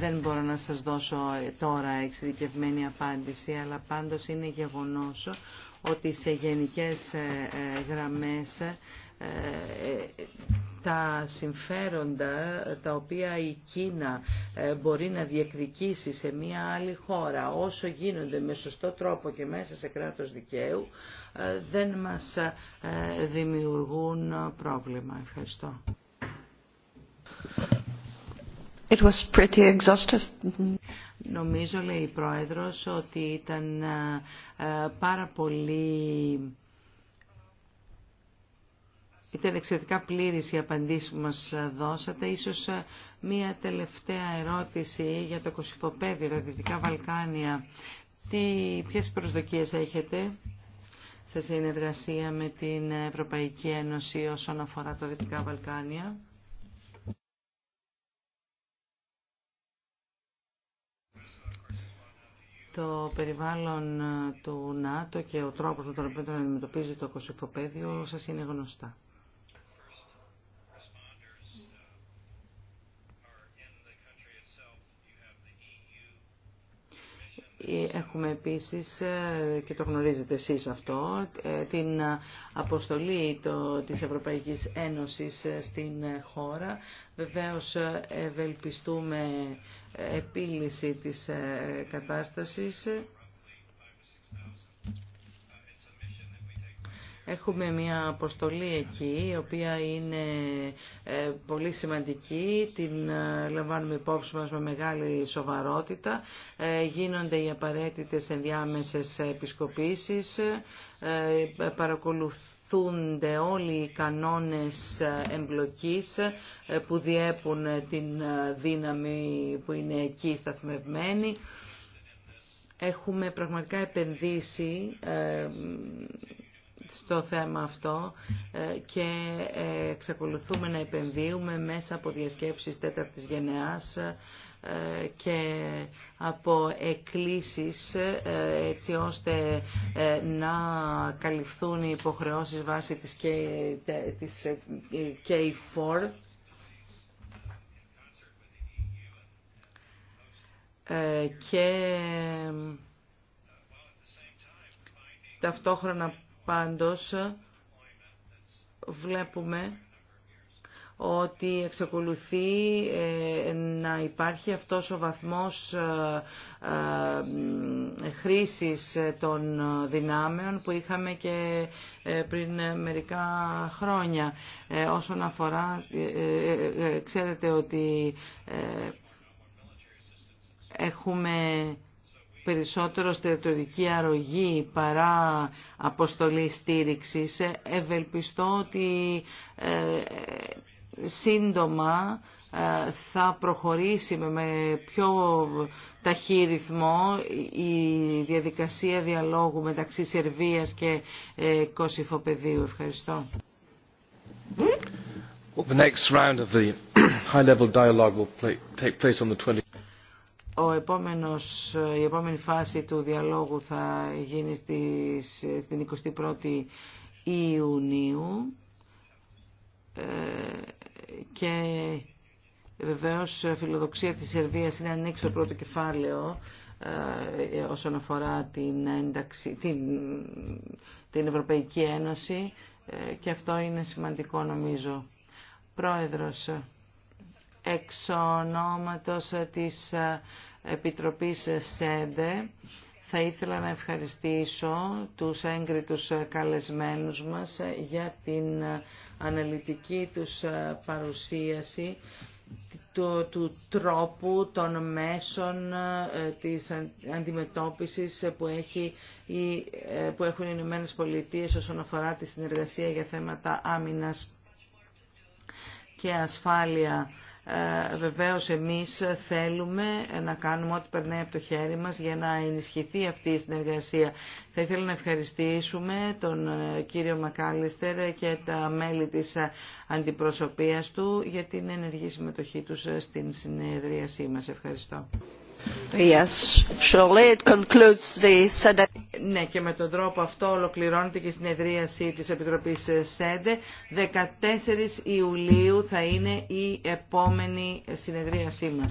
Speaker 1: δεν μπορώ να σας δώσω ε, τώρα εξειδικευμένη απάντηση, αλλά πάντως είναι γεγονός ότι σε γενικές γραμμές τα συμφέροντα τα οποία η Κίνα ε, μπορεί να διεκδικήσει σε μία άλλη χώρα όσο γίνονται με σωστό τρόπο και μέσα σε κράτος δικαίου ε, δεν μας ε, δημιουργούν πρόβλημα. Ευχαριστώ. It was pretty exhaustive. Νομίζω, λέει η Πρόεδρος, ότι ήταν πάρα πολύ ήταν εξαιρετικά πλήρης η απαντήση που μας δώσατε. Ίσως ε, μία τελευταία ερώτηση για το Κωσυφοπέδιο, τα Δυτικά Βαλκάνια. Τι, ποιες προσδοκίες έχετε σε συνεργασία με την Ευρωπαϊκή Ένωση όσον αφορά τα Δυτικά Βαλκάνια. το περιβάλλον ε, του ΝΑΤΟ και ο τρόπος με τον οποίο το αντιμετωπίζει το κοσυφοπαίδιο σας είναι γνωστά. Έχουμε επίσης, ε, και το γνωρίζετε εσείς αυτό, ε, την αποστολή της Ευρωπαϊκής Ένωσης ε, στην χώρα. Βεβαίως ευελπιστούμε επίλυση της κατάστασης Έχουμε μια αποστολή εκεί, η οποία είναι ε, πολύ σημαντική, την ε, λαμβάνουμε υπόψη μας με μεγάλη σοβαρότητα, ε, γίνονται οι απαραίτητες ενδιάμεσες επισκοπήσεις, Παρακολουθούνται όλοι οι κανόνες εμπλοκής που διέπουν την δύναμη που είναι εκεί σταθμευμένη. Έχουμε πραγματικά επενδύσει στο θέμα αυτό ε, και ε, εξακολουθούμε να επενδύουμε μέσα από διασκέψεις τέταρτης γενεάς ε, και από εκκλήσεις έτσι ώστε να καλυφθούν οι υποχρεώσεις βάσει της K4 και ταυτόχρονα Πάντως βλέπουμε ότι εξακολουθεί ε, να υπάρχει αυτός ο βαθμός ε, ε, χρήσης των δυνάμεων που είχαμε και πριν μερικά χρόνια. Όσον αφορά, ξέρετε ότι έχουμε περισσότερο στρατιωτική αρρωγή παρά αποστολή στήριξης. Ε, ευελπιστώ ότι ε, σύντομα ε, θα προχωρήσει με πιο ταχύ ρυθμό η διαδικασία διαλόγου μεταξύ Σερβίας και Κωσυφοπεδίου. Ευχαριστώ.
Speaker 3: Well, the next round of the high-level dialogue will take place on the 20
Speaker 1: ο επόμενος, η επόμενη φάση του διαλόγου θα γίνει στις, στην 21η Ιουνίου ε, και βεβαίως φιλοδοξία της Σερβίας είναι να ανοίξει το πρώτο κεφάλαιο ε, όσον αφορά την, την, την Ευρωπαϊκή Ένωση ε, και αυτό είναι σημαντικό νομίζω. Πρόεδρος, εξ ονόματος της ε, Επιτροπής ΣΕΝΤΕ θα ήθελα να ευχαριστήσω τους έγκριτους ε, καλεσμένους μας ε, για την αναλυτική τους παρουσίαση του, τρόπου των μέσων της αντιμετώπισης που, έχει που έχουν οι Ηνωμένε Πολιτείες όσον αφορά τη συνεργασία για θέματα άμυνας και ασφάλεια ε, βεβαίως εμείς θέλουμε να κάνουμε ό,τι περνάει από το χέρι μας για να ενισχυθεί αυτή η συνεργασία. Θα ήθελα να ευχαριστήσουμε τον ε, κύριο Μακάλιστερ και τα μέλη της ε, αντιπροσωπείας του για την ενεργή συμμετοχή τους στην συνεδρίασή μας. Ευχαριστώ. Ναι, και με τον τρόπο αυτό ολοκληρώνεται και η συνεδρίαση της Επιτροπής ΣΕΔΕ. 14 Ιουλίου θα είναι η επόμενη συνεδρίασή μας.